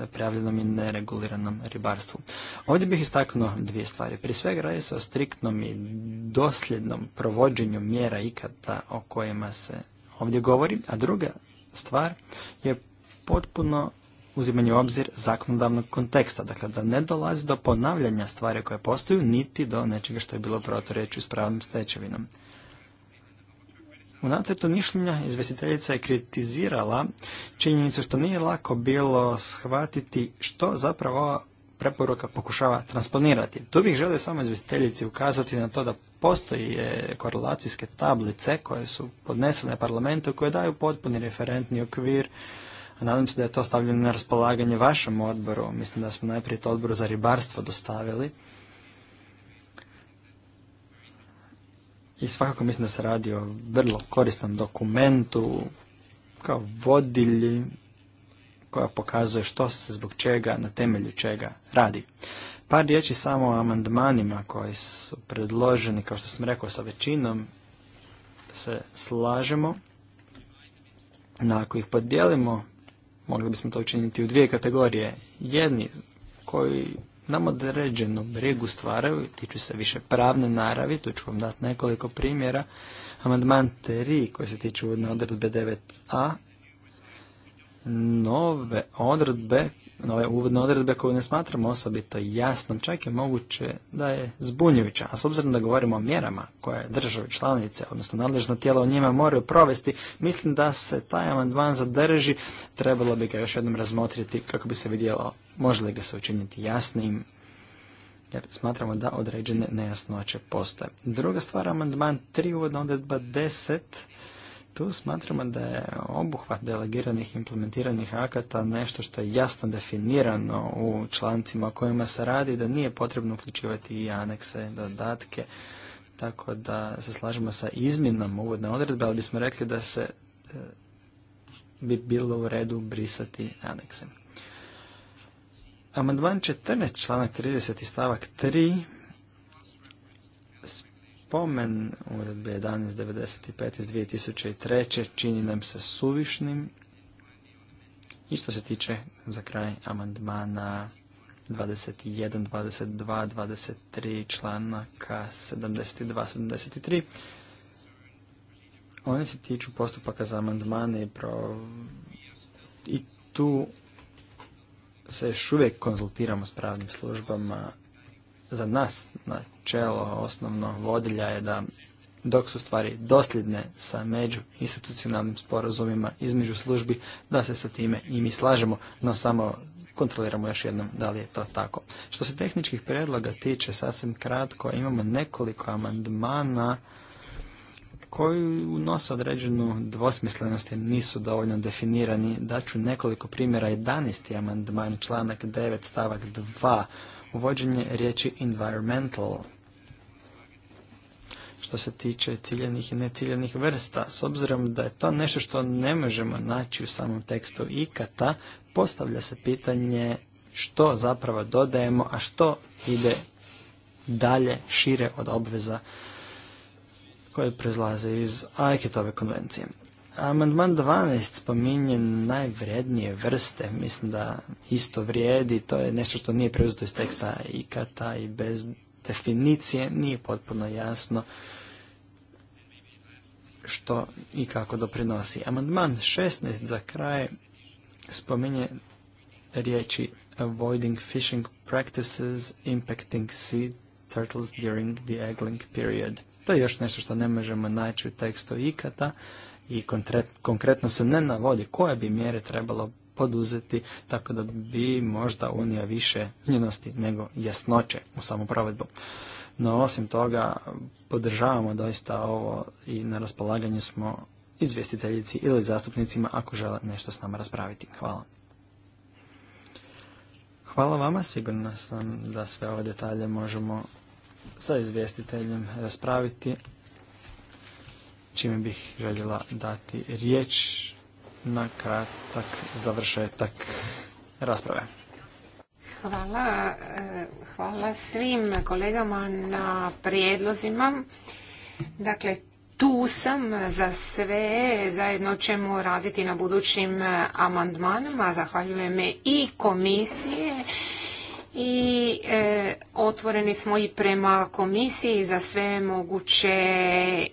neprijavljenom i nereguliranom ribarstvu. Ovdje bih istaknuo dvije stvari. Prije svega radi se o striktnom i dosljednom provođenju mjera ikada o kojima se ovdje govori, a druga stvar je potpuno uzimanje u obzir zakonodavnog konteksta. Dakle, da ne dolazi do ponavljanja stvari koje postoju, niti do nečega što je bilo protoreču s pravnom stečevinom. U nacrtu mišljenja izvestiteljica je kritizirala činjenicu što nije lako bilo shvatiti što zapravo preporuka pokušava transponirati. Tu bih želio samo izvestiteljici ukazati na to da postoje korelacijske tablice koje su podnesene parlamentu koje daju potpuni referentni okvir Nadam se da je to stavljeno na raspolaganje vašem odboru. Mislim da smo najprije to odboru za ribarstvo dostavili. I svakako mislim da se radi o vrlo korisnom dokumentu, kao vodilji koja pokazuje što se zbog čega, na temelju čega radi. Par riječi samo o amandmanima koji su predloženi, kao što sam rekao, sa većinom se slažemo. Na ako ih podijelimo Mogli bismo to učiniti u dvije kategorije. Jedni koji nam određenu brigu stvaraju, tiču se više pravne naravi, tu ću vam dati nekoliko primjera. Amandman 3 koji se tiču na odredbe 9a, nove odredbe ove uvodne odredbe koju ne smatramo osobito jasnom, čak je moguće da je zbunjujuća. A s obzirom da govorimo o mjerama koje države članice, odnosno nadležno tijelo u njima moraju provesti, mislim da se taj amandman zadrži, trebalo bi ga još jednom razmotriti kako bi se vidjelo može li ga se učiniti jasnim, jer smatramo da određene nejasnoće postoje. Druga stvar, amandman 3, uvodna odredba 10, tu smatramo da je obuhvat delegiranih implementiranih akata nešto što je jasno definirano u člancima o kojima se radi, da nije potrebno uključivati i anekse, dodatke, tako da se slažemo sa izmjenom uvodne odredbe, ali bismo rekli da se e, bi bilo u redu brisati anekse. Amandman 14 članak 30 stavak 3 spomen uredbe 1195 iz 2003. čini nam se suvišnim. I što se tiče za kraj amandmana 21, 22, 23, članaka 72, 73, oni se tiču postupaka za amandmane i, pro... i tu se još uvijek konzultiramo s pravnim službama za nas na čelo osnovno vodilja je da dok su stvari dosljedne sa među institucionalnim sporazumima između službi, da se sa time i mi slažemo, no samo kontroliramo još jednom da li je to tako. Što se tehničkih predloga tiče, sasvim kratko, imamo nekoliko amandmana koji unose određenu dvosmislenost jer nisu dovoljno definirani. Daću nekoliko primjera. 11. amandman, članak 9, stavak 2 uvođenje riječi environmental što se tiče ciljenih i neciljenih vrsta. S obzirom da je to nešto što ne možemo naći u samom tekstu ikata, postavlja se pitanje što zapravo dodajemo, a što ide dalje, šire od obveza koje prezlaze iz Aiketove konvencije. Amandman 12 spominje najvrednije vrste. Mislim da isto vrijedi. To je nešto što nije preuzeto iz teksta ikata i bez definicije nije potpuno jasno što i kako doprinosi. Amandman 16 za kraj spominje riječi avoiding fishing practices impacting sea turtles during the eggling period. To je još nešto što ne možemo naći u tekstu ikata i konkretno se ne navodi koje bi mjere trebalo poduzeti, tako da bi možda Unija više znjenosti nego jasnoće u samu provedbu. No osim toga, podržavamo doista ovo i na raspolaganju smo izvjestiteljici ili zastupnicima ako žele nešto s nama raspraviti. Hvala. Hvala vama, sigurno sam da sve ove detalje možemo sa izvjestiteljem raspraviti, čime bih željela dati riječ na kratak završetak rasprave. Hvala, eh, hvala svim kolegama na prijedlozima. Dakle, tu sam za sve, zajedno ćemo raditi na budućim amandmanima. Zahvaljujem i komisije i e, otvoreni smo i prema komisiji za sve moguće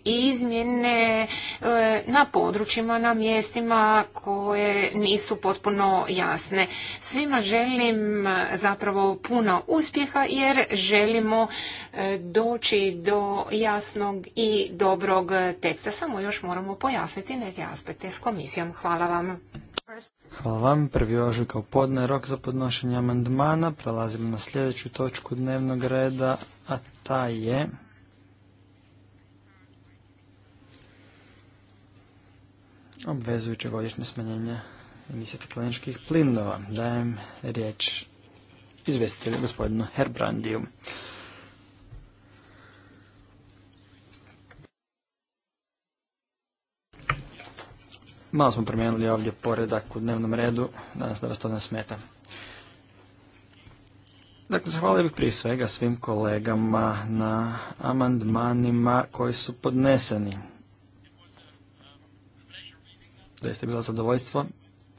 izmjene e, na područjima, na mjestima koje nisu potpuno jasne. Svima želim e, zapravo puno uspjeha jer želimo e, doći do jasnog i dobrog teksta. Samo još moramo pojasniti neke aspekte s komisijom. Hvala vam. Hvala vam. Prvi ožujka u podne rok za podnošenje amandmana. Prelazimo na sljedeću točku dnevnog reda, a ta je... obvezujuće godišnje smanjenje emisije stakleničkih plinova. Dajem riječ izvestitelju gospodinu Herbrandiju. Malo smo promijenili ovdje poredak u dnevnom redu, danas da vas to ne smeta. Dakle, zahvalio bih prije svega svim kolegama na amandmanima koji su podneseni. Da je bilo zadovoljstvo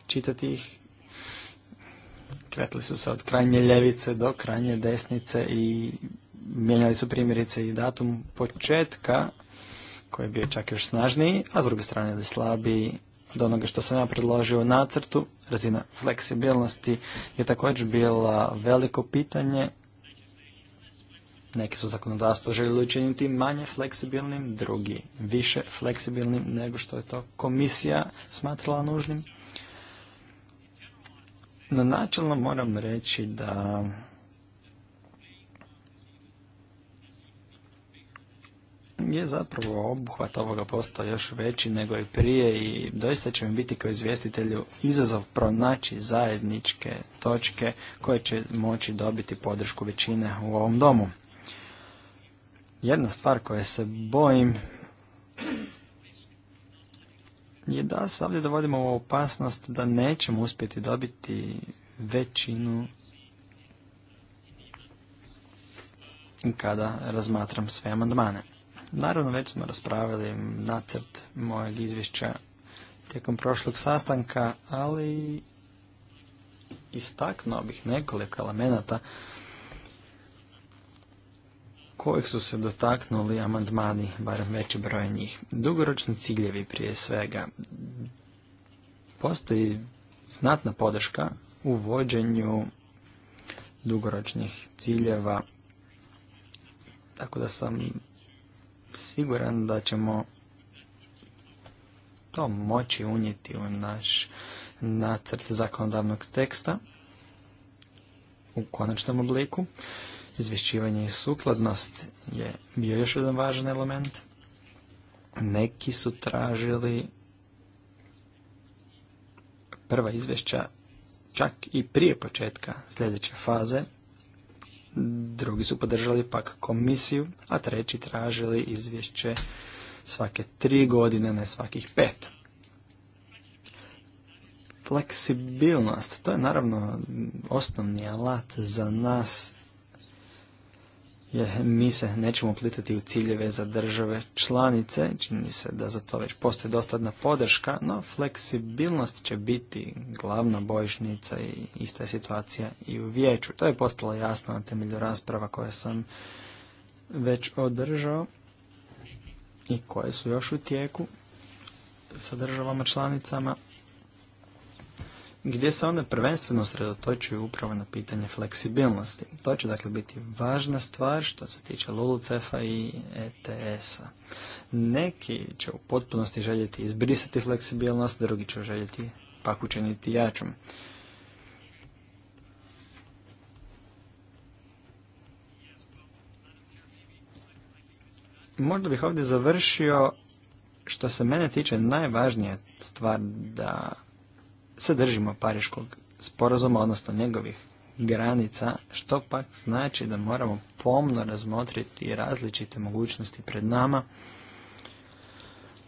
čitati ih. Kretili su se od krajnje ljevice do krajnje desnice i mijenjali su primjerice i datum početka koji je bio čak još snažniji, a s druge strane da slabiji do onoga što sam ja predložio u nacrtu. Razina fleksibilnosti je također bila veliko pitanje. Neki su zakonodavstvo željeli učiniti manje fleksibilnim, drugi više fleksibilnim nego što je to komisija smatrala nužnim. No načelno moram reći da je zapravo obuhvat ovoga postao još veći nego i prije i doista će mi biti kao izvjestitelju izazov pronaći zajedničke točke koje će moći dobiti podršku većine u ovom domu. Jedna stvar koja se bojim je da se ovdje dovodimo u opasnost da nećemo uspjeti dobiti većinu kada razmatram sve amandmane. Naravno, već smo raspravili nacrt mojeg izvješća tijekom prošlog sastanka, ali istaknuo bih nekoliko elemenata kojih su se dotaknuli amandmani, barem veći broj njih. Dugoročni ciljevi prije svega. Postoji znatna podrška u vođenju dugoročnih ciljeva, tako da sam siguran da ćemo to moći unijeti u naš nacrt zakonodavnog teksta u konačnom obliku. Izvješćivanje i sukladnost je bio još jedan važan element. Neki su tražili prva izvješća čak i prije početka sljedeće faze drugi su podržali pak komisiju, a treći tražili izvješće svake tri godine, ne svakih pet. Fleksibilnost, to je naravno osnovni alat za nas je, mi se nećemo plitati u ciljeve za države članice, čini se da za to već postoji dostatna podrška, no fleksibilnost će biti glavna bojišnica i ista je situacija i u vijeću. To je postalo jasno na temelju rasprava koje sam već održao i koje su još u tijeku sa državama članicama gdje se one prvenstveno sredotočuju upravo na pitanje fleksibilnosti. To će dakle biti važna stvar što se tiče LULUCEF-a i ETS-a. Neki će u potpunosti željeti izbrisati fleksibilnost, drugi će željeti pak učiniti jačom. Možda bih ovdje završio što se mene tiče najvažnija stvar da se držimo Pariškog sporazuma, odnosno njegovih granica, što pak znači da moramo pomno razmotriti različite mogućnosti pred nama,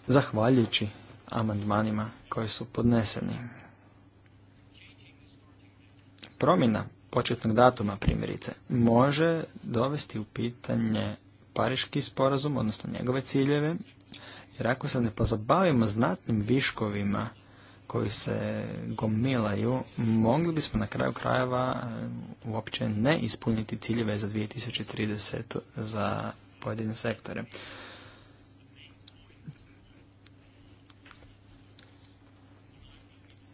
zahvaljujući amandmanima koji su podneseni. Promjena početnog datuma primjerice može dovesti u pitanje Pariški sporazum, odnosno njegove ciljeve, jer ako se ne pozabavimo znatnim viškovima koji se gomilaju, mogli bismo na kraju krajeva e, uopće ne ispuniti ciljeve za 2030 za pojedine sektore.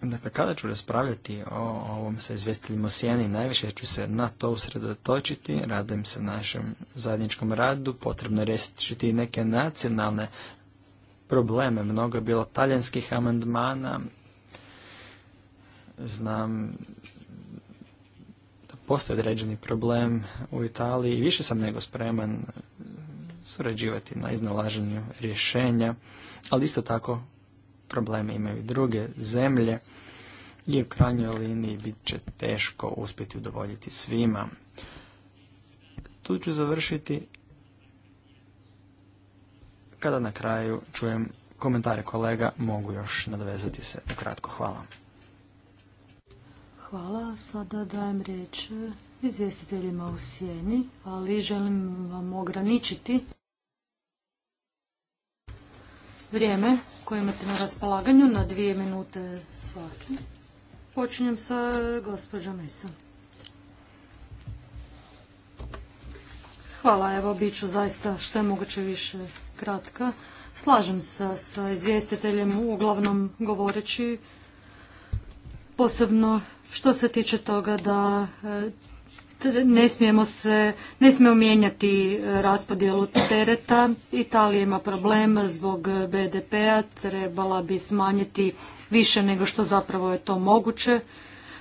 Dakle, kada ću raspravljati o ovom sa izvjestiteljima sjeni? najviše ću se na to usredotočiti, radim se našem zajedničkom radu, potrebno je neke nacionalne probleme. Mnogo je bilo talijanskih amandmana, znam da postoji određeni problem u Italiji i više sam nego spreman surađivati na iznalaženju rješenja, ali isto tako probleme imaju i druge zemlje i u krajnjoj liniji bit će teško uspjeti udovoljiti svima. Tu ću završiti kada na kraju čujem komentare kolega mogu još nadvezati se ukratko. Hvala. Hvala. Sada dajem riječ izvjestiteljima u sjeni, ali želim vam ograničiti vrijeme koje imate na raspolaganju na dvije minute svaki. Počinjem sa gospođom Mesa. Hvala, evo, bit ću zaista što je moguće više kratka. Slažem se sa izvjestiteljem, uglavnom govoreći posebno što se tiče toga da e, ne smijemo se, ne smijemo mijenjati e, raspodjelu tereta. Italija ima problem zbog BDP-a, trebala bi smanjiti više nego što zapravo je to moguće.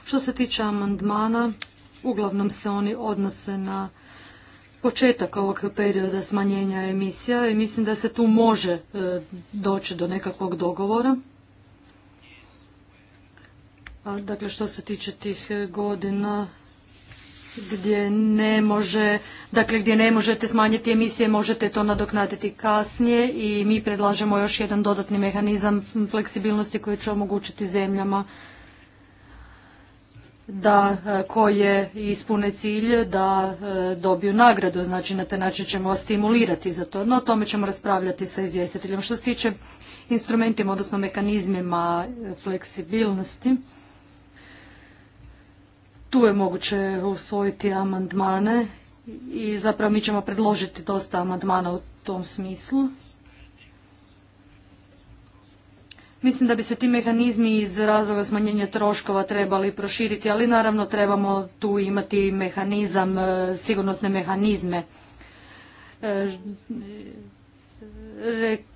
Što se tiče amandmana, uglavnom se oni odnose na početak ovog perioda smanjenja emisija i mislim da se tu može e, doći do nekakvog dogovora. Dakle, što se tiče tih e, godina gdje ne može, dakle gdje ne možete smanjiti emisije, možete to nadoknaditi kasnije i mi predlažemo još jedan dodatni mehanizam fleksibilnosti koji će omogućiti zemljama da e, koje ispune cilj da e, dobiju nagradu, znači na taj način ćemo stimulirati za to. No o tome ćemo raspravljati sa izvjestiteljem. Što se tiče instrumentima, odnosno mehanizmima fleksibilnosti, tu je moguće usvojiti amandmane i zapravo mi ćemo predložiti dosta amandmana u tom smislu. Mislim da bi se ti mehanizmi iz razloga smanjenja troškova trebali proširiti, ali naravno trebamo tu imati mehanizam, e, sigurnosne mehanizme. E,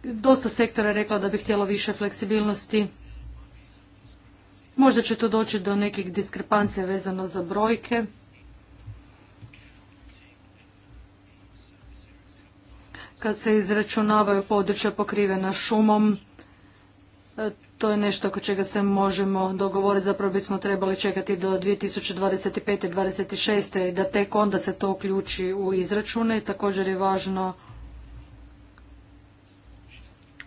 dosta sektora je rekla da bi htjelo više fleksibilnosti Možda će to doći do nekih diskrepancija vezano za brojke. Kad se izračunavaju područja pokrivena šumom, e, to je nešto oko čega se možemo dogovoriti. Zapravo bismo trebali čekati do 2025. i 2026. da tek onda se to uključi u izračune. Također je važno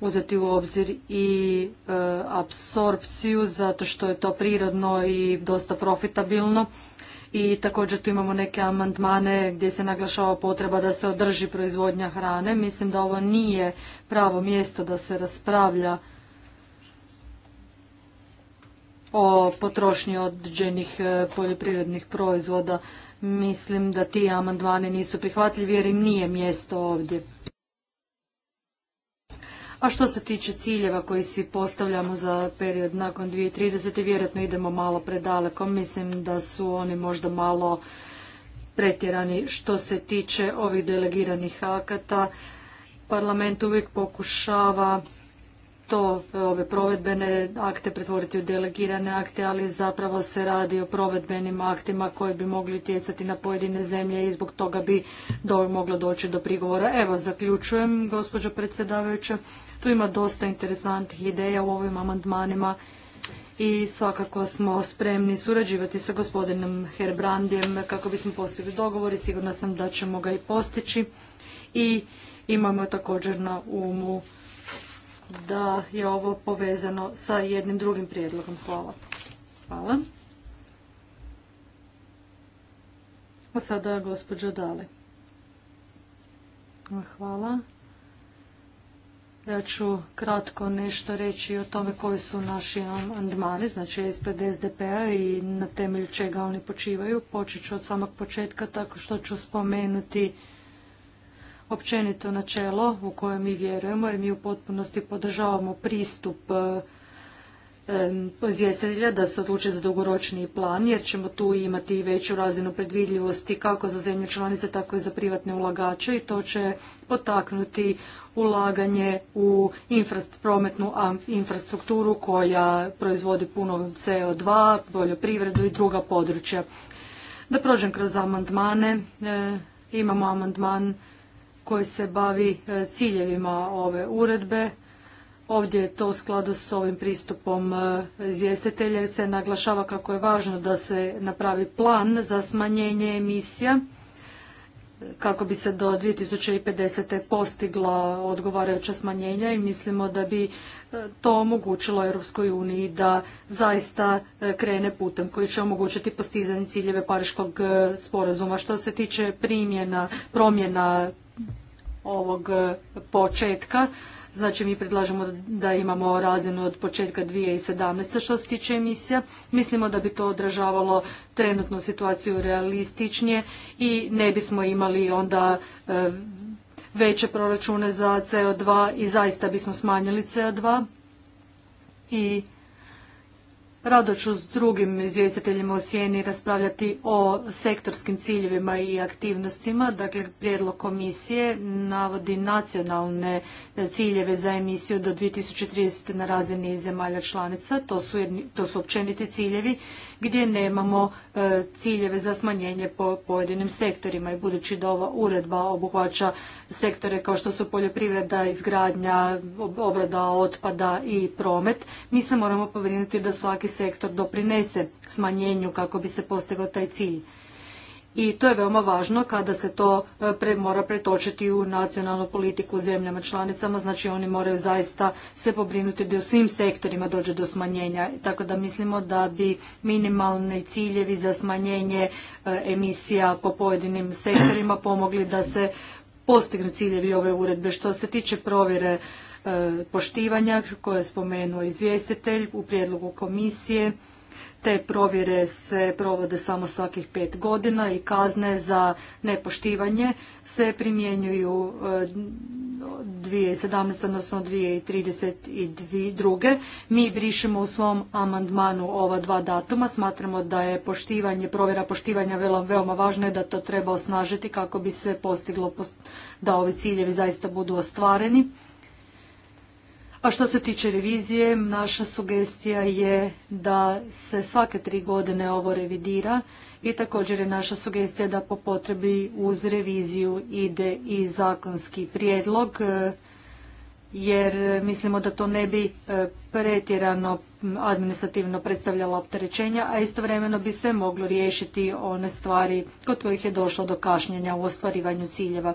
uzeti u obzir i e, apsorpciju zato što je to prirodno i dosta profitabilno. I također tu imamo neke amandmane gdje se naglašava potreba da se održi proizvodnja hrane. Mislim da ovo nije pravo mjesto da se raspravlja o potrošnji određenih e, poljoprivrednih proizvoda. Mislim da ti amandmani nisu prihvatljivi jer im nije mjesto ovdje. A što se tiče ciljeva koji si postavljamo za period nakon 2030. vjerojatno idemo malo predaleko. Mislim da su oni možda malo pretjerani što se tiče ovih delegiranih akata. Parlament uvijek pokušava to ove provedbene akte pretvoriti u delegirane akte, ali zapravo se radi o provedbenim aktima koji bi mogli utjecati na pojedine zemlje i zbog toga bi do, moglo doći do prigovora. Evo, zaključujem, gospođo predsjedavajuća. Tu ima dosta interesantnih ideja u ovim amandmanima i svakako smo spremni surađivati sa gospodinom Herbrandijem kako bismo postigli dogovor i sigurna sam da ćemo ga i postići. I imamo također na umu da je ovo povezano sa jednim drugim prijedlogom. Hvala. Hvala. A sada gospođa Dali. Hvala. Ja ću kratko nešto reći o tome koji su naši amandmani, znači ispred SDP-a i na temelju čega oni počivaju. Počet ću od samog početka tako što ću spomenuti općenito načelo u koje mi vjerujemo jer mi u potpunosti podržavamo pristup e, e, izvjestitelja da se odluče za dugoročni plan jer ćemo tu imati i veću razinu predvidljivosti kako za zemlje članice tako i za privatne ulagače i to će potaknuti ulaganje u prometnu infrastrukturu koja proizvodi puno CO2, poljoprivredu i druga područja. Da prođem kroz amandmane. E, imamo amandman koji se bavi e, ciljevima ove uredbe. Ovdje je to u skladu s ovim pristupom e, izvjestitelja jer se naglašava kako je važno da se napravi plan za smanjenje emisija kako bi se do 2050. postigla odgovarajuća smanjenja i mislimo da bi e, to omogućilo Europskoj uniji da zaista krene putem koji će omogućiti postizanje ciljeve Pariškog sporazuma. Što se tiče primjena, promjena ovog e, početka. Znači mi predlažemo da imamo razinu od početka 2017. što se tiče emisija. Mislimo da bi to odražavalo trenutnu situaciju realističnije i ne bismo imali onda e, veće proračune za CO2 i zaista bismo smanjili CO2 i Rado ću s drugim izvjestiteljima u Sjeni raspravljati o sektorskim ciljevima i aktivnostima. Dakle, prijedlog komisije navodi nacionalne ciljeve za emisiju do 2030. na razini zemalja članica. To su, to su općeniti ciljevi gdje nemamo e, ciljeve za smanjenje po pojedinim sektorima i budući da ova uredba obuhvaća sektore kao što su poljoprivreda, izgradnja, obrada otpada i promet, mi se moramo pobrinuti da svaki sektor doprinese smanjenju kako bi se postigao taj cilj i to je veoma važno kada se to e, mora pretočiti u nacionalnu politiku u zemljama članicama, znači oni moraju zaista se pobrinuti da u svim sektorima dođe do smanjenja, tako da mislimo da bi minimalni ciljevi za smanjenje e, emisija po pojedinim sektorima pomogli da se postignu ciljevi ove uredbe. Što se tiče provjere e, poštivanja koje je spomenuo izvjestitelj u prijedlogu komisije, te provjere se provode samo svakih pet godina i kazne za nepoštivanje se primjenjuju 2017. E, odnosno 2032. Mi brišemo u svom amandmanu ova dva datuma. Smatramo da je poštivanje, provjera poštivanja veoma važna i da to treba osnažiti kako bi se postiglo da ovi ciljevi zaista budu ostvareni. A što se tiče revizije, naša sugestija je da se svake tri godine ovo revidira i također je naša sugestija da po potrebi uz reviziju ide i zakonski prijedlog e, jer mislimo da to ne bi e, pretjerano administrativno predstavljalo opterećenja, a istovremeno bi se moglo riješiti one stvari kod kojih je došlo do kašnjenja u ostvarivanju ciljeva.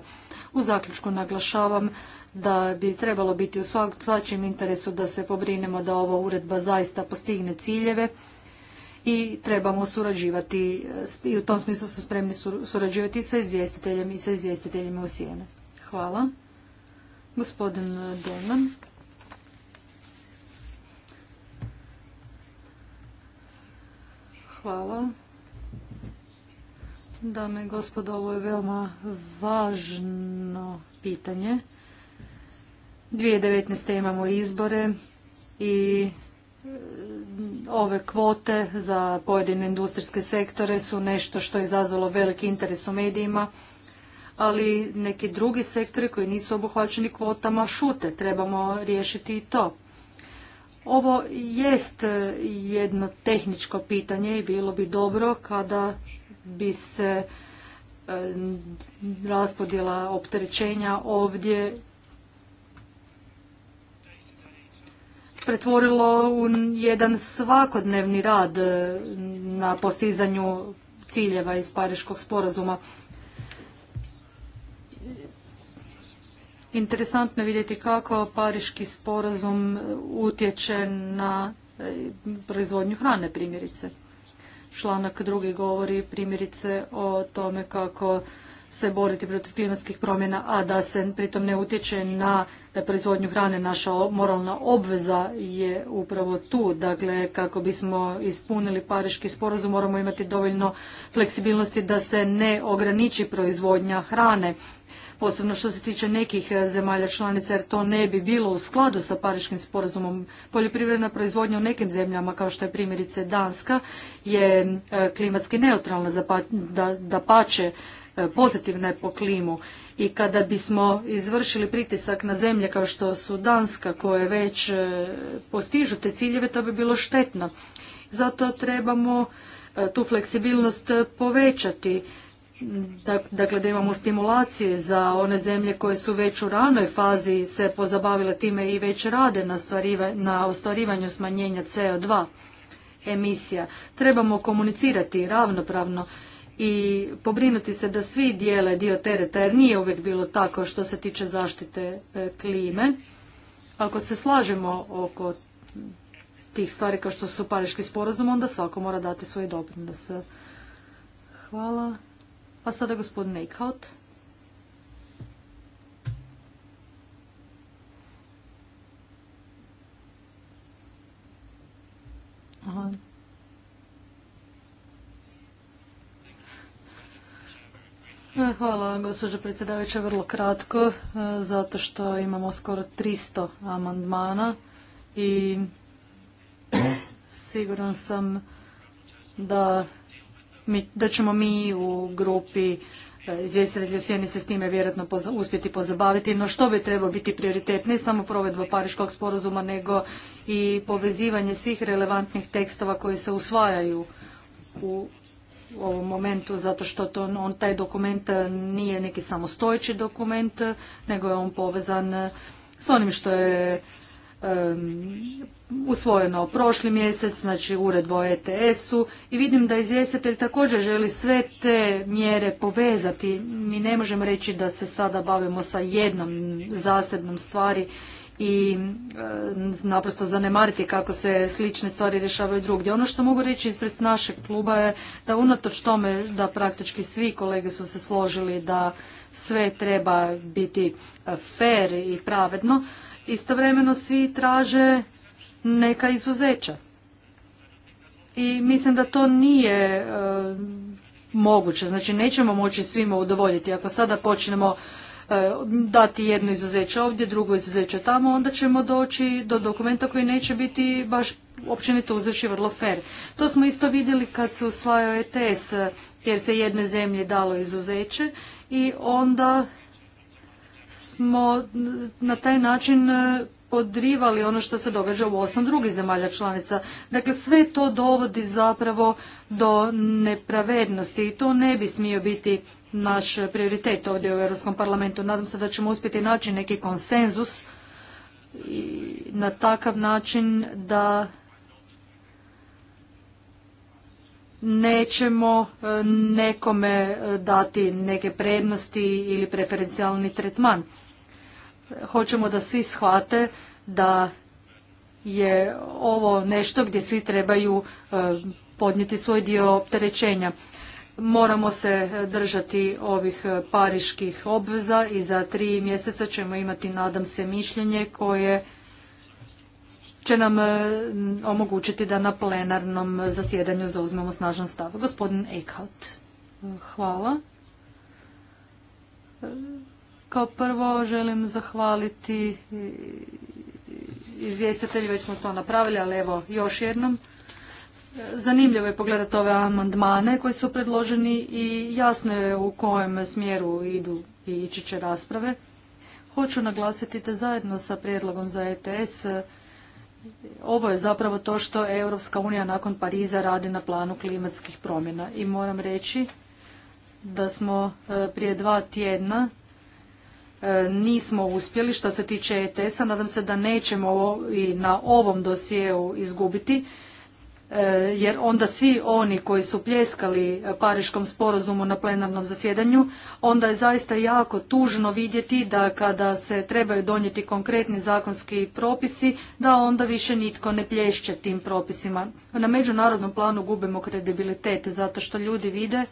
U zaključku naglašavam da bi trebalo biti u svačijem interesu da se pobrinemo da ova uredba zaista postigne ciljeve i trebamo surađivati e, i u tom smislu su spremni surađivati sa izvjestiteljem i sa izvjestiteljima u Sijene. Hvala. Gospodin Dolan. Hvala. Dame i gospodo, ovo je veoma važno pitanje 2019. imamo izbore i e, ove kvote za pojedine industrijske sektore su nešto što je izazvalo veliki interes u medijima, ali neki drugi sektori koji nisu obuhvaćeni kvotama šute. Trebamo riješiti i to. Ovo jest e, jedno tehničko pitanje i bilo bi dobro kada bi se e, raspodjela opterećenja ovdje pretvorilo u jedan svakodnevni rad e, na postizanju ciljeva iz Pariškog sporazuma. Interesantno je vidjeti kako Pariški sporazum utječe na e, proizvodnju hrane primjerice. Članak drugi govori primjerice o tome kako se boriti protiv klimatskih promjena, a da se pritom ne utječe na proizvodnju hrane. Naša moralna obveza je upravo tu. Dakle, kako bismo ispunili pariški sporazum, moramo imati dovoljno fleksibilnosti da se ne ograniči proizvodnja hrane posebno što se tiče nekih zemalja članica, jer to ne bi bilo u skladu sa Pariškim sporazumom. Poljoprivredna proizvodnja u nekim zemljama, kao što je primjerice Danska, je e, klimatski neutralna, da pače pozitivne po klimu i kada bismo izvršili pritisak na zemlje kao što su Danska koje već e, postižu te ciljeve to bi bilo štetno. Zato trebamo e, tu fleksibilnost povećati dakle da imamo stimulacije za one zemlje koje su već u ranoj fazi se pozabavile time i već rade na ostvarivanju smanjenja CO2 emisija. Trebamo komunicirati ravnopravno i pobrinuti se da svi dijele dio tereta jer nije uvijek bilo tako što se tiče zaštite e, klime. Ako se slažemo oko tih stvari kao što su pariški sporazum, onda svako mora dati svoj doprinos. Hvala. A sada gospodin Neikhaut. Hvala. E, hvala, gospođo predsjedavajuća. Vrlo kratko, e, zato što imamo skoro 300 amandmana i siguran sam da, ćemo mi u grupi e, izvjestitelji sjeni se s time vjerojatno uspjeti pozabaviti, no što bi trebao biti prioritet, ne samo provedba Pariškog sporazuma, nego i povezivanje svih relevantnih tekstova koji se usvajaju u u ovom momentu zato što to, on, taj dokument eh, nije neki samostojeći dokument, eh, nego je on povezan eh, s onim što je usvojeno prošli mjesec, znači uredba o ETS-u i vidim da izvjestitelj također želi sve te mjere povezati. Mi ne možemo reći da se sada bavimo sa jednom zasebnom stvari i e, naprosto zanemariti kako se slične stvari rješavaju drugdje. Ono što mogu reći ispred našeg kluba je da unatoč tome da praktički svi kolege su se složili da sve treba biti e, fer i pravedno, istovremeno svi traže neka izuzeća. I mislim da to nije e, moguće. Znači nećemo moći svima udovoljiti. Ako sada počnemo E, dati jedno izuzeće ovdje, drugo izuzeće tamo, onda ćemo doći do dokumenta koji neće biti baš općenito uzeći vrlo fair. To smo isto vidjeli kad se usvajao ETS, e, jer se jednoj zemlji dalo izuzeće i onda smo na taj način e, podrivali ono što se događa u osam drugih zemalja članica. Dakle, sve to dovodi zapravo do nepravednosti i to ne bi smio biti naš prioritet ovdje u Europskom parlamentu. Nadam se da ćemo uspjeti naći neki konsenzus i na takav način da nećemo e, nekome e, dati neke prednosti ili preferencijalni tretman. Hoćemo da svi shvate da je ovo nešto gdje svi trebaju e, podnijeti svoj dio opterećenja. Moramo se e, držati ovih e, pariških obveza i za tri mjeseca ćemo imati, nadam se, mišljenje koje će nam e, omogućiti da na plenarnom zasjedanju zauzmemo snažan stav. Gospodin Eichhout, hvala. Kao prvo želim zahvaliti izvjestitelji, već smo to napravili, ali evo još jednom. Zanimljivo je pogledati ove amandmane koji su predloženi i jasno je u kojem smjeru idu i ići će rasprave. Hoću naglasiti da zajedno sa prijedlogom za ETS ovo je zapravo to što Europska unija nakon Pariza radi na planu klimatskih promjena i moram reći da smo e, prije dva tjedna e, nismo uspjeli što se tiče ETS-a. Nadam se da nećemo i na ovom dosijeu izgubiti E, jer onda svi oni koji su pljeskali e, Pariškom sporazumu na plenarnom zasjedanju, onda je zaista jako tužno vidjeti da kada se trebaju donijeti konkretni zakonski propisi, da onda više nitko ne plješće tim propisima. Na međunarodnom planu gubimo kredibilitet zato što ljudi vide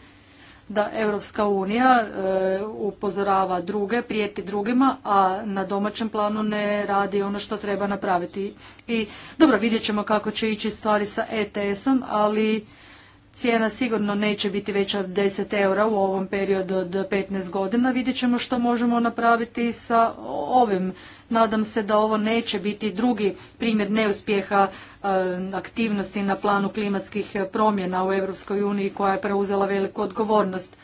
da Europska unija e, upozorava druge, prijeti drugima, a na domaćem planu ne radi ono što treba napraviti. I dobro, vidjet ćemo kako će ići stvari sa ETS-om, ali cijena sigurno neće biti veća od 10 eura u ovom periodu od 15 godina. Vidjet ćemo što možemo napraviti sa ovim Nadam se da ovo neće biti drugi primjer neuspjeha e, aktivnosti na planu klimatskih e, promjena u Europskoj uniji koja je preuzela veliku odgovornost.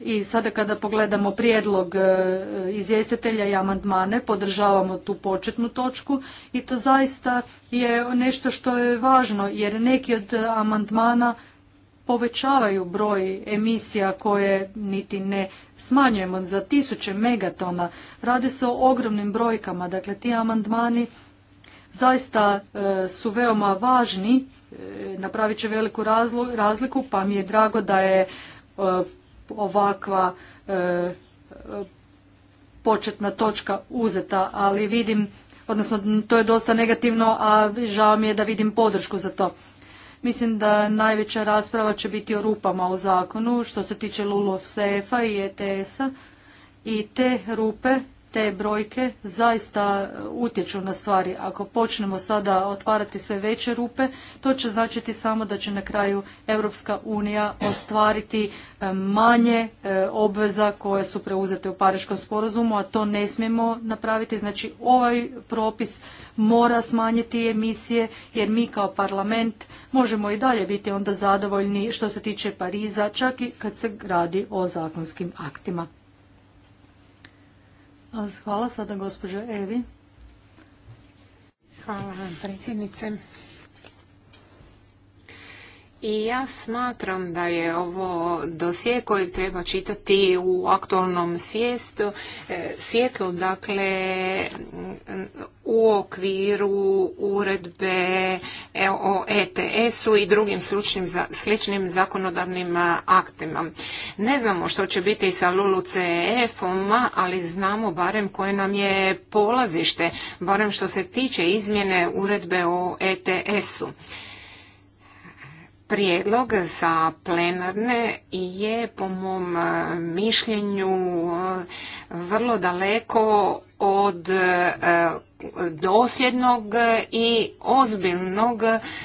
I sada kada pogledamo prijedlog e, izvjestitelja i amandmane, podržavamo tu početnu točku i to zaista je nešto što je važno jer neki od amandmana povećavaju broj emisija koje niti ne smanjujemo za tisuće megatona. Radi se o ogromnim brojkama, dakle ti amandmani zaista e, su veoma važni, e, napravit će veliku razliku, pa mi je drago da je e, ovakva e, početna točka uzeta, ali vidim, odnosno to je dosta negativno, a žao mi je da vidim podršku za to. Mislim da najveća rasprava će biti o rupama u zakonu što se tiče LULOV, a i ETS-a i te rupe te brojke zaista utječu na stvari. Ako počnemo sada otvarati sve veće rupe, to će značiti samo da će na kraju Europska unija ostvariti e, manje e, obveza koje su preuzete u Pariškom sporazumu, a to ne smijemo napraviti. Znači ovaj propis mora smanjiti emisije jer mi kao parlament možemo i dalje biti onda zadovoljni što se tiče Pariza, čak i kad se radi o zakonskim aktima. Hvala sada gospođa Evi. Hvala vam predsjednice. I ja smatram da je ovo dosije koji treba čitati u aktualnom svijestu, e, svijetlu, dakle u okviru uredbe o ETS-u i drugim sličnim zakonodavnim aktima. Ne znamo što će biti sa lulu CEF om ali znamo barem koje nam je polazište, barem što se tiče izmjene uredbe o ETS-u. Prijedlog za plenarne je po mom e, mišljenju e, vrlo daleko od e, dosljednog i ozbiljnog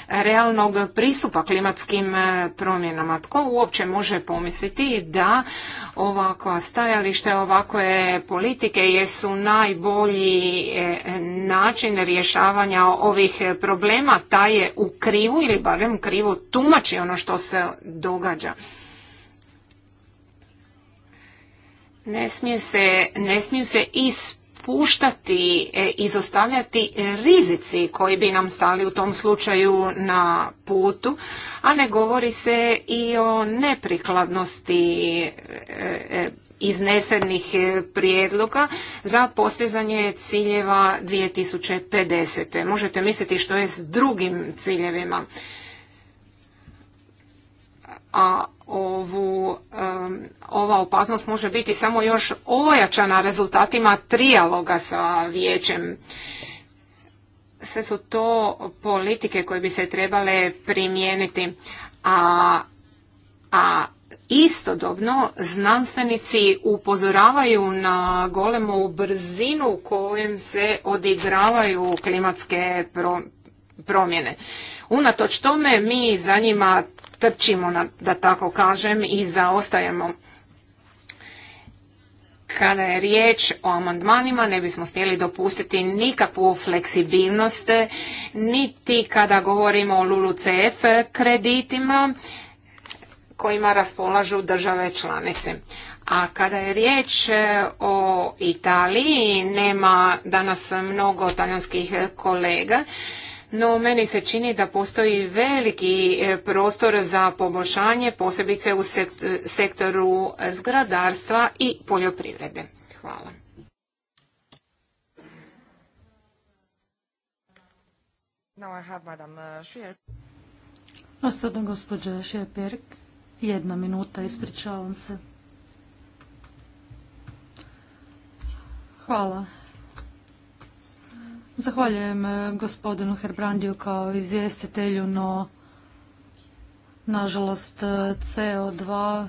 realnog pristupa klimatskim e, promjenama. Tko uopće može pomisliti da ovakva stajalište, ovakve politike jesu najbolji e, način rješavanja ovih problema, taj je u krivu ili barem krivo tumači ono što se događa. Ne, smije se, ne smiju se ispuštati, e, izostavljati rizici koji bi nam stali u tom slučaju na putu, a ne govori se i o neprikladnosti e, e, iznesenih prijedloga za postizanje ciljeva 2050. Možete misliti što je s drugim ciljevima a ovu, ova opasnost može biti samo još ojačana rezultatima trijaloga sa vijećem. Sve su to politike koje bi se trebale primijeniti, a, a istodobno znanstvenici upozoravaju na golemu brzinu kojom se odigravaju klimatske promjene. Unatoč tome mi zanima trčimo, da tako kažem, i zaostajemo. Kada je riječ o amandmanima, ne bismo smjeli dopustiti nikakvu fleksibilnost, niti kada govorimo o LULU-CF kreditima kojima raspolažu države članice. A kada je riječ e, o Italiji, nema danas mnogo talijanskih kolega, no meni se čini da postoji veliki e, prostor za poboljšanje, posebice u sektoru zgradarstva i poljoprivrede. Hvala. Uh, A sada gospođa Šeperk. Jedna minuta, ispričavam se. Hvala Zahvaljujem eh, gospodinu Herbrandiju kao izvjestitelju, no nažalost eh, CO2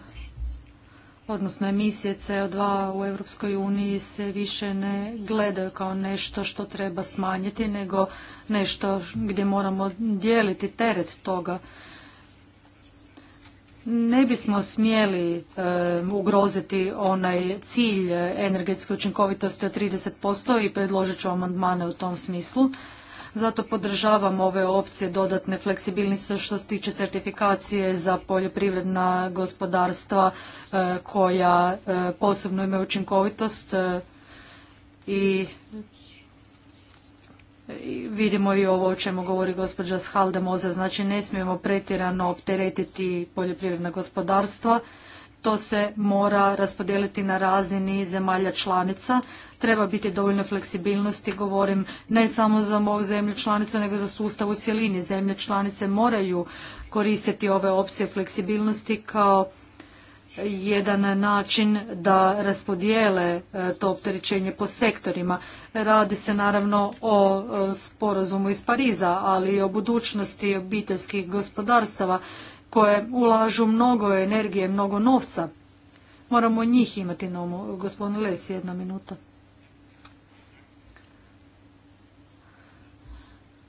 odnosno emisije CO2 u Europskoj uniji se više ne gledaju kao nešto što treba smanjiti, nego nešto gdje moramo dijeliti teret toga ne bismo smjeli e, ugroziti onaj cilj energetske učinkovitosti od 30% i predložit ću amandmane u tom smislu. Zato podržavam ove opcije dodatne fleksibilnosti što se tiče certifikacije za poljoprivredna gospodarstva e, koja e, posebno imaju učinkovitost i Vidimo i ovo o čemu govori gospođa Moza, znači ne smijemo pretjerano opteretiti poljoprivredna gospodarstva. To se mora raspodijeliti na razini zemalja članica. Treba biti dovoljno fleksibilnosti, govorim ne samo za mog zemlju članicu, nego za sustav u cjelini. Zemlje članice moraju koristiti ove opcije fleksibilnosti kao jedan način da raspodijele e, to opterećenje po sektorima. Radi se naravno o e, sporazumu iz Pariza, ali i o budućnosti obiteljskih gospodarstava koje ulažu mnogo energije, mnogo novca. Moramo njih imati na umu. Gospodin Les, jedna minuta.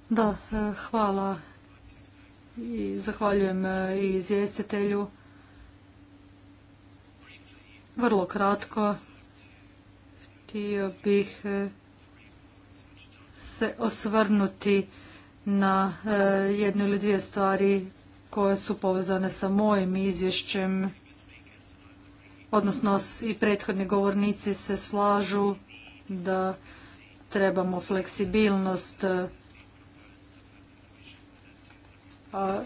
Da, e, hvala i zahvaljujem i izvjestitelju vrlo kratko htio bih e, se osvrnuti na e, jednu ili dvije stvari koje su povezane sa mojim izvješćem, odnosno i prethodni govornici se slažu da trebamo fleksibilnost, a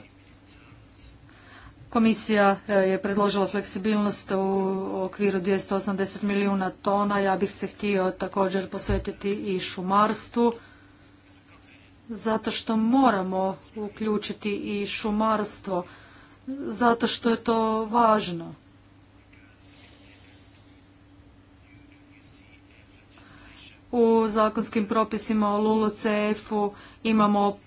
Komisija e, je predložila fleksibilnost u okviru 280 milijuna tona. Ja bih se htio također posvetiti i šumarstvu, zato što moramo uključiti i šumarstvo, zato što je to važno. U zakonskim propisima o LULUCF-u imamo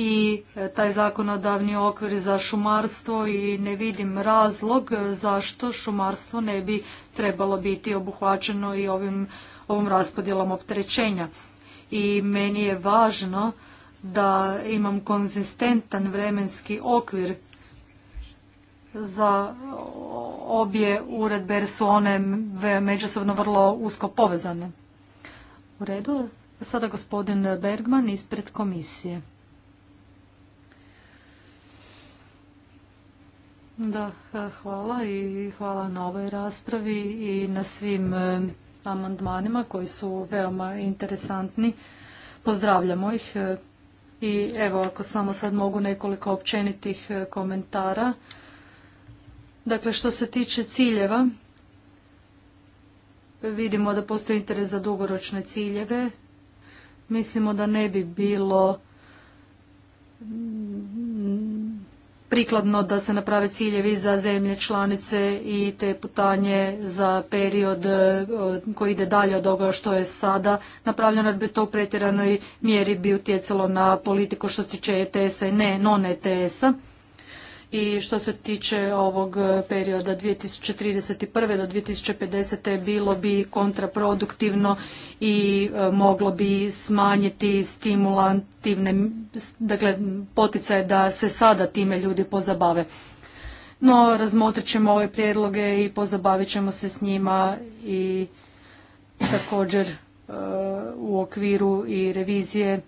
i e, taj zakonodavni okvir za šumarstvo i ne vidim razlog zašto šumarstvo ne bi trebalo biti obuhvaćeno i ovim, ovom raspodjelom opterećenja. I meni je važno da imam konzistentan vremenski okvir za obje uredbe jer su one međusobno vrlo usko povezane. U redu. Sada gospodin Bergman ispred komisije. Da, hvala i hvala na ovoj raspravi i na svim e, amandmanima koji su veoma interesantni. Pozdravljamo ih e, i evo ako samo sad mogu nekoliko općenitih e, komentara. Dakle, što se tiče ciljeva, vidimo da postoji interes za dugoročne ciljeve. Mislimo da ne bi bilo prikladno da se naprave ciljevi za zemlje članice i te putanje za period e, koji ide dalje od toga što je sada napravljeno, jer bi to u pretjeranoj mjeri bi utjecalo na politiku što se tiče ETS-a i ne non ETS-a i što se tiče ovog e, perioda 2031. do 2050. bilo bi kontraproduktivno i e, moglo bi smanjiti stimulativne, dakle poticaje da se sada time ljudi pozabave. No, razmotrit ćemo ove prijedloge i pozabavit ćemo se s njima i također e, u okviru i revizije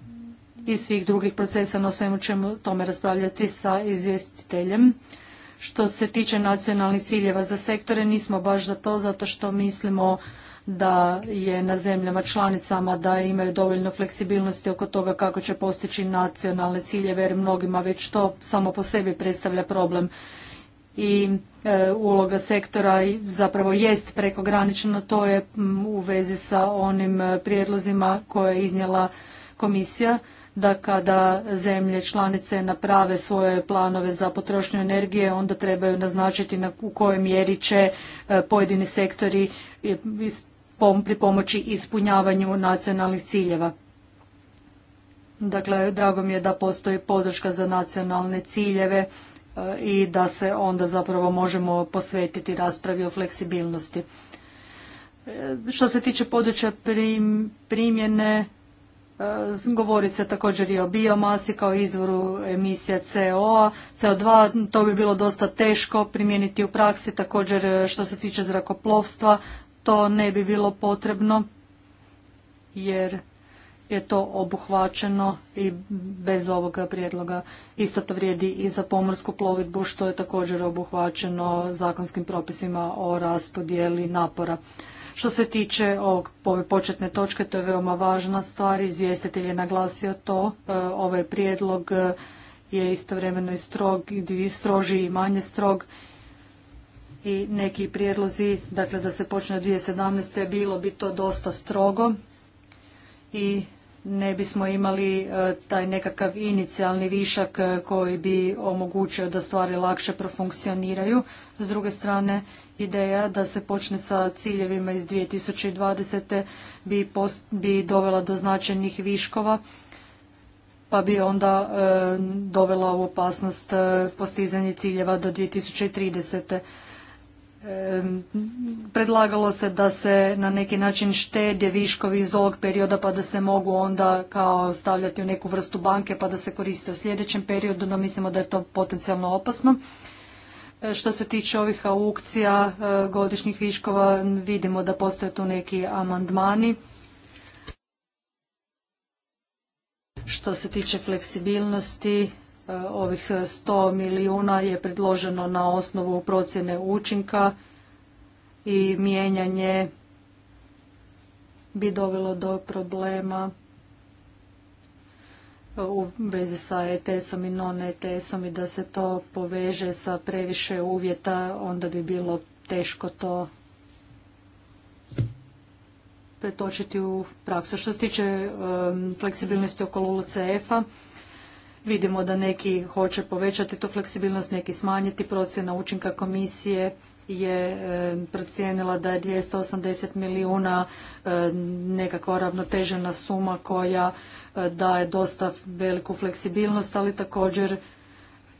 i svih drugih procesa, no svemu ćemo tome raspravljati sa izvjestiteljem. Što se tiče nacionalnih ciljeva za sektore, nismo baš za to, zato što mislimo da je na zemljama članicama da imaju dovoljno fleksibilnosti oko toga kako će postići nacionalne ciljeve, jer mnogima već to samo po sebi predstavlja problem i e, uloga sektora zapravo jest prekogranična, to je u vezi sa onim e, prijedlozima koje je iznijela komisija da kada zemlje članice naprave svoje planove za potrošnju energije onda trebaju naznačiti na, u kojoj mjeri će e, pojedini sektori e, pomoći ispunjavanju nacionalnih ciljeva. Dakle, drago mi je da postoji podrška za nacionalne ciljeve e, i da se onda zapravo možemo posvetiti raspravi o fleksibilnosti. Što se tiče područja primjene, E, govori se također i o biomasi kao izvoru emisija CO, CO2, to bi bilo dosta teško primijeniti u praksi, također e, što se tiče zrakoplovstva, to ne bi bilo potrebno jer je to obuhvaćeno i bez ovog prijedloga. Isto to vrijedi i za pomorsku plovidbu što je također obuhvaćeno zakonskim propisima o raspodjeli napora. Što se tiče ovog, ove početne točke, to je veoma važna stvar, izvjestitelj je naglasio to, e, ovaj prijedlog e, je istovremeno i strog, stroži i manje strog i neki prijedlozi, dakle da se počne od 2017. bilo bi to dosta strogo i ne bismo imali e, taj nekakav inicijalni višak koji bi omogućio da stvari lakše profunkcioniraju. S druge strane ideja da se počne sa ciljevima iz 2020. bi, post, bi dovela do značajnih viškova pa bi onda e, dovela u opasnost e, postizanje ciljeva do 2030. E, predlagalo se da se na neki način štede viškovi iz ovog perioda pa da se mogu onda kao stavljati u neku vrstu banke pa da se koriste u sljedećem periodu, no mislimo da je to potencijalno opasno. Što se tiče ovih aukcija e, godišnjih viškova, vidimo da postoje tu neki amandmani. Što se tiče fleksibilnosti, e, ovih 100 milijuna je predloženo na osnovu procjene učinka i mijenjanje bi dovelo do problema u vezi sa ETS-om i non-ETS-om i da se to poveže sa previše uvjeta, onda bi bilo teško to pretočiti u praksu. Što se tiče um, fleksibilnosti oko LULCF-a, vidimo da neki hoće povećati tu fleksibilnost, neki smanjiti. Procjena učinka komisije je um, procijenila da je 280 milijuna um, nekakva ravnotežena suma koja E, daje dosta veliku fleksibilnost, ali također e,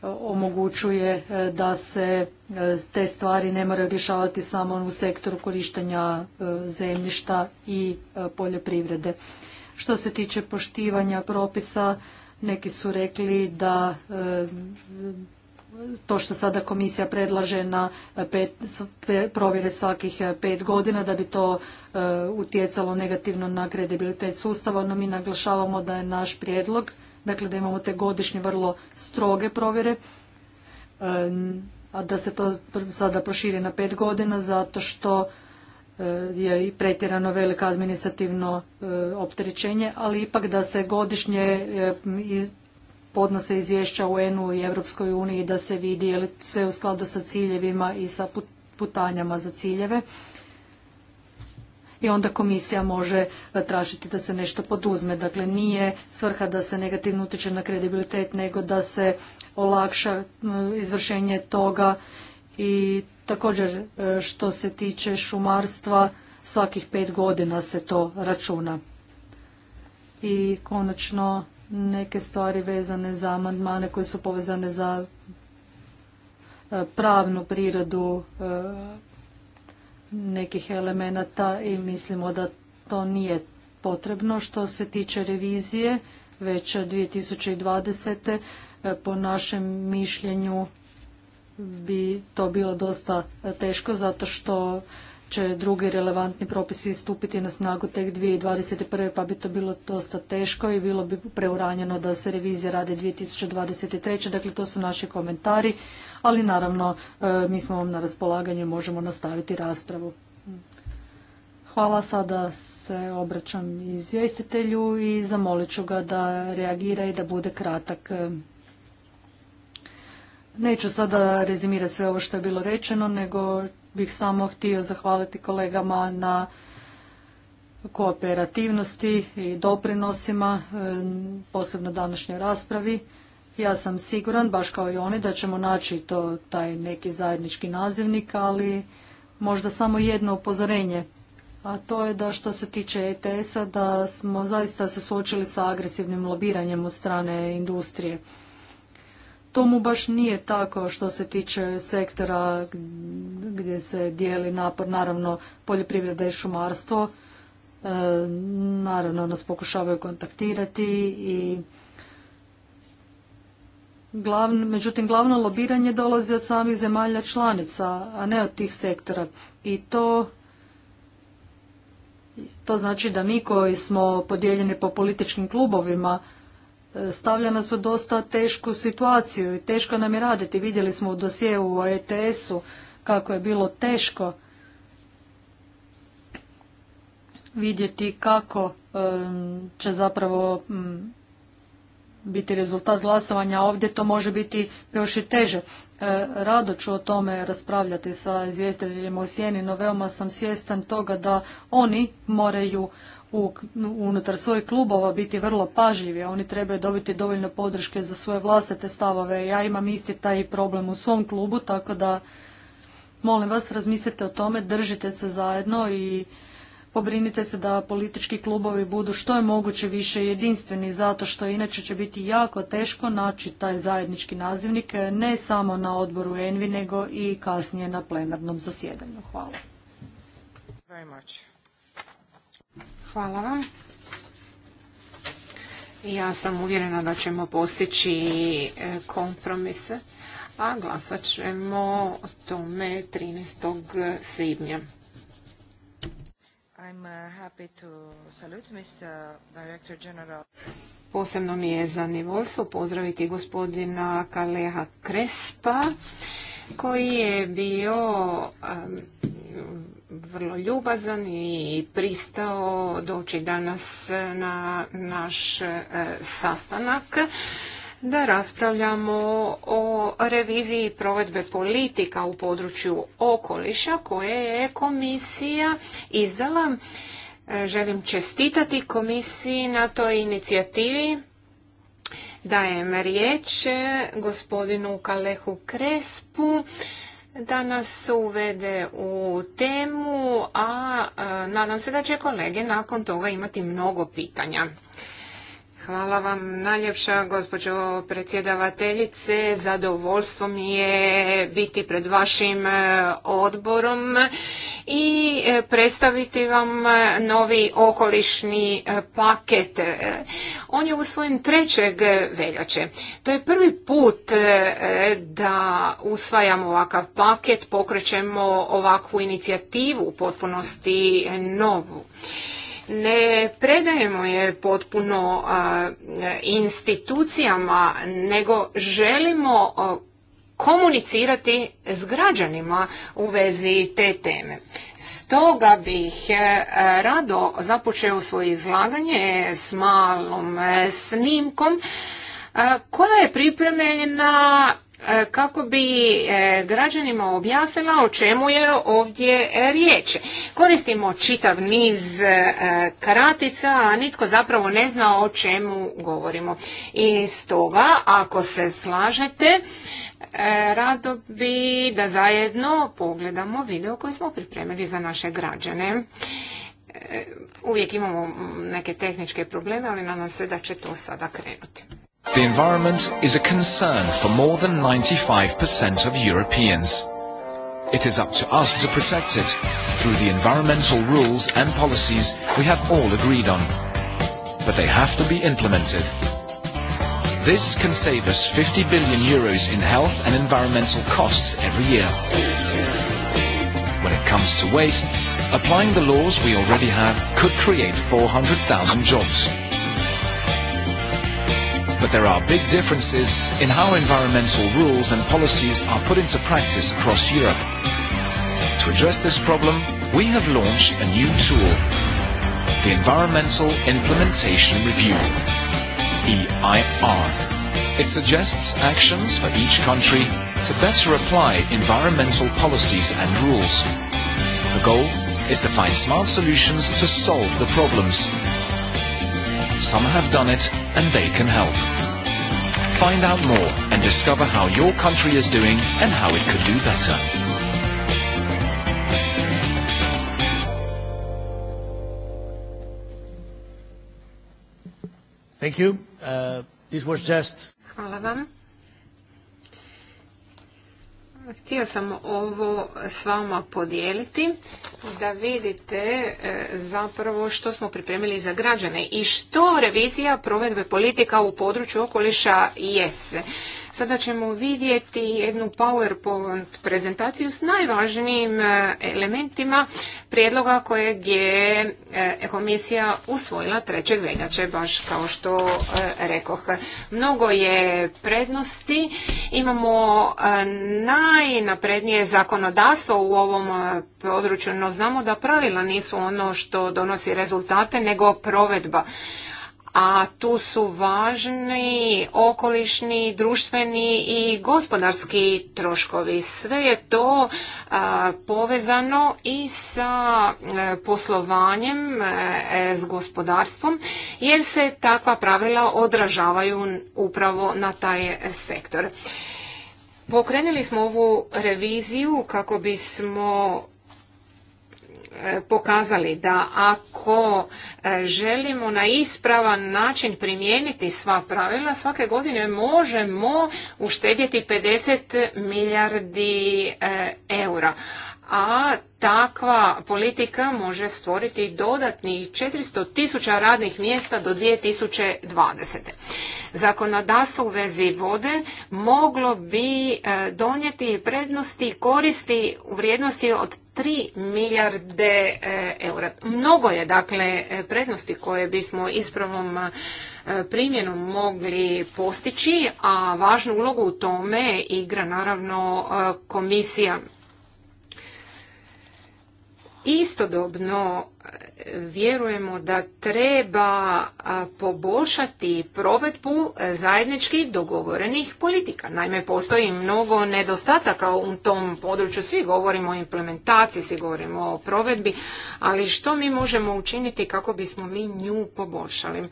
omogućuje e, da se te stvari ne moraju rješavati samo u sektoru korištenja zemljišta i poljoprivrede. Što se tiče poštivanja propisa, neki su rekli da to što sada komisija predlaže na pet, provjere svakih e, pet godina da bi to e, utjecalo negativno na kredibilitet sustava, no mi naglašavamo da je naš prijedlog, dakle da imamo te godišnje vrlo stroge provjere, e, a da se to sada proširi na pet godina zato što je i pretjerano veliko administrativno opterećenje, ali ipak da se godišnje podnose izvješća UN-u i Europskoj uniji da se vidi je li sve u skladu sa ciljevima i sa putanjama za ciljeve. I onda komisija može tražiti da se nešto poduzme. Dakle, nije svrha da se negativno utječe na kredibilitet, nego da se olakša izvršenje toga i također e, što se tiče šumarstva, svakih pet godina se to računa. I konačno neke stvari vezane za amandmane koje su povezane za e, pravnu prirodu e, nekih elemenata i mislimo da to nije potrebno. Što se tiče revizije, već 2020. E, po našem mišljenju bi to bilo dosta teško zato što će drugi relevantni propisi stupiti na snagu tek 2021. pa bi to bilo dosta teško i bilo bi preuranjeno da se revizija radi 2023. Dakle, to su naši komentari, ali naravno e, mi smo vam na raspolaganju i možemo nastaviti raspravu. Hvala, sada se obraćam izvjestitelju i zamolit ću ga da reagira i da bude kratak. Neću sada rezimirati sve ovo što je bilo rečeno, nego bih samo htio zahvaliti kolegama na kooperativnosti i doprinosima, e, posebno današnjoj raspravi. Ja sam siguran, baš kao i oni, da ćemo naći to, taj neki zajednički nazivnik, ali možda samo jedno upozorenje, a to je da što se tiče ETS-a, da smo zaista se suočili sa agresivnim lobiranjem od strane industrije tomu baš nije tako što se tiče sektora gdje se dijeli napor, naravno poljoprivreda i šumarstvo. E, naravno nas pokušavaju kontaktirati i međutim glavno lobiranje dolazi od samih zemalja članica, a ne od tih sektora. I to to znači da mi koji smo podijeljeni po političkim klubovima stavlja nas u dosta tešku situaciju i teško nam je raditi. Vidjeli smo u dosijevu o ETS-u kako je bilo teško vidjeti kako će zapravo biti rezultat glasovanja ovdje, to može biti još i teže. E, rado ću o tome raspravljati sa izvjestiteljima u sjeni, no veoma sam svjestan toga da oni moraju unutar svojih klubova biti vrlo pažljivi. Oni trebaju dobiti dovoljno podrške za svoje vlastite stavove. Ja imam isti taj problem u svom klubu, tako da molim vas razmislite o tome, držite se zajedno i pobrinite se da politički klubovi budu što je moguće više jedinstveni, zato što inače će biti jako teško naći taj zajednički nazivnik, ne samo na odboru Envi, nego i kasnije na plenarnom zasjedanju. Hvala. Hvala vam. Ja sam uvjerena da ćemo postići e, kompromise, a glasat ćemo o tome 13. svibnja. Uh, Posebno mi je zanimljivo pozdraviti gospodina Kaleha Krespa koji je bio vrlo ljubazan i pristao doći danas na naš e, sastanak da raspravljamo o reviziji provedbe politika u području okoliša koje je komisija izdala. E, želim čestitati komisiji na toj inicijativi. Dajem riječ e, gospodinu Kalehu Krespu da nas uvede u temu, a e, nadam se da će kolege nakon toga imati mnogo pitanja. Hvala vam najljepša gospođo predsjedavateljice. Zadovoljstvo mi je biti pred vašim e, odborom i e, predstaviti vam e, novi okolišni paket. On je u svojem trećeg veljače. To je prvi put da usvajamo ovakav paket, pokrećemo ovakvu inicijativu u potpunosti novu ne predajemo je potpuno institucijama, nego želimo komunicirati s građanima u vezi te teme. Stoga bih e, rado započeo svoje izlaganje s malom e, snimkom e, koja je pripremljena E, kako bi e, građanima objasnila o čemu je ovdje e, riječ. Koristimo čitav niz karatica, a nitko zapravo ne zna o čemu govorimo. I stoga, ako se slažete, rado bi da zajedno pogledamo video koji smo pripremili za naše građane. Uvijek imamo neke tehničke probleme, ali nadam se da će to sada krenuti. The environment is a concern for more than 95% of Europeans. It is up to us to protect it through the environmental rules and policies we have all agreed on. But they have to be implemented. This can save us 50 billion euros in health and environmental costs every year. When it comes to waste, applying the laws we already have could create 400,000 jobs but there are big differences in how environmental rules and policies are put into practice across Europe. To address this problem, we have launched a new tool, the Environmental Implementation Review, EIR. It suggests actions for each country to better apply environmental policies and rules. The goal is to find smart solutions to solve the problems some have done it, and they can help. Find out more and discover how your country is doing and how it could do better. Thank you. Uh, this was just... Hvala vam. Htio sam ovo s vama podijeliti da vidite e, zapravo što smo pripremili za građane i što revizija provedbe politika u području okoliša jeste. Sada ćemo vidjeti jednu PowerPoint prezentaciju s najvažnijim e, elementima prijedloga kojeg je e, komisija usvojila 3. veljače, baš kao što e, rekoh. Mnogo je prednosti. Imamo najnaprednije zakonodavstvo u ovom području, no znamo da pravila nisu ono što donosi rezultate, nego provedba a tu su važni okolišni, društveni i gospodarski troškovi. Sve je to povezano i sa e, poslovanjem, e, s gospodarstvom, jer se takva pravila odražavaju upravo na taj sektor. Pokrenuli smo ovu reviziju kako bismo E, pokazali da ako e, želimo na ispravan način primijeniti sva pravila, svake godine možemo uštedjeti 50 milijardi e, eura a takva politika može stvoriti dodatnih 400 tisuća radnih mjesta do 2020. Zakonodavstvo u vezi vode moglo bi e, donijeti prednosti koristi u vrijednosti od 3 milijarde e, eura. Mnogo je dakle e, prednosti koje bismo ispravom primjenom mogli postići, a važnu ulogu u tome igra naravno komisija Istodobno vjerujemo da treba poboljšati provedbu e, zajedničkih dogovorenih politika. Naime, postoji mnogo nedostataka u tom području. Svi govorimo o implementaciji, svi govorimo o provedbi, ali što mi možemo učiniti kako bismo mi nju poboljšali?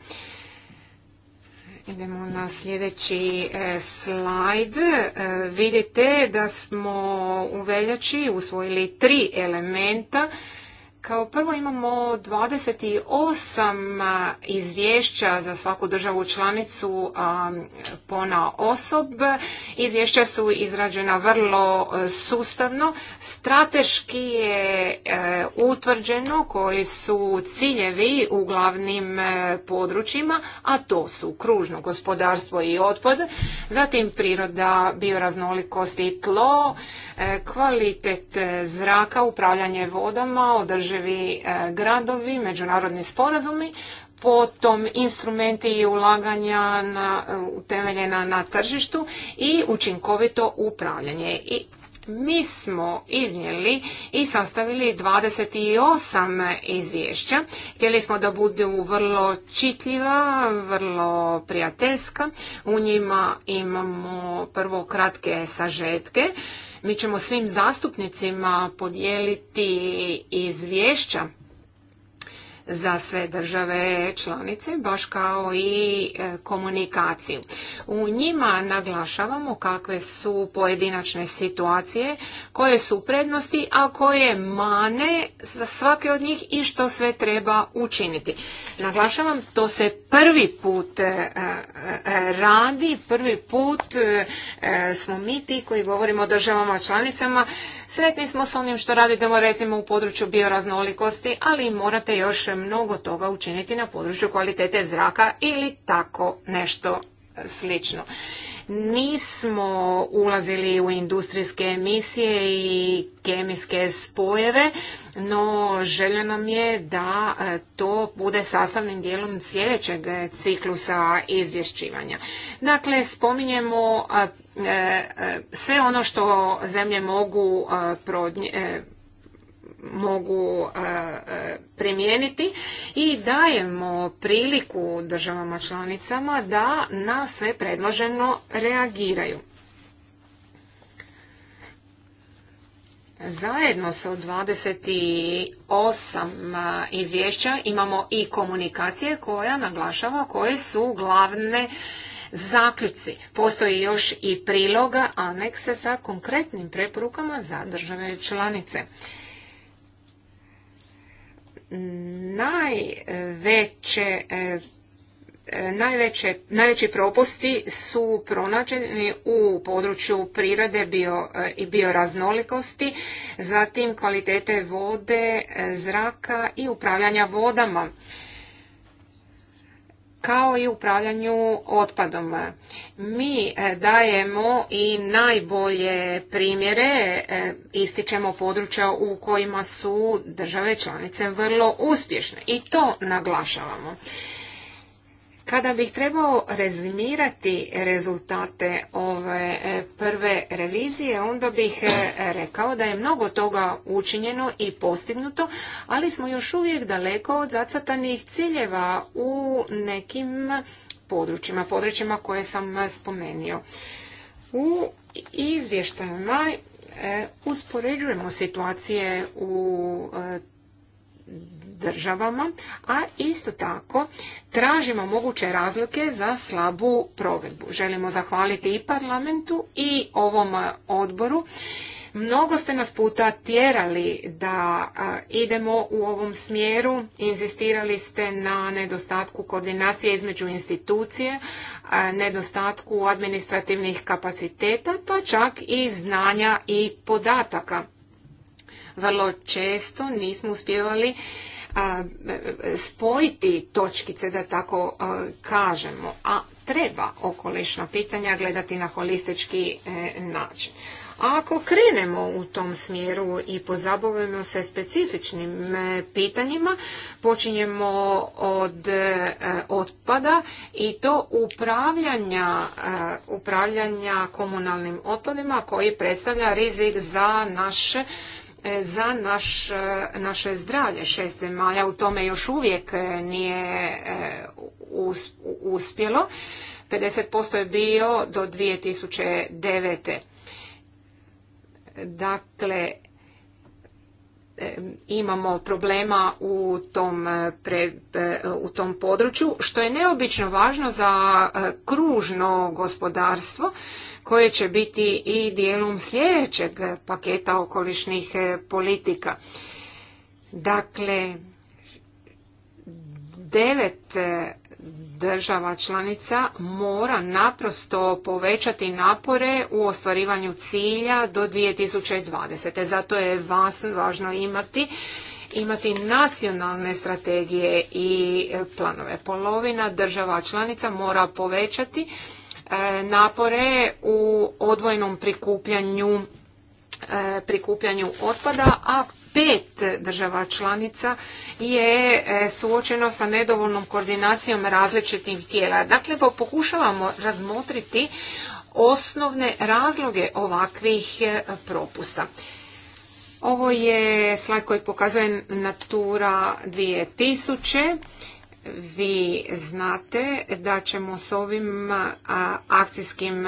Idemo na sljedeći e, slajd. E, vidite da smo u veljači usvojili tri elementa kao prvo imamo 28 izvješća za svaku državu članicu pona osob. Izvješća su izrađena vrlo e, sustavno. Strateški je e, utvrđeno koji su ciljevi u glavnim e, područjima, a to su kružno gospodarstvo i otpad, zatim priroda, bioraznolikost i tlo, kvalitet zraka, upravljanje vodama, održavanje održivi e, gradovi, međunarodni sporazumi, potom instrumenti i ulaganja na, e, utemeljena na tržištu i učinkovito upravljanje. I mi smo iznijeli i sastavili 28 izvješća. Htjeli smo da budu vrlo čitljiva, vrlo prijateljska. U njima imamo prvo kratke sažetke mi ćemo svim zastupnicima podijeliti izvješća za sve države članice, baš kao i e, komunikaciju. U njima naglašavamo kakve su pojedinačne situacije, koje su prednosti, a koje mane za svake od njih i što sve treba učiniti. Naglašavam, to se prvi put e, e, radi, prvi put smo mi ti koji govorimo o državama članicama. Sretni smo s onim što radimo recimo u području bioraznolikosti, ali morate još mnogo toga učiniti na području kvalitete zraka ili tako nešto slično. Nismo ulazili u industrijske emisije i kemijske spojeve, no želja nam je da e, to bude sastavnim dijelom sljedećeg ciklusa izvješćivanja. Dakle, spominjemo e, e, sve ono što zemlje mogu prodnje, mogu e, e, primijeniti i dajemo priliku državama članicama da na sve predloženo reagiraju. Zajedno sa 28 e, izvješća imamo i komunikacije koja naglašava koje su glavne zaključci. Postoji još i priloga anekse sa konkretnim preporukama za države članice. E, e, najveće najveći propusti su pronađeni u području prirode e, i bioraznolikosti, zatim kvalitete vode, zraka i upravljanja vodama kao i upravljanju otpadom. Mi e, dajemo i najbolje primjere, e, ističemo područja u kojima su države članice vrlo uspješne i to naglašavamo. Kada bih trebao rezimirati rezultate ove e, prve revizije, onda bih e, rekao da je mnogo toga učinjeno i postignuto, ali smo još uvijek daleko od zacatanih ciljeva u nekim područjima, područjima koje sam spomenio. U izvještajima e, uspoređujemo situacije u državama, a isto tako tražimo moguće razlike za slabu provedbu. Želimo zahvaliti i parlamentu i ovom odboru. Mnogo ste nas puta tjerali da idemo u ovom smjeru, inzistirali ste na nedostatku koordinacije između institucije, nedostatku administrativnih kapaciteta, pa čak i znanja i podataka. Vrlo često nismo uspjevali E, spojiti točkice, da tako e, kažemo, a treba okolišna pitanja gledati na holistički e, način. A ako krenemo u tom smjeru i pozabavimo se specifičnim pitanjima, počinjemo od otpada i to upravljanja, upravljanja komunalnim otpadima koji predstavlja rizik za naše E, za e, naše zdravlje. Šest zemalja u tome još uvijek e, nije uspjelo. 50% je bio do 2009. Dakle, imamo problema u tom, pre, u tom području, što je neobično važno za kružno gospodarstvo koje će biti i dijelom sljedećeg paketa okolišnih e, politika. Dakle, devet e, država članica mora naprosto povećati napore u ostvarivanju cilja do 2020. Zato je vas važno imati imati nacionalne strategije i e, planove. Polovina država članica mora povećati E, napore u odvojnom prikupljanju e, prikupljanju otpada, a pet država članica je e, suočeno sa nedovoljnom koordinacijom različitih tijela. Dakle, pokušavamo razmotriti osnovne razloge ovakvih propusta. Ovo je slajd koji pokazuje Natura 2000 vi znate da ćemo s ovim akcijskim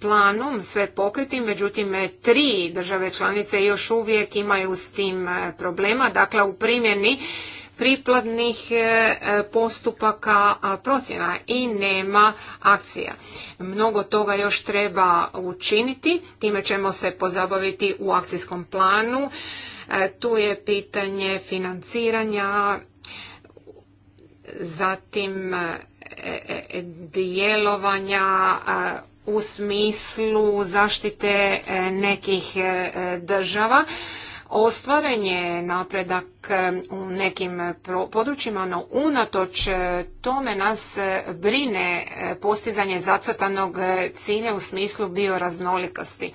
planom sve pokriti, međutim e, tri države članice još uvijek imaju s tim e, problema, dakle u primjeni prikladnih e, postupaka procjena i nema akcija. Mnogo toga još treba učiniti, time ćemo se pozabaviti u akcijskom planu. Tu je pitanje financiranja zatim e, e, e, djelovanja u smislu zaštite nekih država. Ostvaren je napredak u nekim područjima, no unatoč tome nas brine postizanje zacrtanog cilja u smislu bioraznolikosti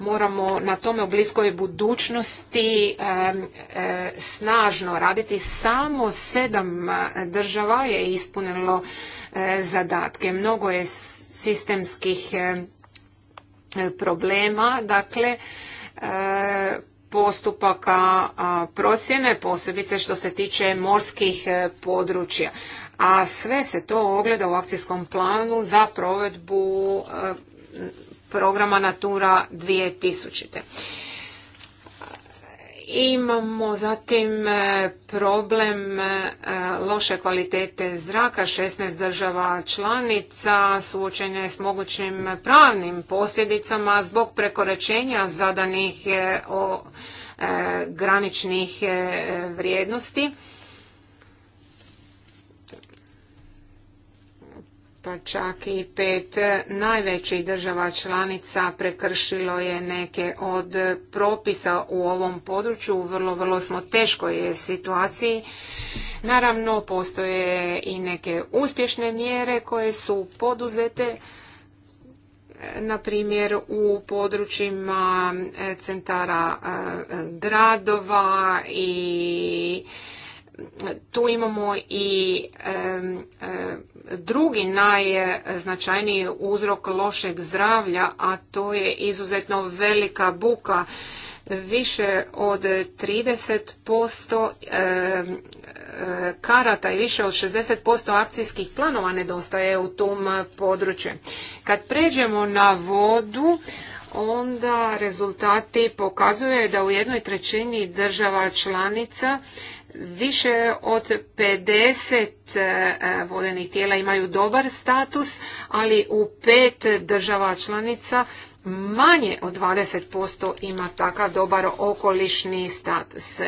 moramo na tome u bliskoj budućnosti e, snažno raditi. Samo sedam e, država je ispunilo e, zadatke. Mnogo je sistemskih problema, dakle postupaka prosjene, posebice što se tiče morskih područja. A sve se to ogleda u akcijskom planu za provedbu programa Natura 2000. Imamo zatim e, problem e, loše kvalitete zraka. 16 država članica je s mogućim pravnim posljedicama zbog prekoračenja zadanih e, o graničnih vrijednosti. pa čak i pet najvećih država članica prekršilo je neke od propisa u ovom području. U vrlo, vrlo smo teškoj situaciji. Naravno, postoje i neke uspješne mjere koje su poduzete na primjer u područjima e, centara e, gradova i tu imamo i e, drugi najznačajniji uzrok lošeg zdravlja, a to je izuzetno velika buka. Više od 30% karata i više od 60% akcijskih planova nedostaje u tom području. Kad pređemo na vodu, onda rezultati pokazuje da u jednoj trećini država članica Više od 50 e, vodenih tijela imaju dobar status, ali u pet država članica manje od 20% ima takav dobar okolišni status.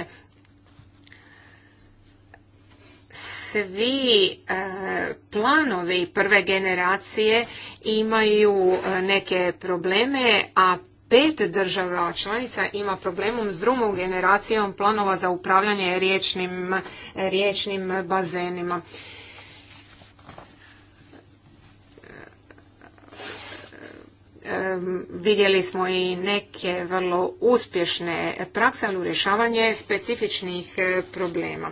svi e, planovi prve generacije imaju e, neke probleme, a pet država članica ima problemom s drugom generacijom planova za upravljanje riječnim, riječnim bazenima. vidjeli smo i neke vrlo uspješne prakse, ali u rješavanje specifičnih eh, problema.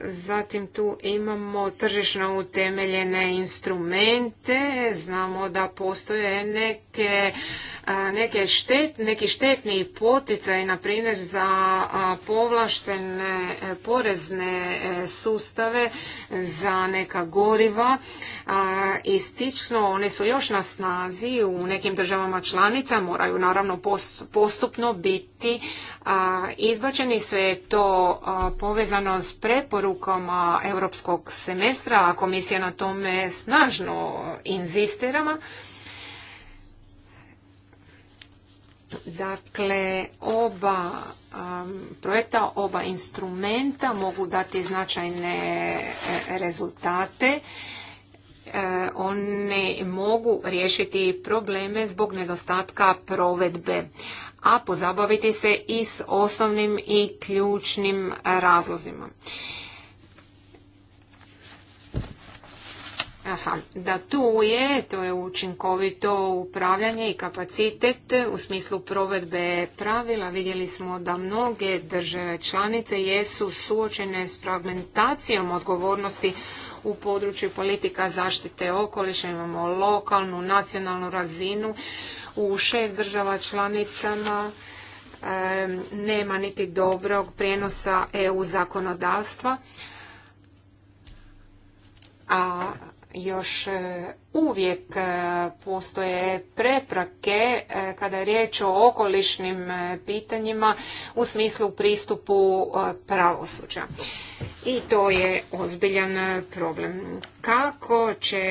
Zatim tu imamo tržišno utemeljene instrumente. Znamo da postoje neke, neke štet, neki štetni poticaj, na primjer za povlaštene e, porezne e, sustave, za neka goriva i One su još na snazi u nekim državama članica, moraju naravno postupno biti izbačeni. Sve je to povezano s prep preporukama europskog semestra, a komisija na tome snažno inzistirama. Dakle, oba projekta, oba instrumenta mogu dati značajne e, rezultate. oni e, one mogu riješiti probleme zbog nedostatka provedbe a pozabaviti se i s osnovnim i ključnim razlozima. Aha, da tu je, to je učinkovito upravljanje i kapacitet u smislu provedbe pravila. Vidjeli smo da mnoge države članice jesu suočene s fragmentacijom odgovornosti u području politika zaštite okoliša. Imamo lokalnu, nacionalnu razinu u šest država članicama nema niti dobrog prijenosa EU zakonodavstva, a još uvijek e, postoje preprake e, kada je riječ o okolišnim e, pitanjima u smislu pristupu pravosuđa. I to je ozbiljan problem. Kako će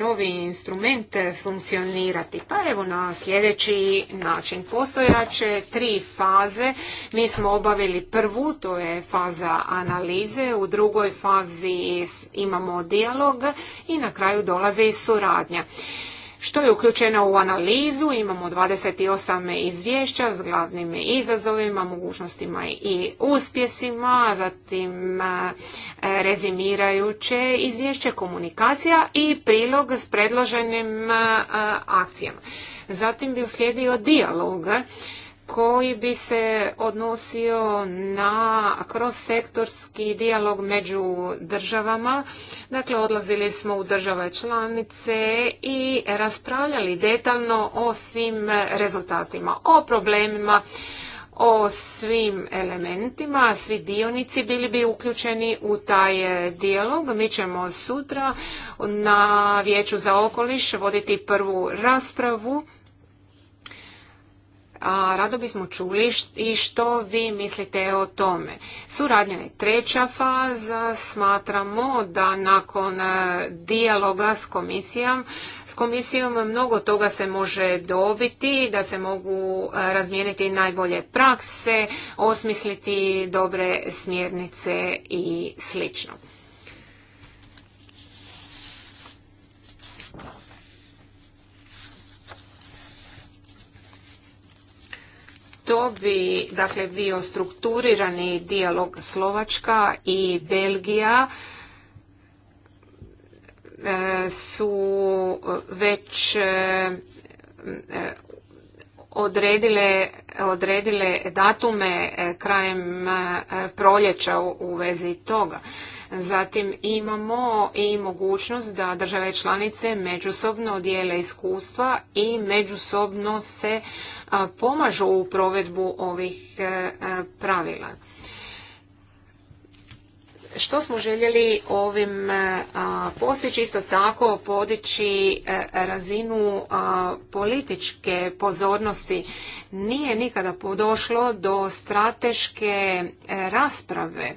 novi instrument funkcionirati? Pa evo na sljedeći način. Postojaće tri faze. Mi smo obavili prvu, to je faza analize, u drugoj fazi imamo dijalog i na kraju dolazi su suradnja što je uključeno u analizu. Imamo 28 izvješća s glavnim izazovima, mogućnostima i uspjesima, zatim rezimirajuće izvješće, komunikacija i prilog s predloženim akcijama. Zatim bi uslijedio dijalog koji bi se odnosio na kroz-sektorski dijalog među državama. Dakle, odlazili smo u države članice i raspravljali detaljno o svim rezultatima, o problemima, o svim elementima, svi dionici bili bi uključeni u taj dijalog. Mi ćemo sutra na Vijeću za okoliš voditi prvu raspravu a rado bismo čuli i što vi mislite o tome. Suradnja je treća faza, smatramo da nakon e, dijaloga s komisijom, s komisijom mnogo toga se može dobiti, da se mogu e, razmijeniti najbolje prakse, osmisliti dobre smjernice i slično. To bi dakle bio strukturirani dijalog Slovačka i Belgija e, su već e, e, odredile, odredile datume krajem proljeća u vezi toga. Zatim imamo i mogućnost da države članice međusobno dijele iskustva i međusobno se pomažu u provedbu ovih e, e, pravila. Što smo željeli ovim e, postići? Isto tako podići razinu političke pozornosti. Nije nikada podošlo do strateške rasprave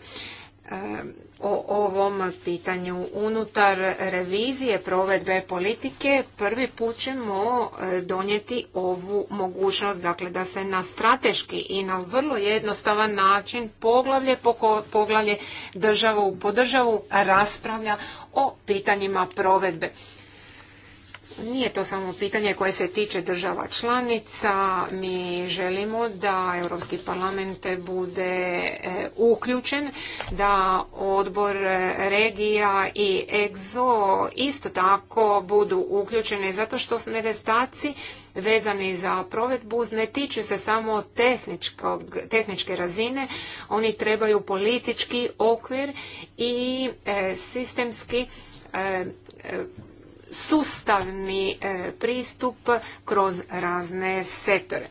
o ovom pitanju. Unutar revizije provedbe politike prvi put ćemo e, donijeti ovu mogućnost, dakle da se na strateški i na vrlo jednostavan način poglavlje poglavlje državu po državu raspravlja o pitanjima provedbe nije to samo pitanje koje se tiče država članica. Mi želimo da Europski parlament bude e, uključen, da odbor regija i EGZO isto tako budu uključene zato što nedostaci vezani za provedbu ne tiču se samo tehničke razine, oni trebaju politički okvir i e, sistemski e, sustavni e, pristup kroz razne sektore.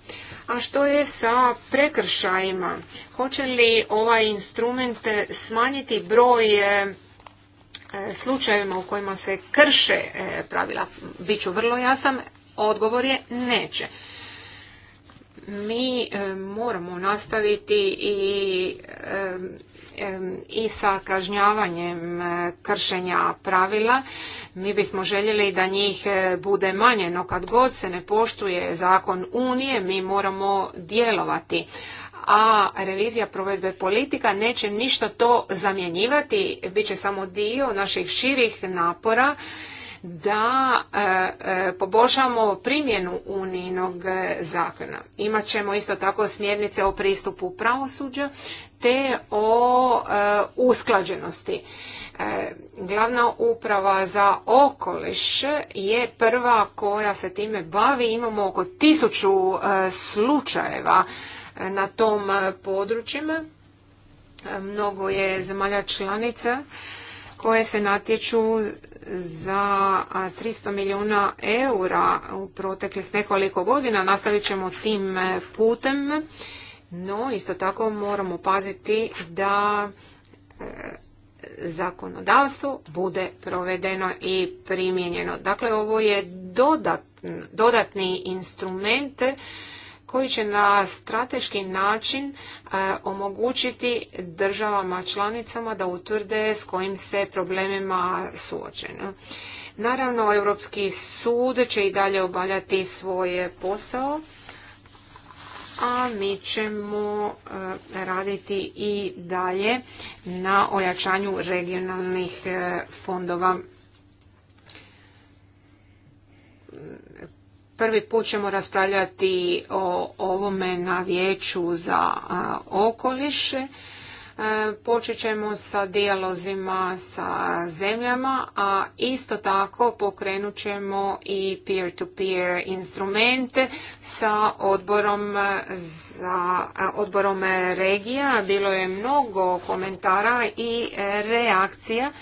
A što je sa prekršajima? Hoće li ovaj instrument smanjiti broj e, slučajeva u kojima se krše e, pravila? Biću vrlo jasan, odgovor je neće. Mi moramo nastaviti i i sa kažnjavanjem e, kršenja pravila. Mi bismo željeli da njih e, bude manje, no kad god se ne poštuje zakon Unije, mi moramo djelovati a revizija provedbe politika neće ništa to zamjenjivati, bit će samo dio naših širih napora da e, e, poboljšamo primjenu unijinog zakona. Imaćemo isto tako smjernice o pristupu pravosuđa te o e, usklađenosti. Glavna uprava za okoliš je prva koja se time bavi. Imamo oko tisuću slučajeva na tom područjima. Mnogo je zemalja članica koje se natječu za 300 milijuna eura u proteklih nekoliko godina. Nastavit ćemo tim e, putem, no isto tako moramo paziti da e, zakonodavstvo bude provedeno i primijenjeno. Dakle, ovo je dodatni instrument koji će na strateški način e, omogućiti državama članicama da utvrde s kojim se problemima suočeno. Naravno, Europski sud će i dalje obavljati svoje posao, a mi ćemo e, raditi i dalje na ojačanju regionalnih e, fondova Prvi put ćemo raspravljati o ovome na vijeću za okoliš. E, počet ćemo sa dijalozima sa zemljama, a isto tako pokrenut ćemo i peer-to-peer instrumente sa odborom, za, odborom regija. Bilo je mnogo komentara i reakcija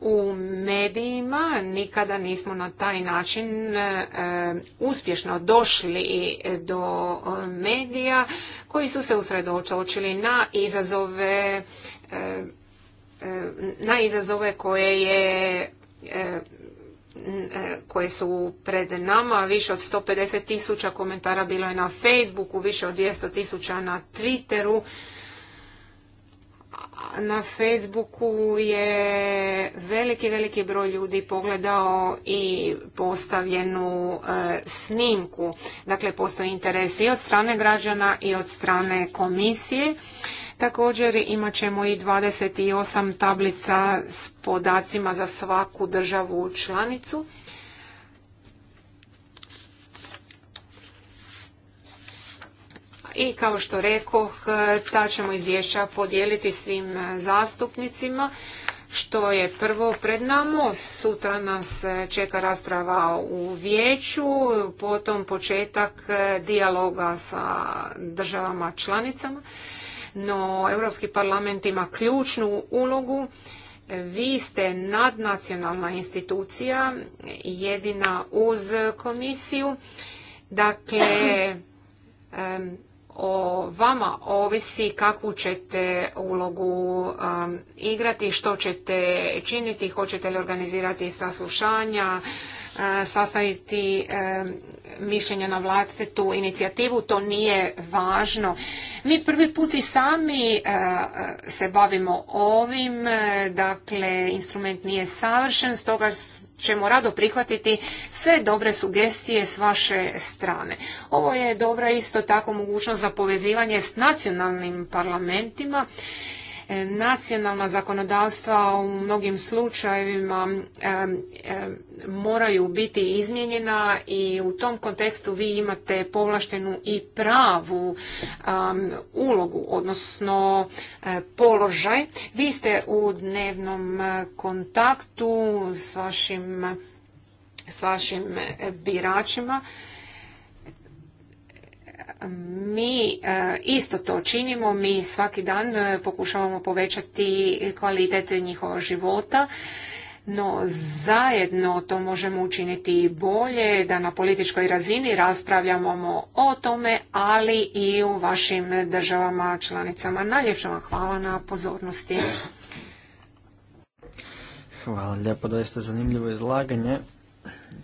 u medijima nikada nismo na taj način e, uspješno došli do e, medija koji su se usredočili na izazove e, na izazove koje je e, koje su pred nama, više od 150 tisuća komentara bilo je na Facebooku, više od 200 tisuća na Twitteru na Facebooku je veliki, veliki broj ljudi pogledao i postavljenu e, snimku. Dakle, postoji interes i od strane građana i od strane komisije. Također imat ćemo i 28 tablica s podacima za svaku državu članicu. i kao što rekoh, e, ta ćemo izvješća podijeliti svim e, zastupnicima što je prvo pred nama. Sutra nas e, čeka rasprava u vijeću, potom početak dijaloga sa državama članicama. No, Europski parlament ima ključnu ulogu. Vi ste nadnacionalna institucija, jedina uz komisiju. Dakle, o vama ovisi kakvu ćete ulogu um, igrati, što ćete činiti, hoćete li organizirati saslušanja, sastaviti e, mišljenje na vlastitu inicijativu, to nije važno. Mi prvi put i sami e, se bavimo ovim, e, dakle instrument nije savršen, stoga ćemo rado prihvatiti sve dobre sugestije s vaše strane. Ovo je dobra isto tako mogućnost za povezivanje s nacionalnim parlamentima Nacionalna zakonodavstva u mnogim slučajevima moraju biti izmijenjena i u tom kontekstu vi imate povlaštenu i pravu ulogu, odnosno e, položaj. Vi ste u dnevnom e, kontaktu s vašim s vašim biračima mi e, isto to činimo, mi svaki dan e, pokušavamo povećati kvalitet njihova života, no zajedno to možemo učiniti bolje, da na političkoj razini raspravljamo o tome, ali i u vašim državama članicama. Najljepša vam hvala na pozornosti. Hvala lijepo, doista zanimljivo izlaganje.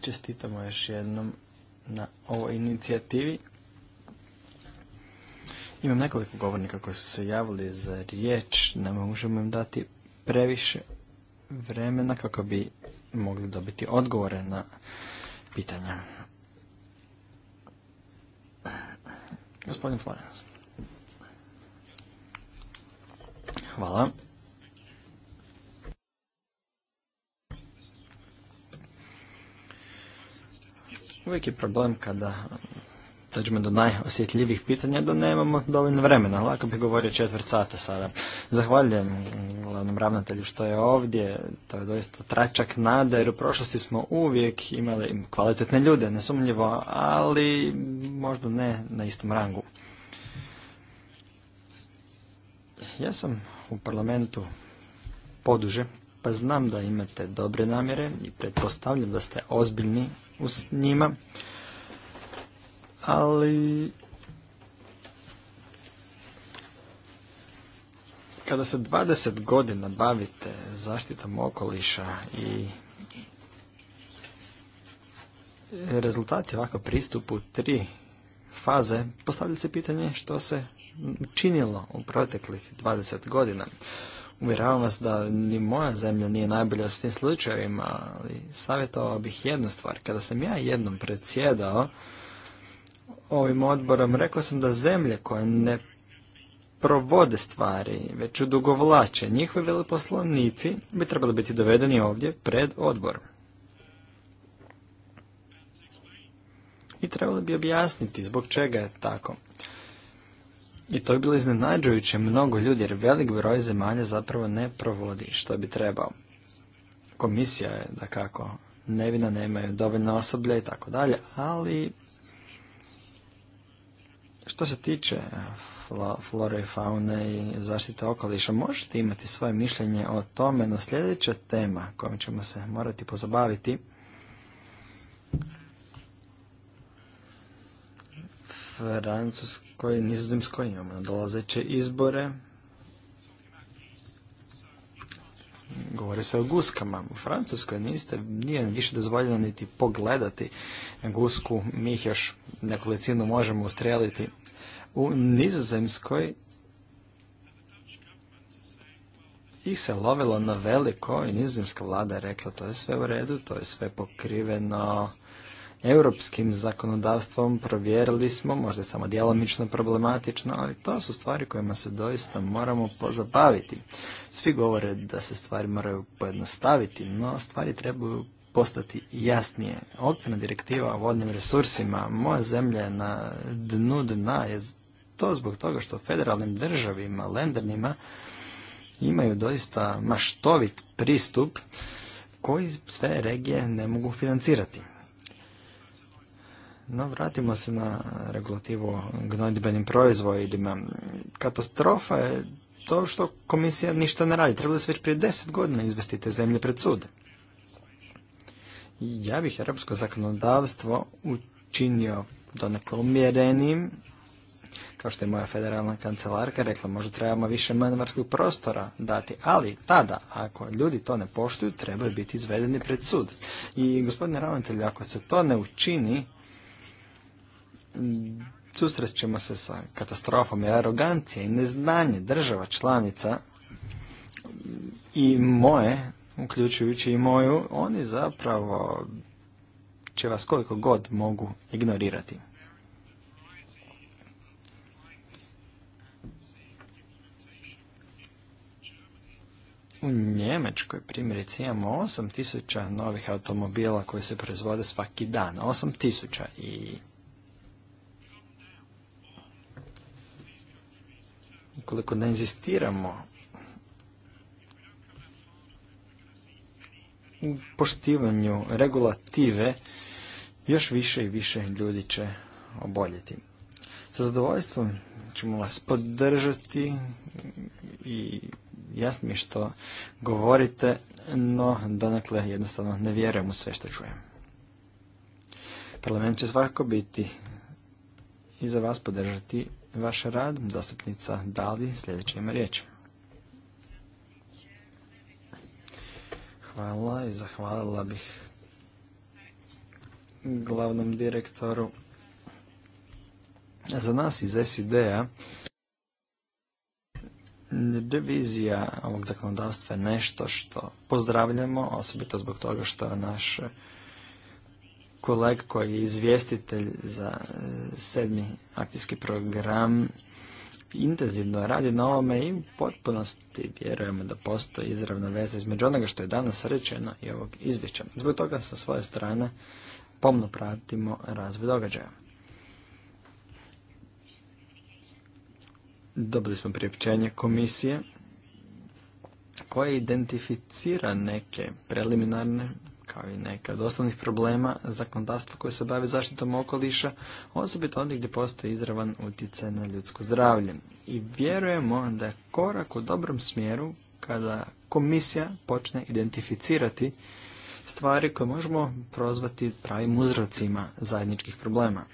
Čestitamo još jednom na ovoj inicijativi. Imam nekoliko govornika koji su se javili za riječ, ne možemo im dati previše vremena kako bi mogli dobiti odgovore na pitanja. Gospodin Florens. Hvala. Uvijek je problem kada dođemo do najosjetljivih pitanja, da nemamo dovoljno vremena. Lako bi govorio četvrt sata sada. Zahvaljujem glavnom ravnatelju što je ovdje. To je doista tračak nade, jer u prošlosti smo uvijek imali kvalitetne ljude, nesumljivo, ali možda ne na istom rangu. Ja sam u parlamentu poduže, pa znam da imate dobre namjere i pretpostavljam da ste ozbiljni u njima ali kada se 20 godina bavite zaštitom okoliša i rezultati ovako pristupu tri faze, postavlja se pitanje što se činilo u proteklih 20 godina. Uvjeravam vas da ni moja zemlja nije najbolja s tim slučajevima, ali savjetovao bih jednu stvar. Kada sam ja jednom predsjedao ovim odborom, rekao sam da zemlje koje ne provode stvari, već udugovlače, njihovi veleposlanici bi trebali biti dovedeni ovdje pred odbor. I trebali bi objasniti zbog čega je tako. I to je bilo iznenađujuće mnogo ljudi, jer velik broj zemalja zapravo ne provodi što bi trebao. Komisija je, da kako, nevina, nemaju dovoljna osoblja i tako dalje, ali što se tiče eh, flore i faune i zaštite okoliša, možete imati svoje mišljenje o tome, no sljedeća tema kojom ćemo se morati pozabaviti Francuskoj Nizozemskoj imamo dolazeće izbore, govori se o guskama. U Francuskoj niste, nije više dozvoljeno niti pogledati gusku, mi ih još nekolicinu možemo ustrijeliti. U Nizozemskoj ih se lovilo na veliko i nizozemska vlada je rekla to je sve u redu, to je sve pokriveno europskim zakonodavstvom provjerili smo, možda je samo djelomično problematično, ali to su stvari kojima se doista moramo pozabaviti. Svi govore da se stvari moraju pojednostaviti, no stvari trebaju postati jasnije. Okvirna direktiva o vodnim resursima, moja zemlja je na dnu dna, je to zbog toga što federalnim državima, lendernima, imaju doista maštovit pristup koji sve regije ne mogu financirati. No, vratimo se na regulativu o proizvodima. Katastrofa je to što komisija ništa ne radi. Trebalo se već prije deset godina izvesti te zemlje pred sud. Ja bih europsko zakonodavstvo učinio donekle umjerenim, kao što je moja federalna kancelarka rekla, možda trebamo više manevarskog prostora dati, ali tada, ako ljudi to ne poštuju, trebaju biti izvedeni pred sud. I gospodine ravnatelj, ako se to ne učini, susrećemo se sa katastrofom i arogancije i neznanje država članica i moje, uključujući i moju, oni zapravo će vas koliko god mogu ignorirati. U Njemačkoj primjerice imamo 8000 novih automobila koji se proizvode svaki dan. 8000 i Koliko ne inzistiramo u poštivanju regulative, još više i više ljudi će oboljeti. Sa zadovoljstvom ćemo vas podržati i jasno mi što govorite, no donekle jednostavno ne vjerujem u sve što čujem. Parlament će svakako biti i za vas podržati vaš rad. Zastupnica Dali, sljedeće ima riječ. Hvala i zahvalila bih glavnom direktoru. Za nas iz SID-a revizija ovog zakonodavstva je nešto što pozdravljamo, osobito zbog toga što je naše kolega koji je izvjestitelj za e, sedmi akcijski program intenzivno radi na ovome i u potpunosti vjerujemo da postoji izravna veza između onoga što je danas rečeno i ovog izvješća. Zbog toga sa svoje strane pomno pratimo razvoj događaja. Dobili smo priopćenje komisije koje identificira neke preliminarne kao i neka od osnovnih problema zakonodavstva koje se bave zaštitom okoliša, osobito ondje gdje postoji izravan utjecaj na ljudsko zdravlje. I vjerujemo da je korak u dobrom smjeru kada komisija počne identificirati stvari koje možemo prozvati pravim uzrocima zajedničkih problema.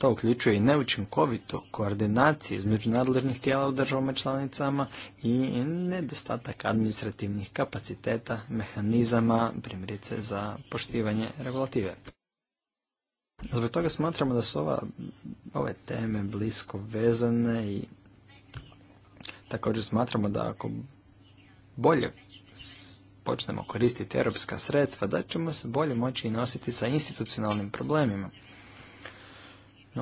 To uključuje i neučinkovitu koordinaciju između nadležnih tijela u državama članicama i nedostatak administrativnih kapaciteta, mehanizama, primjerice za poštivanje regulative. Zbog toga smatramo da su ova, ove teme blisko vezane i također smatramo da ako bolje počnemo koristiti europska sredstva, da ćemo se bolje moći i nositi sa institucionalnim problemima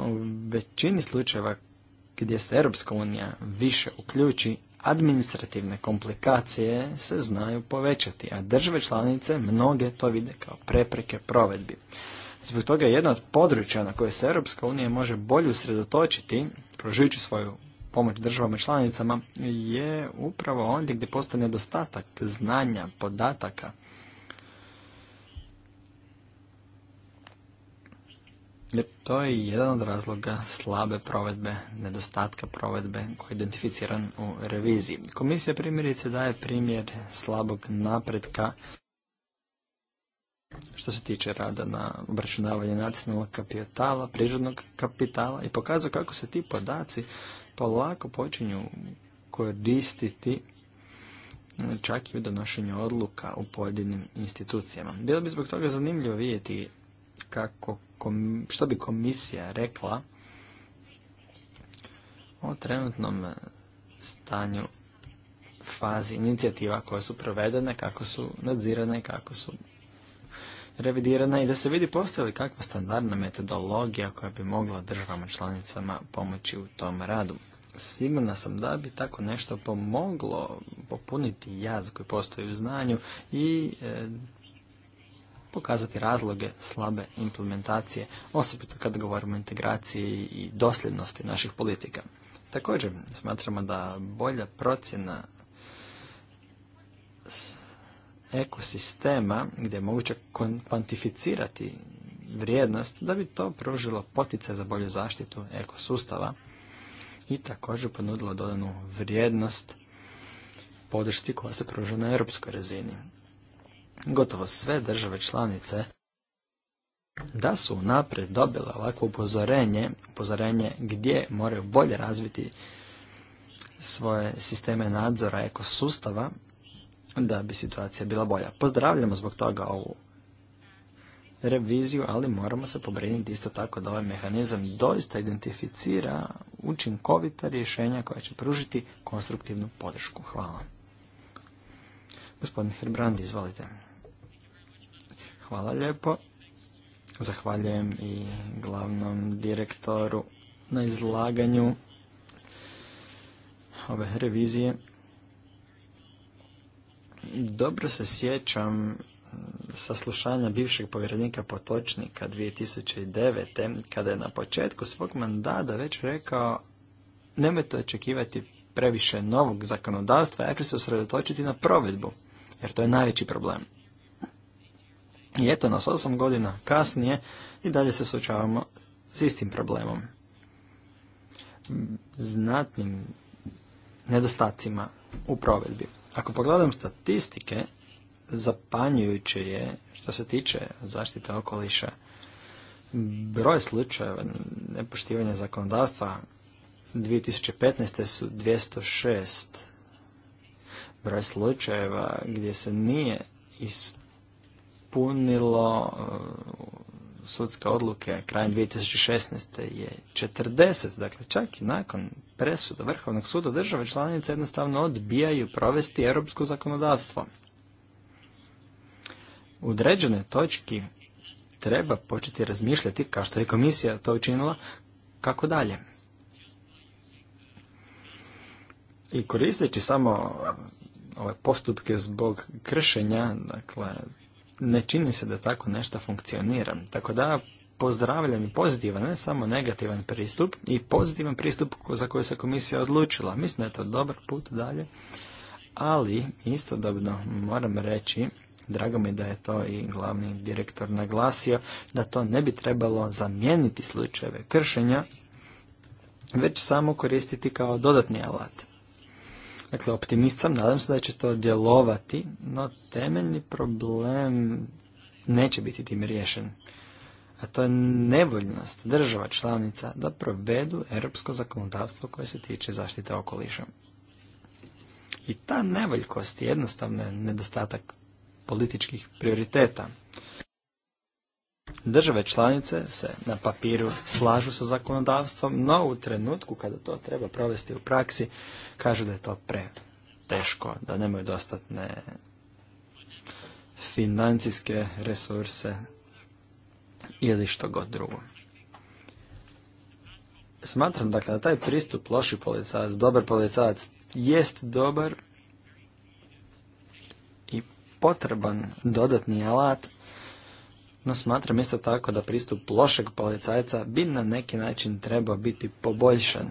u većini slučajeva gdje se Europska unija više uključi, administrativne komplikacije se znaju povećati, a države članice mnoge to vide kao prepreke provedbi. Zbog toga jedno jedna od područja na koje se Europska unija može bolje usredotočiti, prožujući svoju pomoć državama članicama, je upravo ondje gdje postoji nedostatak znanja, podataka, Jer to je jedan od razloga slabe provedbe, nedostatka provedbe koji je identificiran u reviziji. Komisija primjerice daje primjer slabog napretka što se tiče rada na obračunavanje nacionalnog kapitala, prirodnog kapitala i pokazuje kako se ti podaci polako počinju koristiti čak i u donošenju odluka u pojedinim institucijama. Bilo bi zbog toga zanimljivo vidjeti kako, što bi komisija rekla o trenutnom stanju fazi inicijativa koje su provedene, kako su nadzirane, kako su revidirane i da se vidi postoji li kakva standardna metodologija koja bi mogla državama članicama pomoći u tom radu. Sigurna sam da bi tako nešto pomoglo popuniti jaz koji postoji u znanju i e, pokazati razloge slabe implementacije, osobito kad govorimo o integraciji i dosljednosti naših politika. Također, smatramo da bolja procjena ekosistema gdje je moguće kvantificirati vrijednost da bi to pružilo potice za bolju zaštitu ekosustava i također ponudilo dodanu vrijednost podršci koja se pruža na europskoj razini gotovo sve države članice da su napred dobile ovako upozorenje, upozorenje gdje moraju bolje razviti svoje sisteme nadzora ekosustava da bi situacija bila bolja. Pozdravljamo zbog toga ovu reviziju, ali moramo se pobrinuti isto tako da ovaj mehanizam doista identificira učinkovita rješenja koja će pružiti konstruktivnu podršku. Hvala. Gospodin Herbrand izvolite. Hvala lijepo. Zahvaljujem i glavnom direktoru na izlaganju ove revizije. Dobro se sjećam saslušanja bivšeg povjerenika Potočnika 2009. kada je na početku svog mandata već rekao nemojte očekivati previše novog zakonodavstva, ja ću se usredotočiti na provedbu, jer to je najveći problem. I eto nas osam godina kasnije i dalje se suočavamo s istim problemom. Znatnim nedostacima u provedbi. Ako pogledam statistike, zapanjujuće je što se tiče zaštite okoliša. Broj slučajeva nepoštivanja zakonodavstva 2015. su 206. Broj slučajeva gdje se nije punilo e, sudske odluke krajem 2016. je 40, dakle čak i nakon presuda Vrhovnog suda države članice jednostavno odbijaju provesti europsko zakonodavstvo. U određenoj točki treba početi razmišljati, kao što je komisija to učinila, kako dalje. I koristeći samo e, ove postupke zbog kršenja, dakle, ne čini se da tako nešto funkcionira. Tako da pozdravljam i pozitivan, ne samo negativan pristup i pozitivan pristup za koji se komisija odlučila. Mislim da je to dobar put dalje, ali istodobno moram reći, drago mi da je to i glavni direktor naglasio, da to ne bi trebalo zamijeniti slučajeve kršenja, već samo koristiti kao dodatni alat. Dakle, optimist sam, nadam se da će to djelovati, no temeljni problem neće biti tim riješen. A to je nevoljnost država članica da provedu europsko zakonodavstvo koje se tiče zaštite okoliša. I ta nevoljkost je jednostavno nedostatak političkih prioriteta. Države članice se na papiru slažu sa zakonodavstvom, no u trenutku kada to treba provesti u praksi, kažu da je to preteško, teško, da nemaju dostatne financijske resurse ili što god drugo. Smatram dakle da taj pristup loši policajac, dobar policajac jest dobar i potreban dodatni alat no smatram isto tako da pristup lošeg policajca bi na neki način trebao biti poboljšan.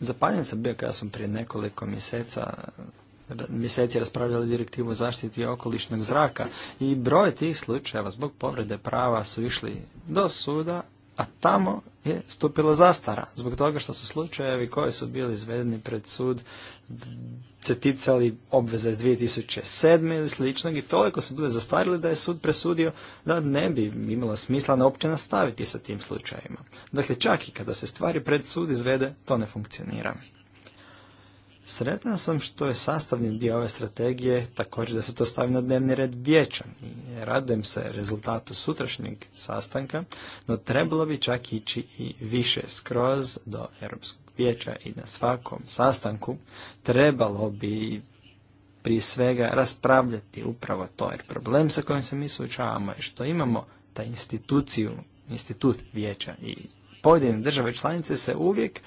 Zapaljen sam bio kada smo prije nekoliko mjeseca mjeseci raspravljali direktivu o zaštiti okolišnog zraka i broj tih slučajeva zbog povrede prava su išli do suda, a tamo je stupila zastara zbog toga što su slučajevi koji su bili izvedeni pred sud se ticali obveza iz 2007. ili sličnog i toliko su bile zastarili da je sud presudio da ne bi imalo smisla na nastaviti sa tim slučajevima. Dakle, čak i kada se stvari pred sud izvede, to ne funkcionira. Sretan sam što je sastavni dio ove strategije također da se to stavi na dnevni red vijeća. Radujem se rezultatu sutrašnjeg sastanka, no trebalo bi čak ići i više skroz do Europskog vijeća i na svakom sastanku. Trebalo bi prije svega raspravljati upravo to, jer problem sa kojim se mi suočavamo je što imamo taj instituciju, institut vijeća i pojedine države članice se uvijek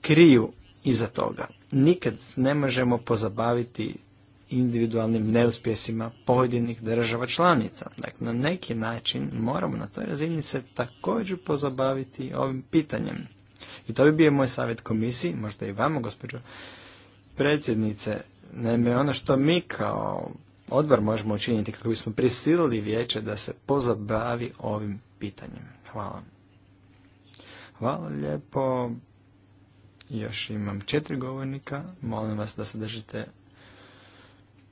kriju iza toga nikad ne možemo pozabaviti individualnim neuspjesima pojedinih država članica. Dakle, na neki način moramo na toj razini se također pozabaviti ovim pitanjem. I to bi bio moj savjet komisiji, možda i vama, gospođo predsjednice. Naime, ono što mi kao odbor možemo učiniti kako bismo prisilili vijeće da se pozabavi ovim pitanjem. Hvala. Hvala lijepo. Još imam četiri govornika. Molim vas da se držite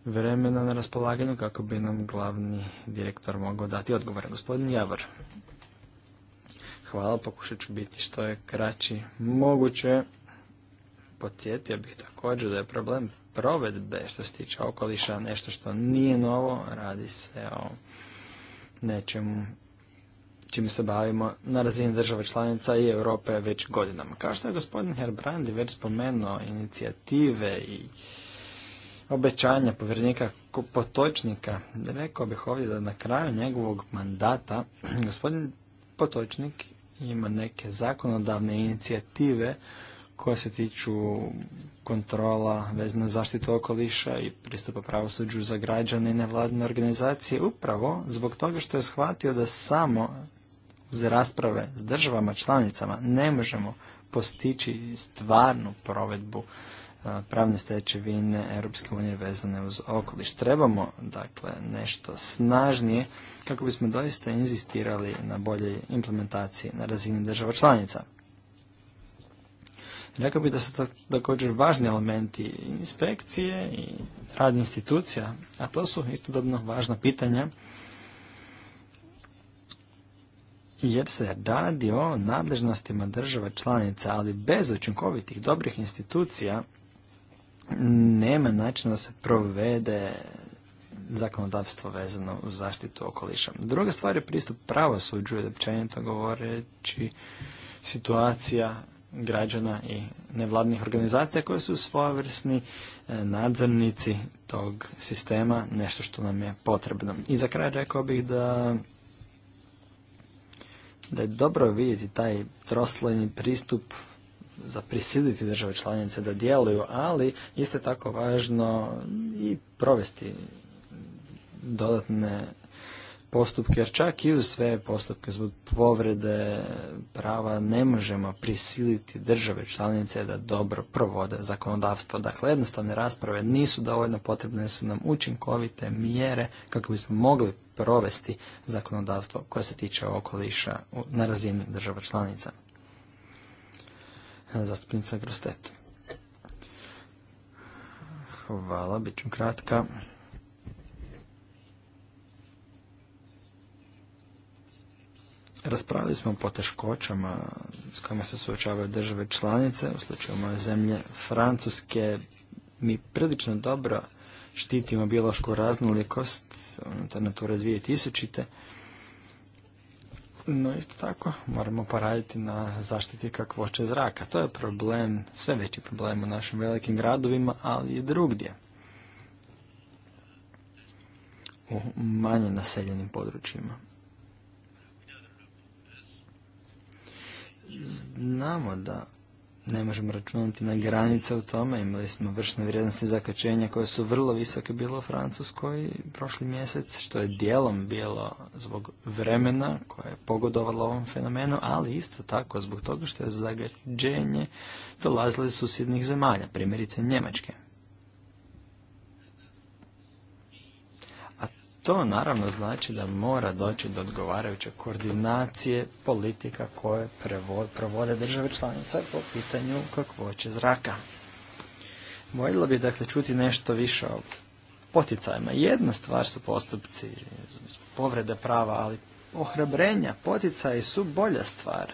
vremena na raspolaganju kako bi nam glavni direktor mogao dati odgovor. Gospodin Javor. Hvala, pokušat ću biti što je kraći moguće. Podsjetio bih također da je problem provedbe što se tiče okoliša nešto što nije novo. Radi se o nečemu čime se bavimo na razini država članica i Europe već godinama. Kao što je gospodin Herbrandi već spomenuo, inicijative i obećanja povjerenika Potočnika, rekao bih ovdje da na kraju njegovog mandata gospodin Potočnik ima neke zakonodavne inicijative koje se tiču kontrola vezano zaštitu okoliša i pristupa pravosuđu za građane i nevladne organizacije upravo zbog toga što je shvatio da samo uz rasprave s državama članicama ne možemo postići stvarnu provedbu e, pravne stečevine Europske unije vezane uz okoliš. Trebamo dakle nešto snažnije kako bismo doista inzistirali na boljoj implementaciji na razini država članica. Rekao bih da su također važni elementi inspekcije i rad institucija, a to su istodobno važna pitanja jer se radi o nadležnostima država članica, ali bez učinkovitih dobrih institucija nema načina da se provede zakonodavstvo vezano u zaštitu okoliša. Druga stvar je pristup pravosuđu i općenito govoreći situacija građana i nevladnih organizacija koje su svojevrsni e, nadzornici tog sistema, nešto što nam je potrebno. I za kraj rekao bih da da je dobro vidjeti taj troslojni pristup za prisiliti države članice da djeluju, ali isto tako važno i provesti dodatne postupke, jer čak i u sve postupke zbog povrede prava ne možemo prisiliti države članice da dobro provode zakonodavstvo. Dakle, jednostavne rasprave nisu dovoljno potrebne, su nam učinkovite mjere kako bismo mogli provesti zakonodavstvo koje se tiče okoliša na razini država članica. Zastupnica Grostet. Hvala, bit ću kratka. Raspravili smo o poteškoćama s kojima se suočavaju države članice, u slučaju moje zemlje Francuske. Mi prilično dobro štitimo biološku raznolikost unutar Nature 2000. No isto tako moramo poraditi na zaštiti kakvoće zraka. To je problem, sve veći problem u našim velikim gradovima, ali i drugdje. U manje naseljenim područjima. znamo da ne možemo računati na granice u tome. Imali smo vršne vrijednosti zakačenja koje su vrlo visoke bilo u Francuskoj prošli mjesec, što je dijelom bilo zbog vremena koje je pogodovalo ovom fenomenu, ali isto tako zbog toga što je zagađenje dolazilo iz susjednih zemalja, primjerice Njemačke. to naravno znači da mora doći do odgovarajuće koordinacije politika koje provode države članice po pitanju kakvoće zraka. Voljela bi dakle čuti nešto više o poticajima. Jedna stvar su postupci povrede prava, ali ohrabrenja, poticaji su bolja stvar.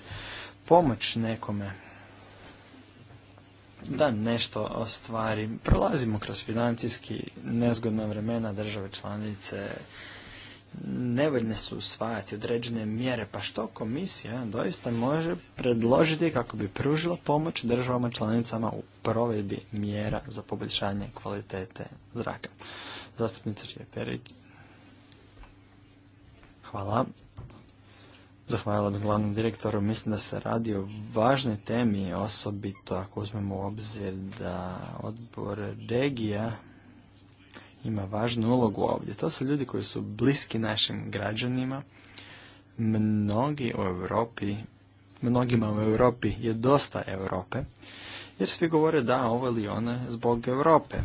Pomoć nekome da nešto ostvarim. Prolazimo kroz financijski nezgodna vremena države članice, nevoljne su usvajati određene mjere, pa što komisija doista može predložiti kako bi pružila pomoć državama članicama u provedbi mjera za poboljšanje kvalitete zraka. Zastupnica Pjeperić. Hvala. Zahvaljala bih glavnom direktoru. Mislim da se radi o važnoj temi, osobito ako uzmemo u obzir da odbor regija ima važnu ulogu ovdje. To su ljudi koji su bliski našim građanima. Mnogi u Europi, mnogima u Europi je dosta Europe, jer svi govore da ovo ili ono zbog Europe.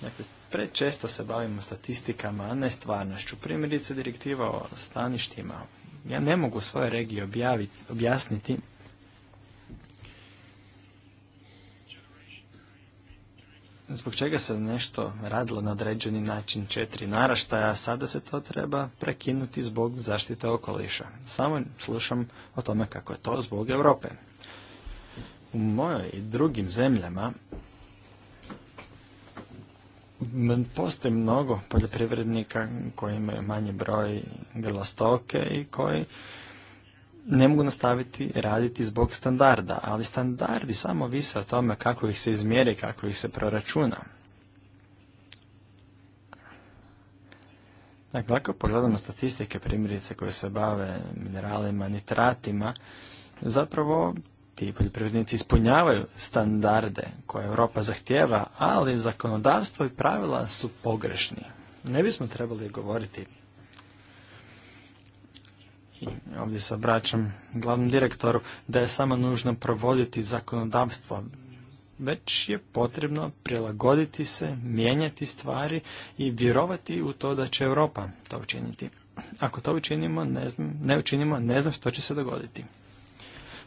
Dakle, prečesto se bavimo statistikama, a ne stvarnošću. Primjerice direktiva o staništima, ja ne mogu svoje regije objaviti, objasniti zbog čega se nešto radilo na određeni način četiri naraštaja, a sada se to treba prekinuti zbog zaštite okoliša. Samo slušam o tome kako je to zbog Europe. U mojoj i drugim zemljama Postoji mnogo poljoprivrednika koji imaju manji broj grla stoke i koji ne mogu nastaviti raditi zbog standarda, ali standardi samo vise o tome kako ih se izmjeri, kako ih se proračuna. Dakle, ako pogledamo statistike primjerice koje se bave mineralima, nitratima, zapravo ti poljoprivrednici ispunjavaju standarde koje Europa zahtjeva, ali zakonodavstvo i pravila su pogrešni. Ne bismo trebali govoriti i ovdje se obraćam glavnom direktoru, da je samo nužno provoditi zakonodavstvo, već je potrebno prilagoditi se, mijenjati stvari i vjerovati u to da će Europa to učiniti. Ako to učinimo, ne znam, ne učinimo, ne znam što će se dogoditi.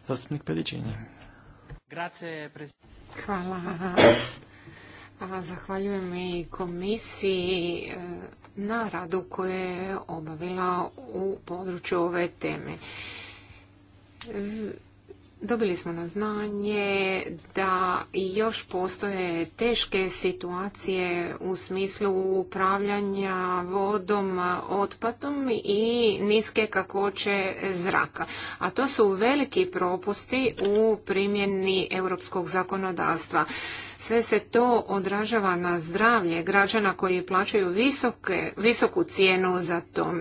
Zastupnik Pedićini. Hvala. Zahvaljujem i komisiji e, na radu koje je obavila u području ove teme. Dobili smo na znanje da još postoje teške situacije u smislu upravljanja vodom, otpadom i niske kakoće zraka. A to su veliki propusti u primjeni europskog zakonodavstva. Sve se to odražava na zdravlje građana koji plaćaju visoke, visoku cijenu za to.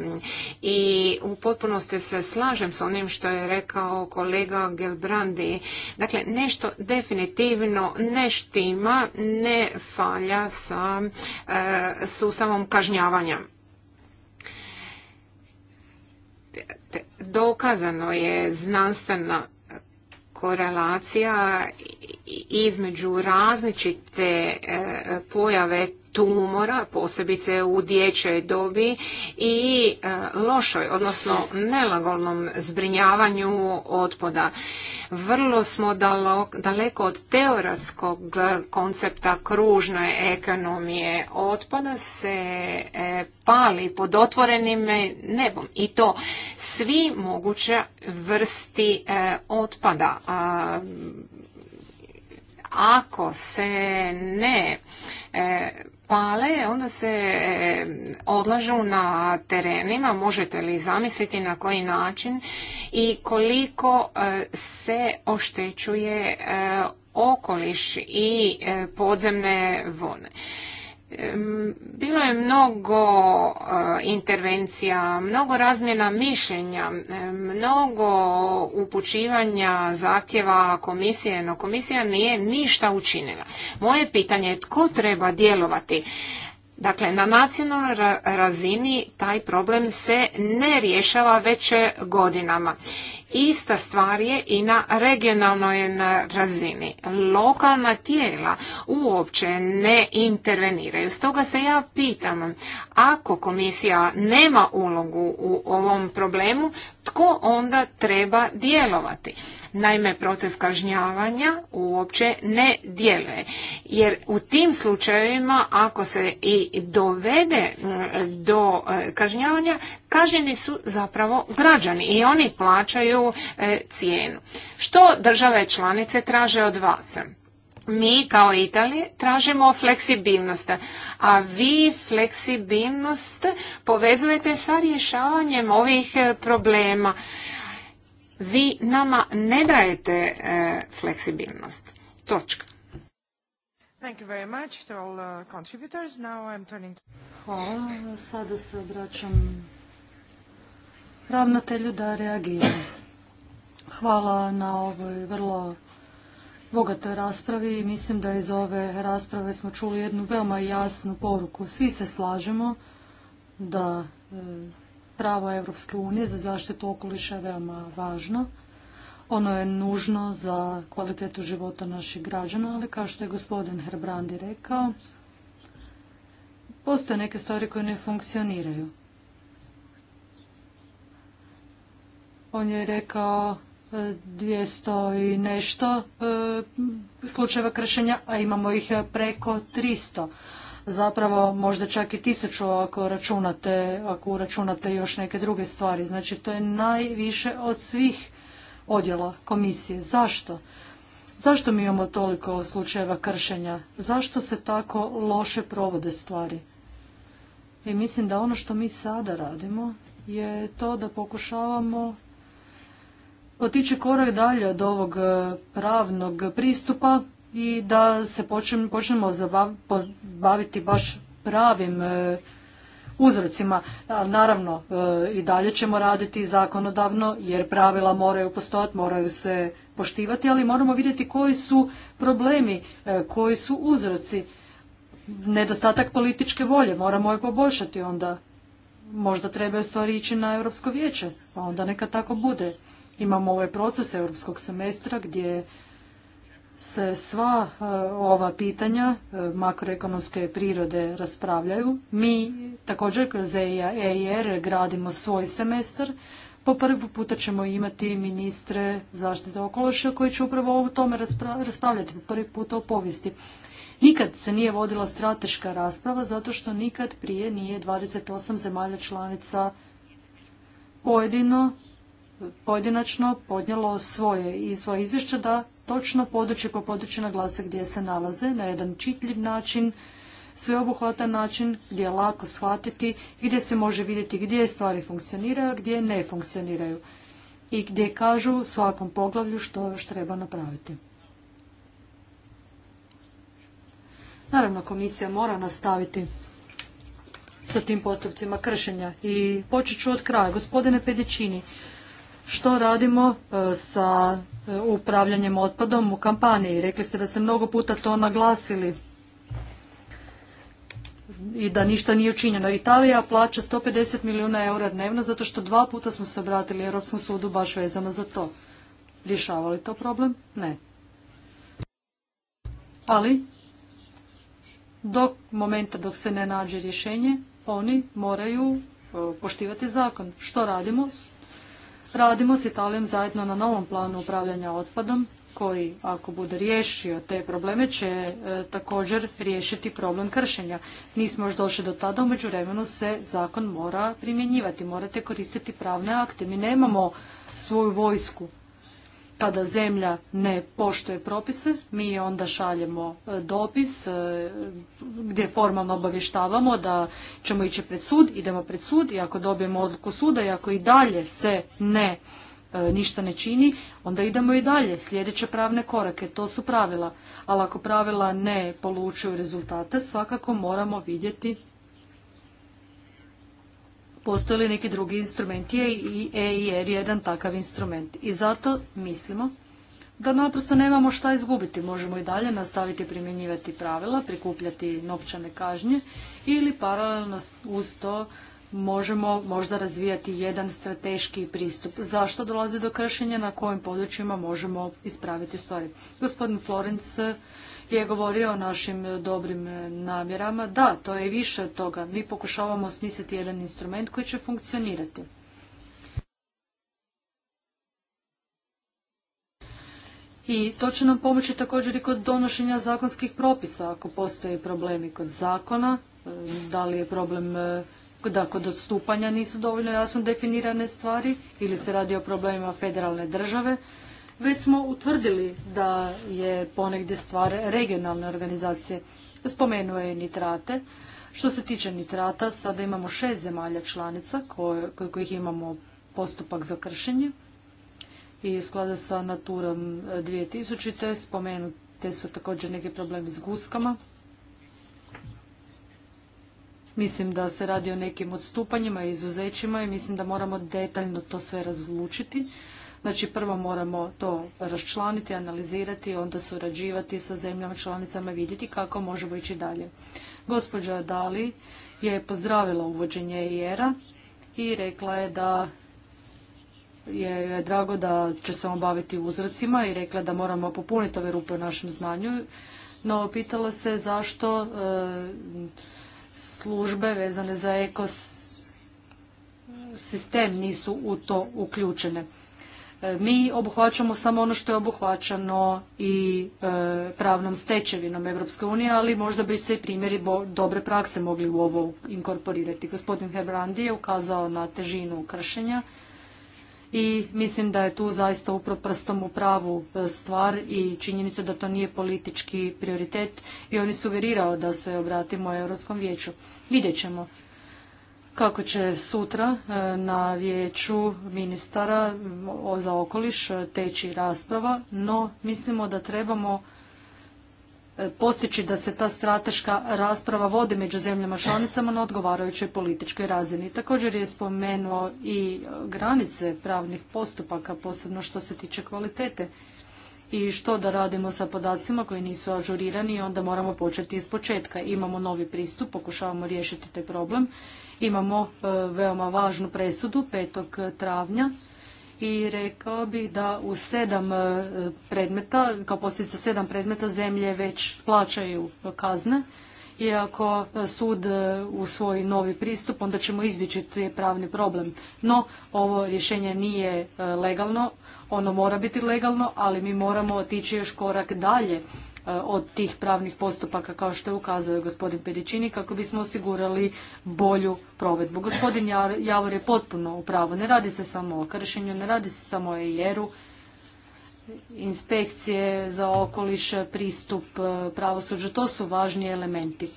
I u potpunosti se slažem s onim što je rekao kolega Gelbrandi. Dakle, nešto definitivno ne štima, ne falja sa e, sustavom kažnjavanja. dokazano je znanstvena korelacija između različite e, pojave tumora, posebice u dječjoj dobi i e, lošoj, odnosno nelagolnom zbrinjavanju otpada. Vrlo smo daleko od teoretskog koncepta kružne ekonomije otpada se e, pali pod otvorenim nebom i to svi moguće vrsti e, otpada. Ako se ne pale, onda se eh, odlažu na terenima. Možete li zamisliti na koji način i koliko eh, se oštećuje eh, okoliš i podzemne vode bilo je mnogo e, intervencija, mnogo razmjena mišljenja, mnogo upućivanja zahtjeva komisije, no komisija nije ništa učinila. Moje pitanje je tko treba djelovati? Dakle, na nacionalnoj razini taj problem se ne rješava već godinama. Ista stvar je i na regionalnoj razini. Lokalna tijela uopće ne interveniraju. Stoga se ja pitam, ako komisija nema ulogu u ovom problemu, tko onda treba djelovati? Naime, proces kažnjavanja uopće ne djeluje. Jer u tim slučajevima, ako se i dovede do e, kažnjavanja, kažnjeni su zapravo građani i oni plaćaju e, cijenu. Što države članice traže od vas? mi kao Italije tražimo fleksibilnost, a vi fleksibilnost povezujete sa rješavanjem ovih e, problema. Vi nama ne dajete e, fleksibilnost. Točka. Thank you very much to all uh, contributors. Now I'm turning Hvala. Sada se obraćam ravnatelju da reagira. Hvala na ovoj vrlo bogatoj raspravi i mislim da iz ove rasprave smo čuli jednu veoma jasnu poruku. Svi se slažemo da e, pravo Europske unije za zaštitu okoliša je veoma važno. Ono je nužno za kvalitetu života naših građana, ali kao što je gospodin Herbrandi rekao, postoje neke stvari koje ne funkcioniraju. On je rekao 200 i nešto e, slučajeva kršenja, a imamo ih preko 300. Zapravo možda čak i 1000 ako računate, ako uračunate još neke druge stvari. Znači to je najviše od svih odjela komisije. Zašto? Zašto mi imamo toliko slučajeva kršenja? Zašto se tako loše provode stvari? I mislim da ono što mi sada radimo je to da pokušavamo otići korak dalje od ovog e, pravnog pristupa i da se počnemo baviti baš pravim e, uzrocima. Naravno, e, i dalje ćemo raditi zakonodavno jer pravila moraju postojati, moraju se poštivati, ali moramo vidjeti koji su problemi, koji su uzroci. Nedostatak političke volje moramo je poboljšati onda. Možda trebaju stvari ići na Europsko vijeće, pa onda neka tako bude. Imamo ovaj proces europskog semestra gdje se sva e, ova pitanja e, makroekonomske prirode raspravljaju. Mi također kroz EIR e gradimo svoj semestar. Po prvi puta ćemo imati ministre zaštite okoliša koji će upravo o tome raspravljati po prvi puta o povijesti. Nikad se nije vodila strateška rasprava zato što nikad prije nije 28 zemalja članica pojedino pojedinačno podnijelo svoje i svoje izvješće da točno područje po području naglase gdje se nalaze na jedan čitljiv način, sveobuhvatan način gdje je lako shvatiti, gdje se može vidjeti gdje stvari funkcioniraju, a gdje ne funkcioniraju i gdje kažu svakom poglavlju što još treba napraviti. Naravno, komisija mora nastaviti sa tim postupcima kršenja i počet ću od kraja. Gospodine Pedećini, što radimo e, sa e, upravljanjem otpadom u kampaniji? Rekli ste da ste mnogo puta to naglasili i da ništa nije učinjeno. Italija plaća 150 milijuna eura dnevno zato što dva puta smo se obratili Europskom sudu baš vezano za to. li to problem? Ne. Ali, do momenta dok se ne nađe rješenje, oni moraju e, poštivati zakon. Što radimo? Radimo s Italijom zajedno na novom planu upravljanja otpadom koji ako bude riješio te probleme će e, također riješiti problem kršenja. Nismo još došli do tada, u međuvremenu se zakon mora primjenjivati, morate koristiti pravne akte. Mi nemamo svoju vojsku kada zemlja ne poštuje propise, mi onda šaljemo e, dopis e, gdje formalno obavještavamo da ćemo ići pred sud, idemo pred sud i ako dobijemo odluku suda i ako i dalje se ne e, ništa ne čini, onda idemo i dalje, sljedeće pravne korake, to su pravila. Ali ako pravila ne polučuju rezultate, svakako moramo vidjeti Postoje li neki drugi instrumenti i EIR je jedan takav instrument. I zato mislimo da naprosto nemamo šta izgubiti. Možemo i dalje nastaviti primjenjivati pravila, prikupljati novčane kažnje ili paralelno uz to možemo možda razvijati jedan strateški pristup. Zašto dolazi do kršenja, na kojim područjima možemo ispraviti stvari. Gospodin Florenc je govorio o našim e, dobrim e, namjerama. Da, to je više od toga. Mi pokušavamo smisliti jedan instrument koji će funkcionirati. I to će nam pomoći također i kod donošenja zakonskih propisa, ako postoje problemi kod zakona, e, da li je problem da kod odstupanja nisu dovoljno jasno definirane stvari ili se radi o problemima federalne države. Već smo utvrdili da je ponegdje stvar regionalne organizacije. Spomenuo je nitrate. Što se tiče nitrata, sada imamo šest zemalja članica koje, kojih imamo postupak za kršenje i u skladu sa Naturom 2000. Spomenute su također neki problemi s guskama. Mislim da se radi o nekim odstupanjima i izuzećima i mislim da moramo detaljno to sve razlučiti Znači prvo moramo to raščlaniti, analizirati, onda surađivati sa zemljama članicama i vidjeti kako možemo ići dalje. Gospođa Dali je pozdravila uvođenje IR-a e i rekla je da je, je drago da će se on baviti uzrocima i rekla da moramo popuniti ove rupe u našem znanju, no pitala se zašto e, službe vezane za ekos sistem nisu u to uključene. E, mi obuhvaćamo samo ono što je obuhvaćano i e, pravnom stečevinom Europske unije, ali možda bi se i primjeri dobre prakse mogli u ovo inkorporirati. Gospodin Hebrandi je ukazao na težinu kršenja i mislim da je tu zaista upravo prstom u pravu e, stvar i činjenica da to nije politički prioritet i on je sugerirao da se obratimo Europskom vijeću. Vidjet ćemo kako će sutra e, na vijeću ministara za okoliš e, teći rasprava, no mislimo da trebamo e, postići da se ta strateška rasprava vodi među zemljama članicama na odgovarajućoj političkoj razini. Također je spomenuo i granice pravnih postupaka, posebno što se tiče kvalitete i što da radimo sa podacima koji nisu ažurirani i onda moramo početi iz početka. Imamo novi pristup, pokušavamo riješiti taj problem Imamo e, veoma važnu presudu 5. travnja i rekao bi da u sedam e, predmeta, kao posljedica sedam predmeta zemlje već plaćaju kazne i ako e, sud usvoji novi pristup onda ćemo izbjeći je pravni problem. No, ovo rješenje nije legalno, ono mora biti legalno, ali mi moramo otići još korak dalje E, od tih pravnih postupaka kao što je ukazao gospodin Pedičini kako bismo osigurali bolju provedbu. Gospodin Javor je potpuno u pravu. Ne radi se samo o kršenju, ne radi se samo o eir inspekcije za okoliš, pristup e, pravosuđu, to su važni elementi.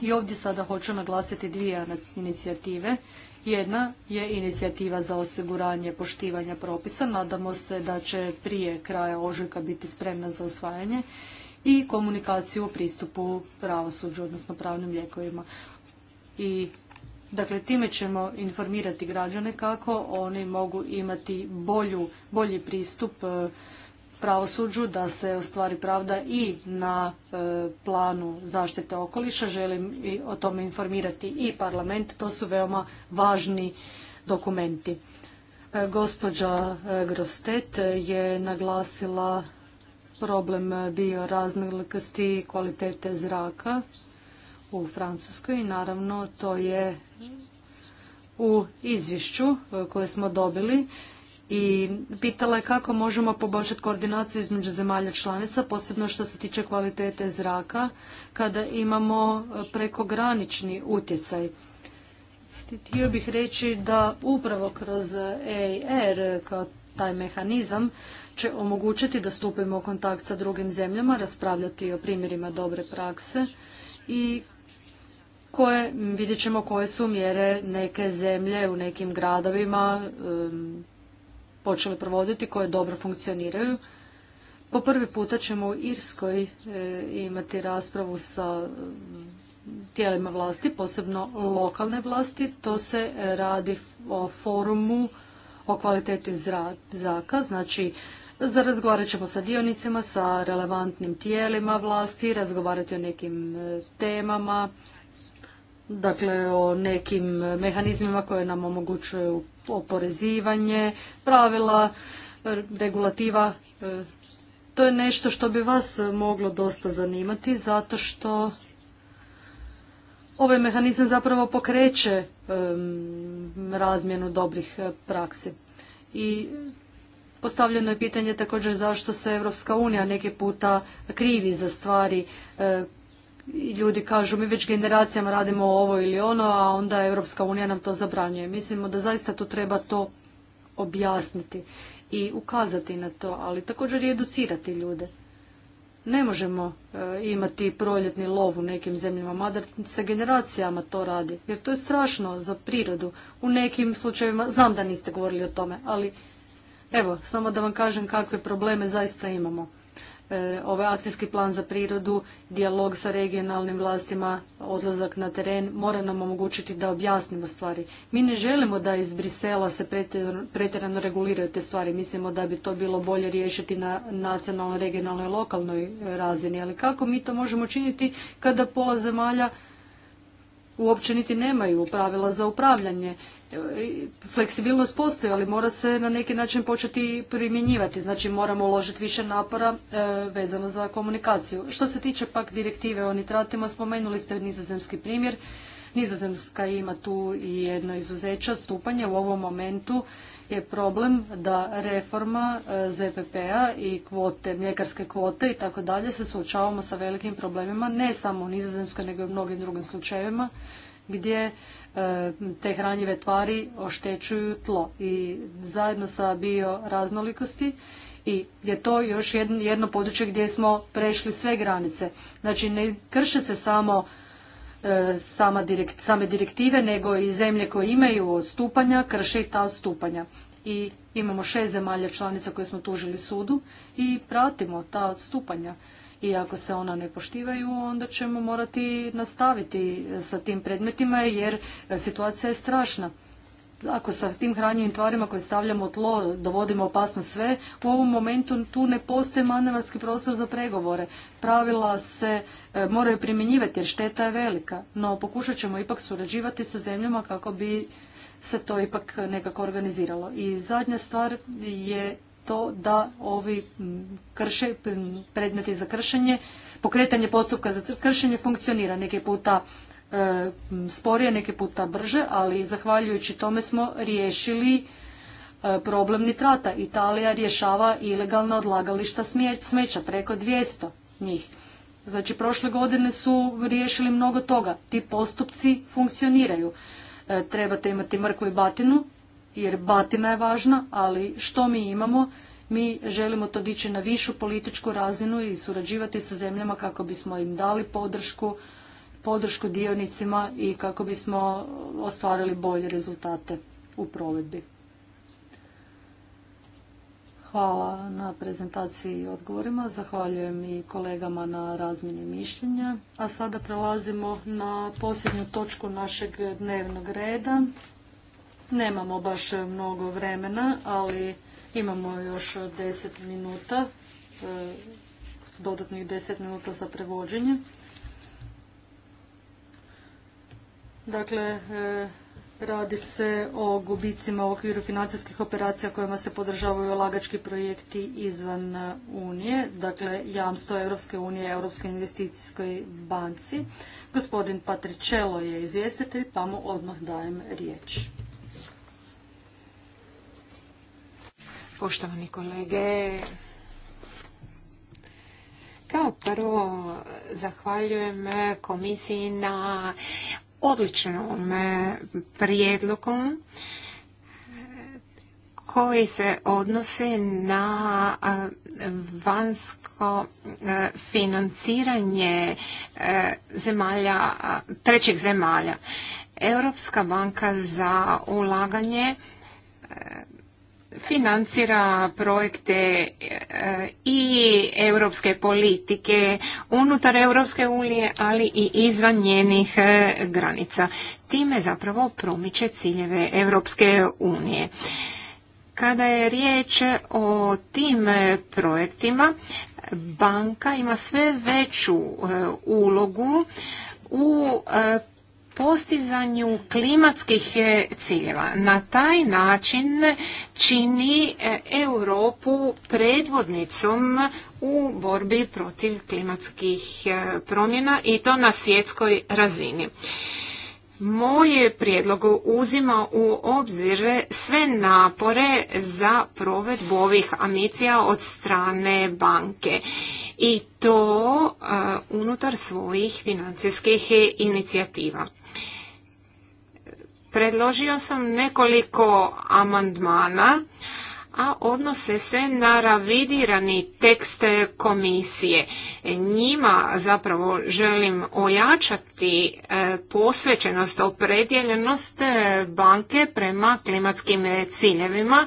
I ovdje sada hoću naglasiti dvije inicijative. Jedna je inicijativa za osiguranje poštivanja propisa. Nadamo se da će prije kraja ožujka biti spremna za usvajanje i komunikaciju o pristupu pravosuđu, odnosno pravnim lijekovima. I Dakle, time ćemo informirati građane kako oni mogu imati bolju, bolji pristup e, pravosuđu da se ostvari pravda i na e, planu zaštite okoliša. Želim i o tome informirati i parlament. To su veoma važni dokumenti. E, gospođa Grostet je naglasila problem bio raznolikosti kvalitete zraka u Francuskoj i naravno to je u izvješću e, koje smo dobili i pitala je kako možemo poboljšati koordinaciju između zemalja članica, posebno što se tiče kvalitete zraka, kada imamo e, prekogranični utjecaj. Htio bih reći da upravo kroz EIR, kao taj mehanizam, će omogućiti da stupimo u kontakt sa drugim zemljama, raspravljati o primjerima dobre prakse i koje, vidjet ćemo koje su mjere neke zemlje u nekim gradovima um, počele provoditi, koje dobro funkcioniraju. Po prvi puta ćemo u Irskoj e, imati raspravu sa tijelima vlasti, posebno lokalne vlasti. To se radi o forumu o kvaliteti zraka, znači Razgovarat ćemo sa dionicima, sa relevantnim tijelima vlasti, razgovarati o nekim e, temama, dakle o nekim mehanizmima koje nam omogućuju oporezivanje, pravila, regulativa. E, to je nešto što bi vas moglo dosta zanimati zato što ovaj mehanizam zapravo pokreće razmjenu dobrih praksi. I Postavljeno je pitanje također zašto se Evropska unija neki puta krivi za stvari. E, ljudi kažu mi već generacijama radimo ovo ili ono, a onda Evropska unija nam to zabranjuje. Mislimo da zaista to treba to objasniti i ukazati na to, ali također i educirati ljude. Ne možemo e, imati proljetni lov u nekim zemljama, mada sa generacijama to radi, jer to je strašno za prirodu. U nekim slučajevima, znam da niste govorili o tome, ali Evo, samo da vam kažem kakve probleme zaista imamo. E, ovaj akcijski plan za prirodu, dijalog sa regionalnim vlastima, odlazak na teren mora nam omogućiti da objasnimo stvari. Mi ne želimo da iz Brisela se pretjerano reguliraju te stvari. Mislimo da bi to bilo bolje riješiti na nacionalnoj, regionalnoj, lokalnoj razini. Ali kako mi to možemo činiti kada pola zemalja uopće niti nemaju pravila za upravljanje fleksibilnost postoji, ali mora se na neki način početi primjenjivati. Znači moramo uložiti više napora e, vezano za komunikaciju. Što se tiče pak direktive o nitratima, spomenuli ste nizozemski primjer. Nizozemska ima tu i jedno izuzeće odstupanje. U ovom momentu je problem da reforma e, ZPP-a i kvote, mljekarske kvote i tako dalje se suočavamo sa velikim problemima, ne samo u Nizozemskoj nego i u mnogim drugim slučajevima gdje E, te hranjive tvari oštećuju tlo i zajedno sa bioraznolikosti i je to još jedno područje gdje smo prešli sve granice. Znači ne krše se samo e, sama direkt, same direktive, nego i zemlje koje imaju odstupanja, krše i ta odstupanja. I imamo šest zemalja članica koje smo tužili sudu i pratimo ta odstupanja i ako se ona ne poštivaju onda ćemo morati nastaviti sa tim predmetima jer situacija je strašna. Ako sa tim hranjivim tvarima koje stavljamo u tlo dovodimo opasno sve, u ovom momentu tu ne postoji manevarski prostor za pregovore. Pravila se e, moraju primjenjivati jer šteta je velika, no pokušat ćemo ipak surađivati sa zemljama kako bi se to ipak nekako organiziralo. I zadnja stvar je to da ovi krše, predmeti za kršenje, pokretanje postupka za kršenje funkcionira neke puta e, sporije, neke puta brže, ali zahvaljujući tome smo riješili e, problem nitrata. Italija rješava ilegalna odlagališta smeća, preko 200 njih. Znači, prošle godine su riješili mnogo toga. Ti postupci funkcioniraju. E, trebate imati mrkvu i batinu jer batina je važna, ali što mi imamo? Mi želimo to dići na višu političku razinu i surađivati sa zemljama kako bismo im dali podršku, podršku dionicima i kako bismo ostvarili bolje rezultate u provedbi. Hvala na prezentaciji i odgovorima. Zahvaljujem i kolegama na razmjeni mišljenja. A sada prelazimo na posljednju točku našeg dnevnog reda. Nemamo baš mnogo vremena, ali imamo još deset minuta, e, dodatnih deset minuta za prevođenje. Dakle, e, radi se o gubicima u okviru financijskih operacija kojima se podržavaju lagački projekti izvan Unije, dakle jamstvo Europske unije europske investicijskoj banci. Gospodin Patričelo je izvjestitelj, pa mu odmah dajem riječ. Poštovani kolege, kao prvo zahvaljujem komisiji na odličnom prijedlogu koji se odnose na vanjsko financiranje e, zemalja, trećih zemalja. Europska banka za ulaganje e, financira projekte e, i europske politike unutar Europske unije, ali i izvan njenih e, granica. Time zapravo promiče ciljeve Europske unije. Kada je riječ o tim e, projektima, banka ima sve veću ulogu u postizanju klimatskih e, ciljeva. Na taj način čini e, Europu predvodnicom u borbi protiv klimatskih e, promjena i to na svjetskoj razini. Moj je prijedlog uzima u obzir sve napore za provedbu ovih amicija od strane banke i to unutar svojih financijskih inicijativa. Predložio sam nekoliko amandmana, a odnose se na ravidirani tekst komisije. E, njima zapravo želim ojačati e, posvećenost, opredjeljenost e, banke prema klimatskim ciljevima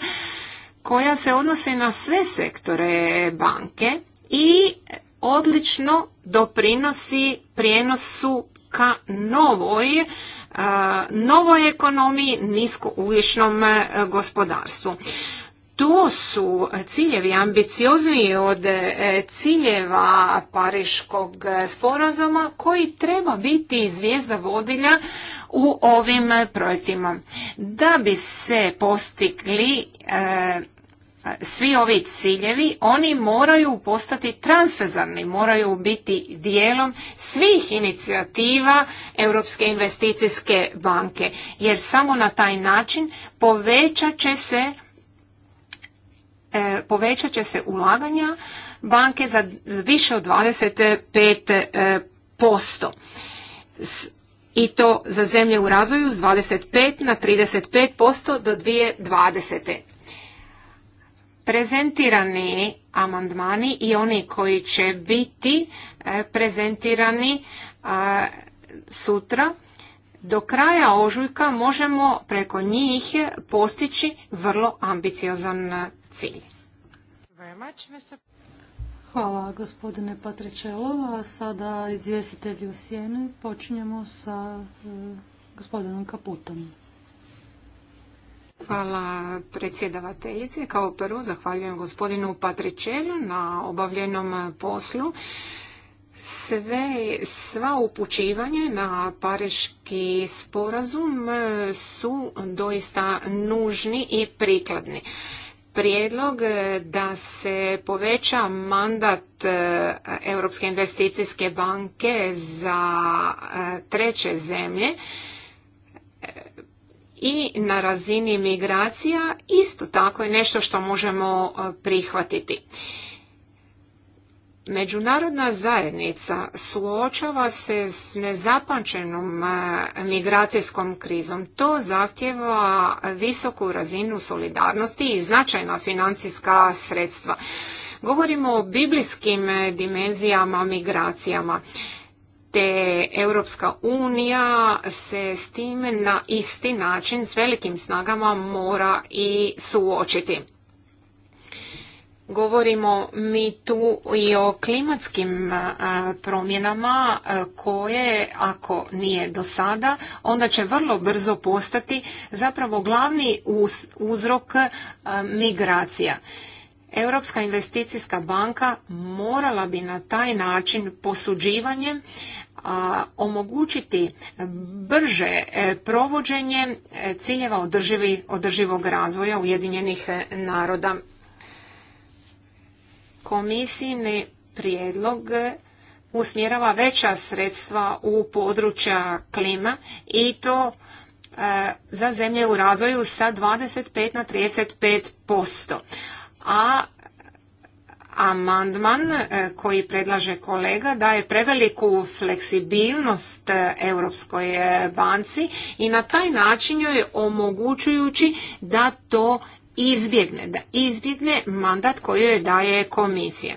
koja se odnose na sve sektore banke i odlično doprinosi prijenosu ka novoj E, novoj ekonomiji, niskougljičnom e, gospodarstvu. To su ciljevi ambiciozniji od e, ciljeva Pariškog sporazuma koji treba biti zvijezda vodilja u ovim projektima. Da bi se postigli svi ovi ciljevi, oni moraju postati transvezarni, moraju biti dijelom svih inicijativa Europske investicijske banke, jer samo na taj način povećat će se e, povećat će se ulaganja banke za više od 25%. I to za zemlje u razvoju s 25 na 35% do 2020 prezentirani amandmani i oni koji će biti e, prezentirani e, sutra do kraja ožujka možemo preko njih postići vrlo ambiciozan cilj. Hvala gospodine Patričelov, A sada izvjestitelji u sjenu počinjemo sa e, gospodinom Kaputom. Hvala predsjedavateljice. Kao prvo zahvaljujem gospodinu Patričelju na obavljenom poslu. Sve, sva upućivanje na Pariški sporazum su doista nužni i prikladni. Prijedlog da se poveća mandat e, Europske investicijske banke za e, treće zemlje i na razini migracija isto tako je nešto što možemo e, prihvatiti. Međunarodna zajednica suočava se s nezapančenom e, migracijskom krizom. To zahtjeva visoku razinu solidarnosti i značajna financijska sredstva. Govorimo o biblijskim e, dimenzijama migracijama te Europska unija se s time na isti način s velikim snagama mora i suočiti. Govorimo mi tu i o klimatskim e, promjenama e, koje, ako nije do sada, onda će vrlo brzo postati zapravo glavni uzrok e, migracija. Europska investicijska banka morala bi na taj način posuđivanjem omogućiti brže e, provođenje e, ciljeva održivog razvoja Ujedinjenih e, naroda. Komisijni prijedlog usmjerava veća sredstva u područja klima i to za zemlje u razvoju sa 25 na 35 a amandman e, koji predlaže kolega daje preveliku fleksibilnost e, Europskoj e, banci i na taj način joj omogućujući da to izbjegne, da izbjegne mandat koji joj daje komisija.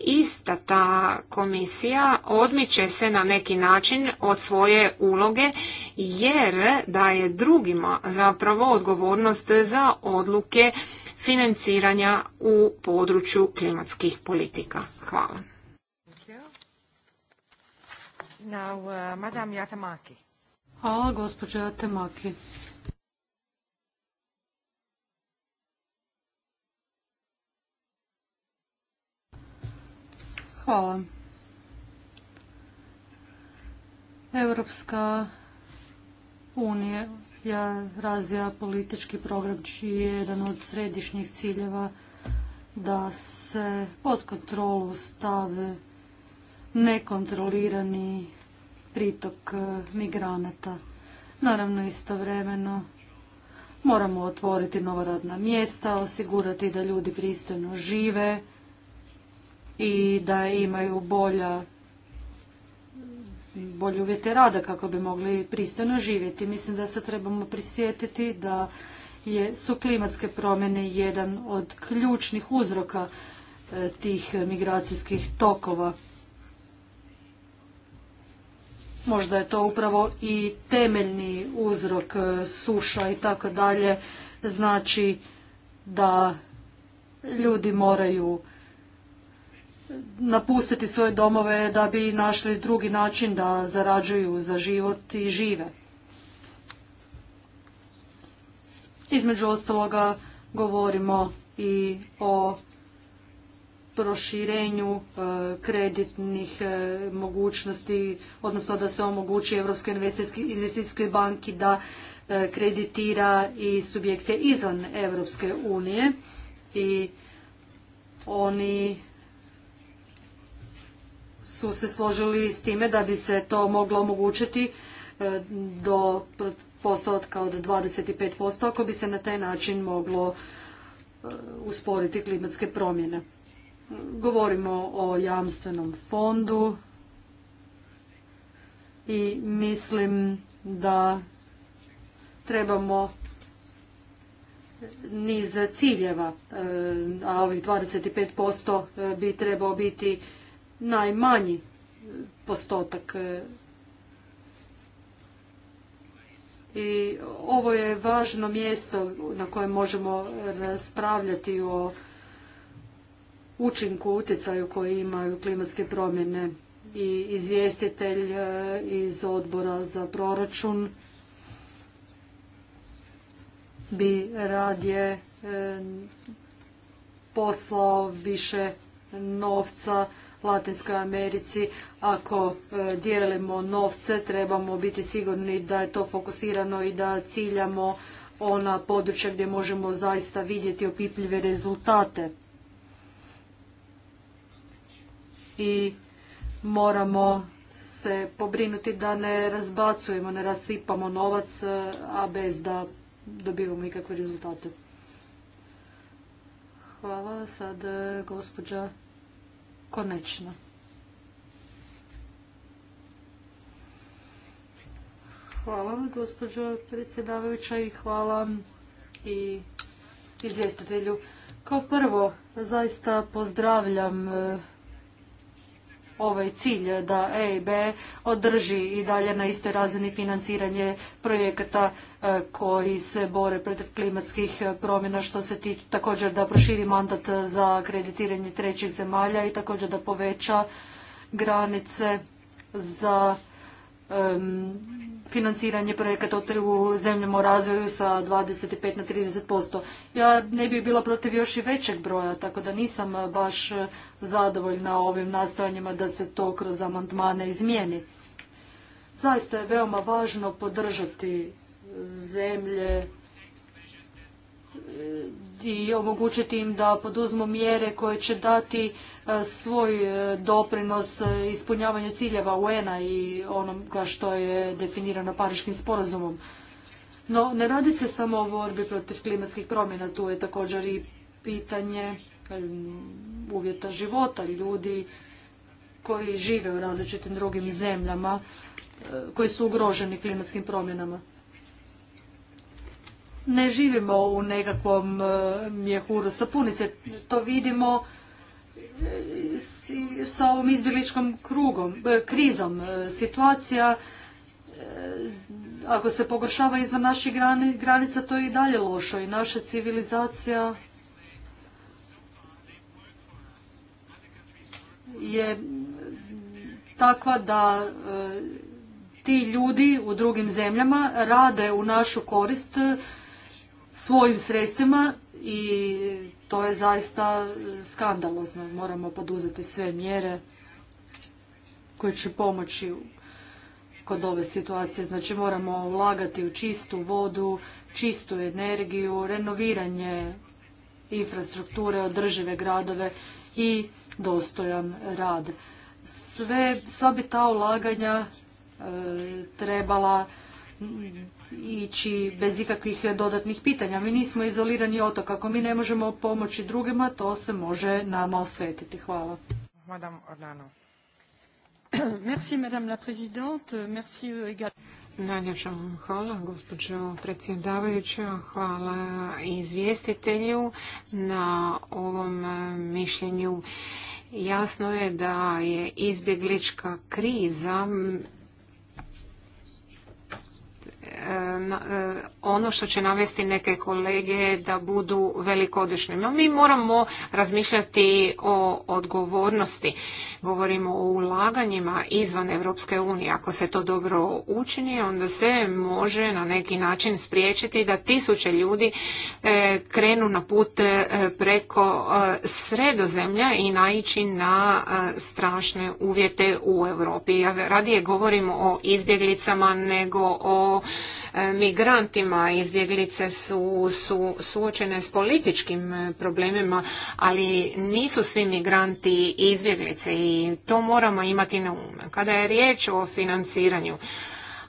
Ista ta komisija odmiče se na neki način od svoje uloge jer daje drugima zapravo odgovornost za odluke financiranja u području klimatskih politika. Hvala. Now, uh, Madame Yatamaki. Hvala, gospođo Yatamaki. Hvala. Europska unija, razvija politički program čiji je jedan od središnjih ciljeva da se pod kontrolu stave nekontrolirani pritok e, migranata. Naravno istovremeno moramo otvoriti nova radna mjesta, osigurati da ljudi pristojno žive i da imaju bolja bolje uvjete rada kako bi mogli pristojno živjeti. Mislim da se trebamo prisjetiti da je, su klimatske promjene jedan od ključnih uzroka e, tih migracijskih tokova. Možda je to upravo i temeljni uzrok e, suša i tako dalje. Znači da ljudi moraju napustiti svoje domove da bi našli drugi način da zarađuju za život i žive. Između ostaloga govorimo i o proširenju e, kreditnih e, mogućnosti, odnosno da se omogući Europskoj investicijskoj banki da e, kreditira i subjekte izvan Europske unije i oni su se složili s time da bi se to moglo omogućiti e, do postotka od 25% ako bi se na taj način moglo e, usporiti klimatske promjene. Govorimo o jamstvenom fondu i mislim da trebamo niz ciljeva, e, a ovih 25% bi trebao biti najmanji postotak. I ovo je važno mjesto na kojem možemo raspravljati o učinku, utjecaju koji imaju klimatske promjene. I izvjestitelj e, iz odbora za proračun bi radije e, poslao više novca Latinskoj Americi. Ako e, dijelimo novce, trebamo biti sigurni da je to fokusirano i da ciljamo ona područja gdje možemo zaista vidjeti opipljive rezultate. I moramo se pobrinuti da ne razbacujemo, ne rasipamo novac, e, a bez da dobivamo ikakve rezultate. Hvala. Sad e, gospođa konečno. Hvala vam, gospođo predsjedavajuća, i hvala i izvjestitelju. Kao prvo, zaista pozdravljam e, ovaj cilj da EIB održi i dalje na istoj razini financiranje projekata e, koji se bore protiv klimatskih e, promjena što se tiče također da proširi mandat za kreditiranje trećih zemalja i također da poveća granice za financiranje projekata u zemljama u razvoju sa 25 na 30%. Ja ne bih bila protiv još i većeg broja, tako da nisam baš zadovoljna ovim nastojanjima da se to kroz amandmane izmijeni. Zaista je veoma važno podržati zemlje i omogućiti im da poduzmu mjere koje će dati e, svoj e, doprinos ispunjavanju ciljeva UN-a i onoga što je definirano Pariškim sporazumom. No, ne radi se samo o borbi protiv klimatskih promjena, tu je također i pitanje e, uvjeta života ljudi koji žive u različitim drugim zemljama, koji su ugroženi klimatskim promjenama ne živimo u nekakvom e, mjehuru sapunice. To vidimo e, sa ovom izbjeličkom krugom, e, krizom. Situacija ako se pogoršava izvan naših granica, to je i dalje lošo i naša civilizacija je takva da ti ljudi u drugim zemljama rade u našu korist svojim sredstvima i to je zaista skandalozno. Moramo poduzeti sve mjere koje će pomoći kod ove situacije. Znači moramo ulagati u čistu vodu, čistu energiju, renoviranje infrastrukture, održive gradove i dostojan rad. Sve, sva bi ta ulaganja e, trebala ići bez ikakvih dodatnih pitanja. Mi nismo izolirani otok. Ako mi ne možemo pomoći drugima, to se može nama osvetiti. Hvala. Madame Merci, madame la euh, Najljepša vam hvala, gospođo predsjedavajuća. Hvala izvjestitelju na ovom e, mišljenju. Jasno je da je izbjeglička kriza E, ono što će navesti neke kolege da budu velikodušni. No, mi moramo razmišljati o odgovornosti. Govorimo o ulaganjima izvan Europske unije. Ako se to dobro učini, onda se može na neki način spriječiti da tisuće ljudi e, krenu na put e, preko sredozemlja i naići na strašne uvjete u Europi. Ja radije govorimo o izbjeglicama nego o E, migrantima. Izbjeglice su, suočene s političkim e, problemima, ali nisu svi migranti izbjeglice i to moramo imati na umu. Kada je riječ o financiranju,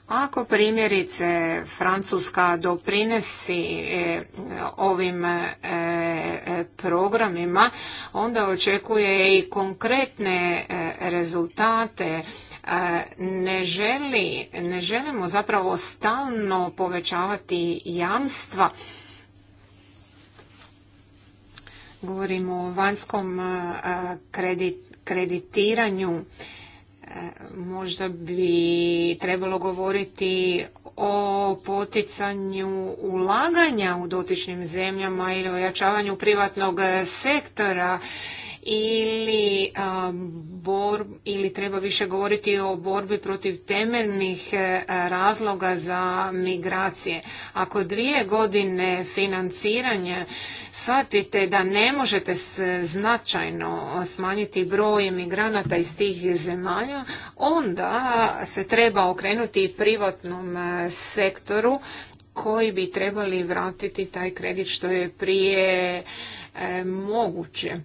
ako primjerice Francuska doprinesi e, ovim programima, onda očekuje i konkretne rezultate E, ne, želi, ne želimo zapravo stalno povećavati jamstva. Govorimo o vanjskom e, kredit, kreditiranju. E, možda bi trebalo govoriti o poticanju ulaganja u dotičnim zemljama ili ojačavanju privatnog sektora ili, bor, ili treba više govoriti o borbi protiv temeljnih e, razloga za migracije. Ako dvije godine financiranja shvatite da ne možete značajno smanjiti broj migranata iz tih zemalja, onda se treba okrenuti privatnom e, sektoru koji bi trebali vratiti taj kredit što je prije e, moguće.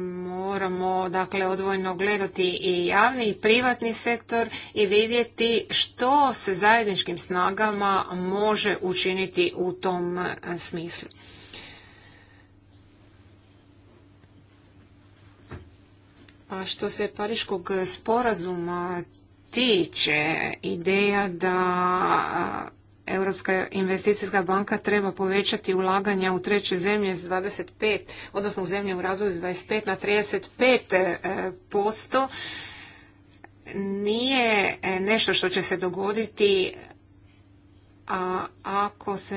moramo dakle odvojno gledati i javni i privatni sektor i vidjeti što se zajedničkim snagama može učiniti u tom e, smislu. A što se pariškog sporazuma tiče, ideja da Europska investicijska banka treba povećati ulaganja u treće zemlje s 25, odnosno u zemlje u razvoju s 25 na 35 e, posto. Nije e, nešto što će se dogoditi a ako se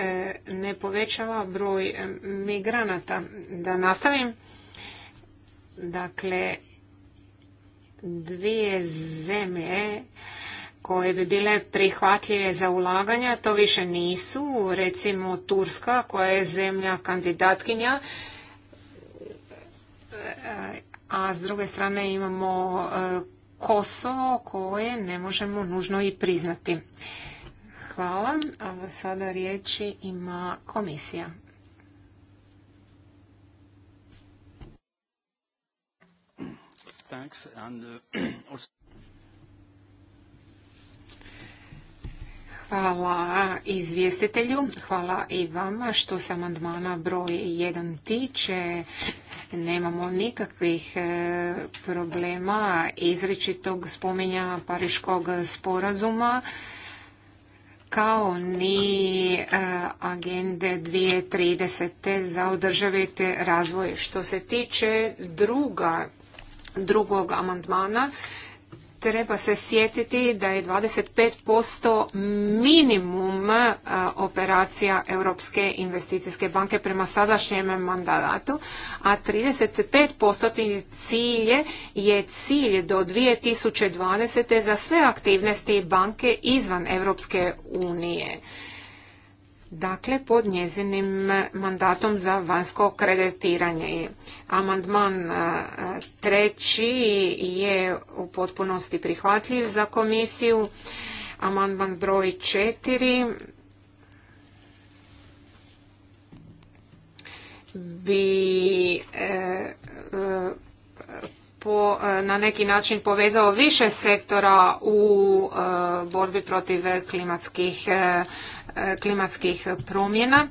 e, ne povećava broj migranata. Da nastavim. Dakle, dvije zemlje koje bi bile prihvatljive za ulaganja, to više nisu. Recimo Turska koja je zemlja kandidatkinja, a s druge strane imamo e, Kosovo koje ne možemo nužno i priznati. Hvala. A sada riječi ima komisija. Thanks and, uh, Hvala izvjestitelju, hvala i vama što se amandmana broj 1 tiče. Nemamo nikakvih e, problema izričitog spominja Pariškog sporazuma kao ni e, agende 2030. za održavite razvoj. Što se tiče drugog amandmana, treba se sjetiti da je 25% minimum operacija Europske investicijske banke prema sadašnjem mandatu, a 35% cilje je cilj do 2020. za sve aktivnosti banke izvan Europske unije dakle pod njezinim mandatom za vanjsko kreditiranje. Amandman e, treći je u potpunosti prihvatljiv za komisiju. Amandman broj četiri bi e, e, na neki način povezao više sektora u borbi protiv klimatskih klimatskih promjena.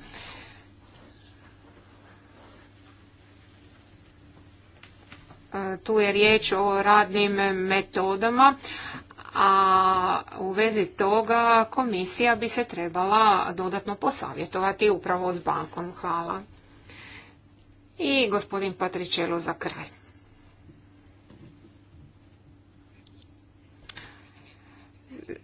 E, tu je riječ o radnim metodama, a u vezi toga komisija bi se trebala dodatno posavjetovati upravo s bankom. Hvala. I gospodin Patričelo za kraj.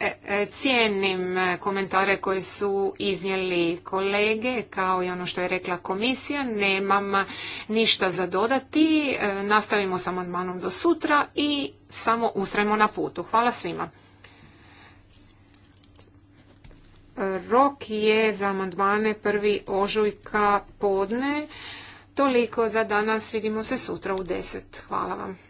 E, e, cijenim e, komentare koje su iznijeli kolege kao i ono što je rekla komisija. Nemam ništa za dodati. Nastavimo s amandmanom do sutra i samo ustrajmo na putu. Hvala svima. Rok je za amandmane prvi ožujka podne. Toliko za danas. Vidimo se sutra u deset. Hvala vam.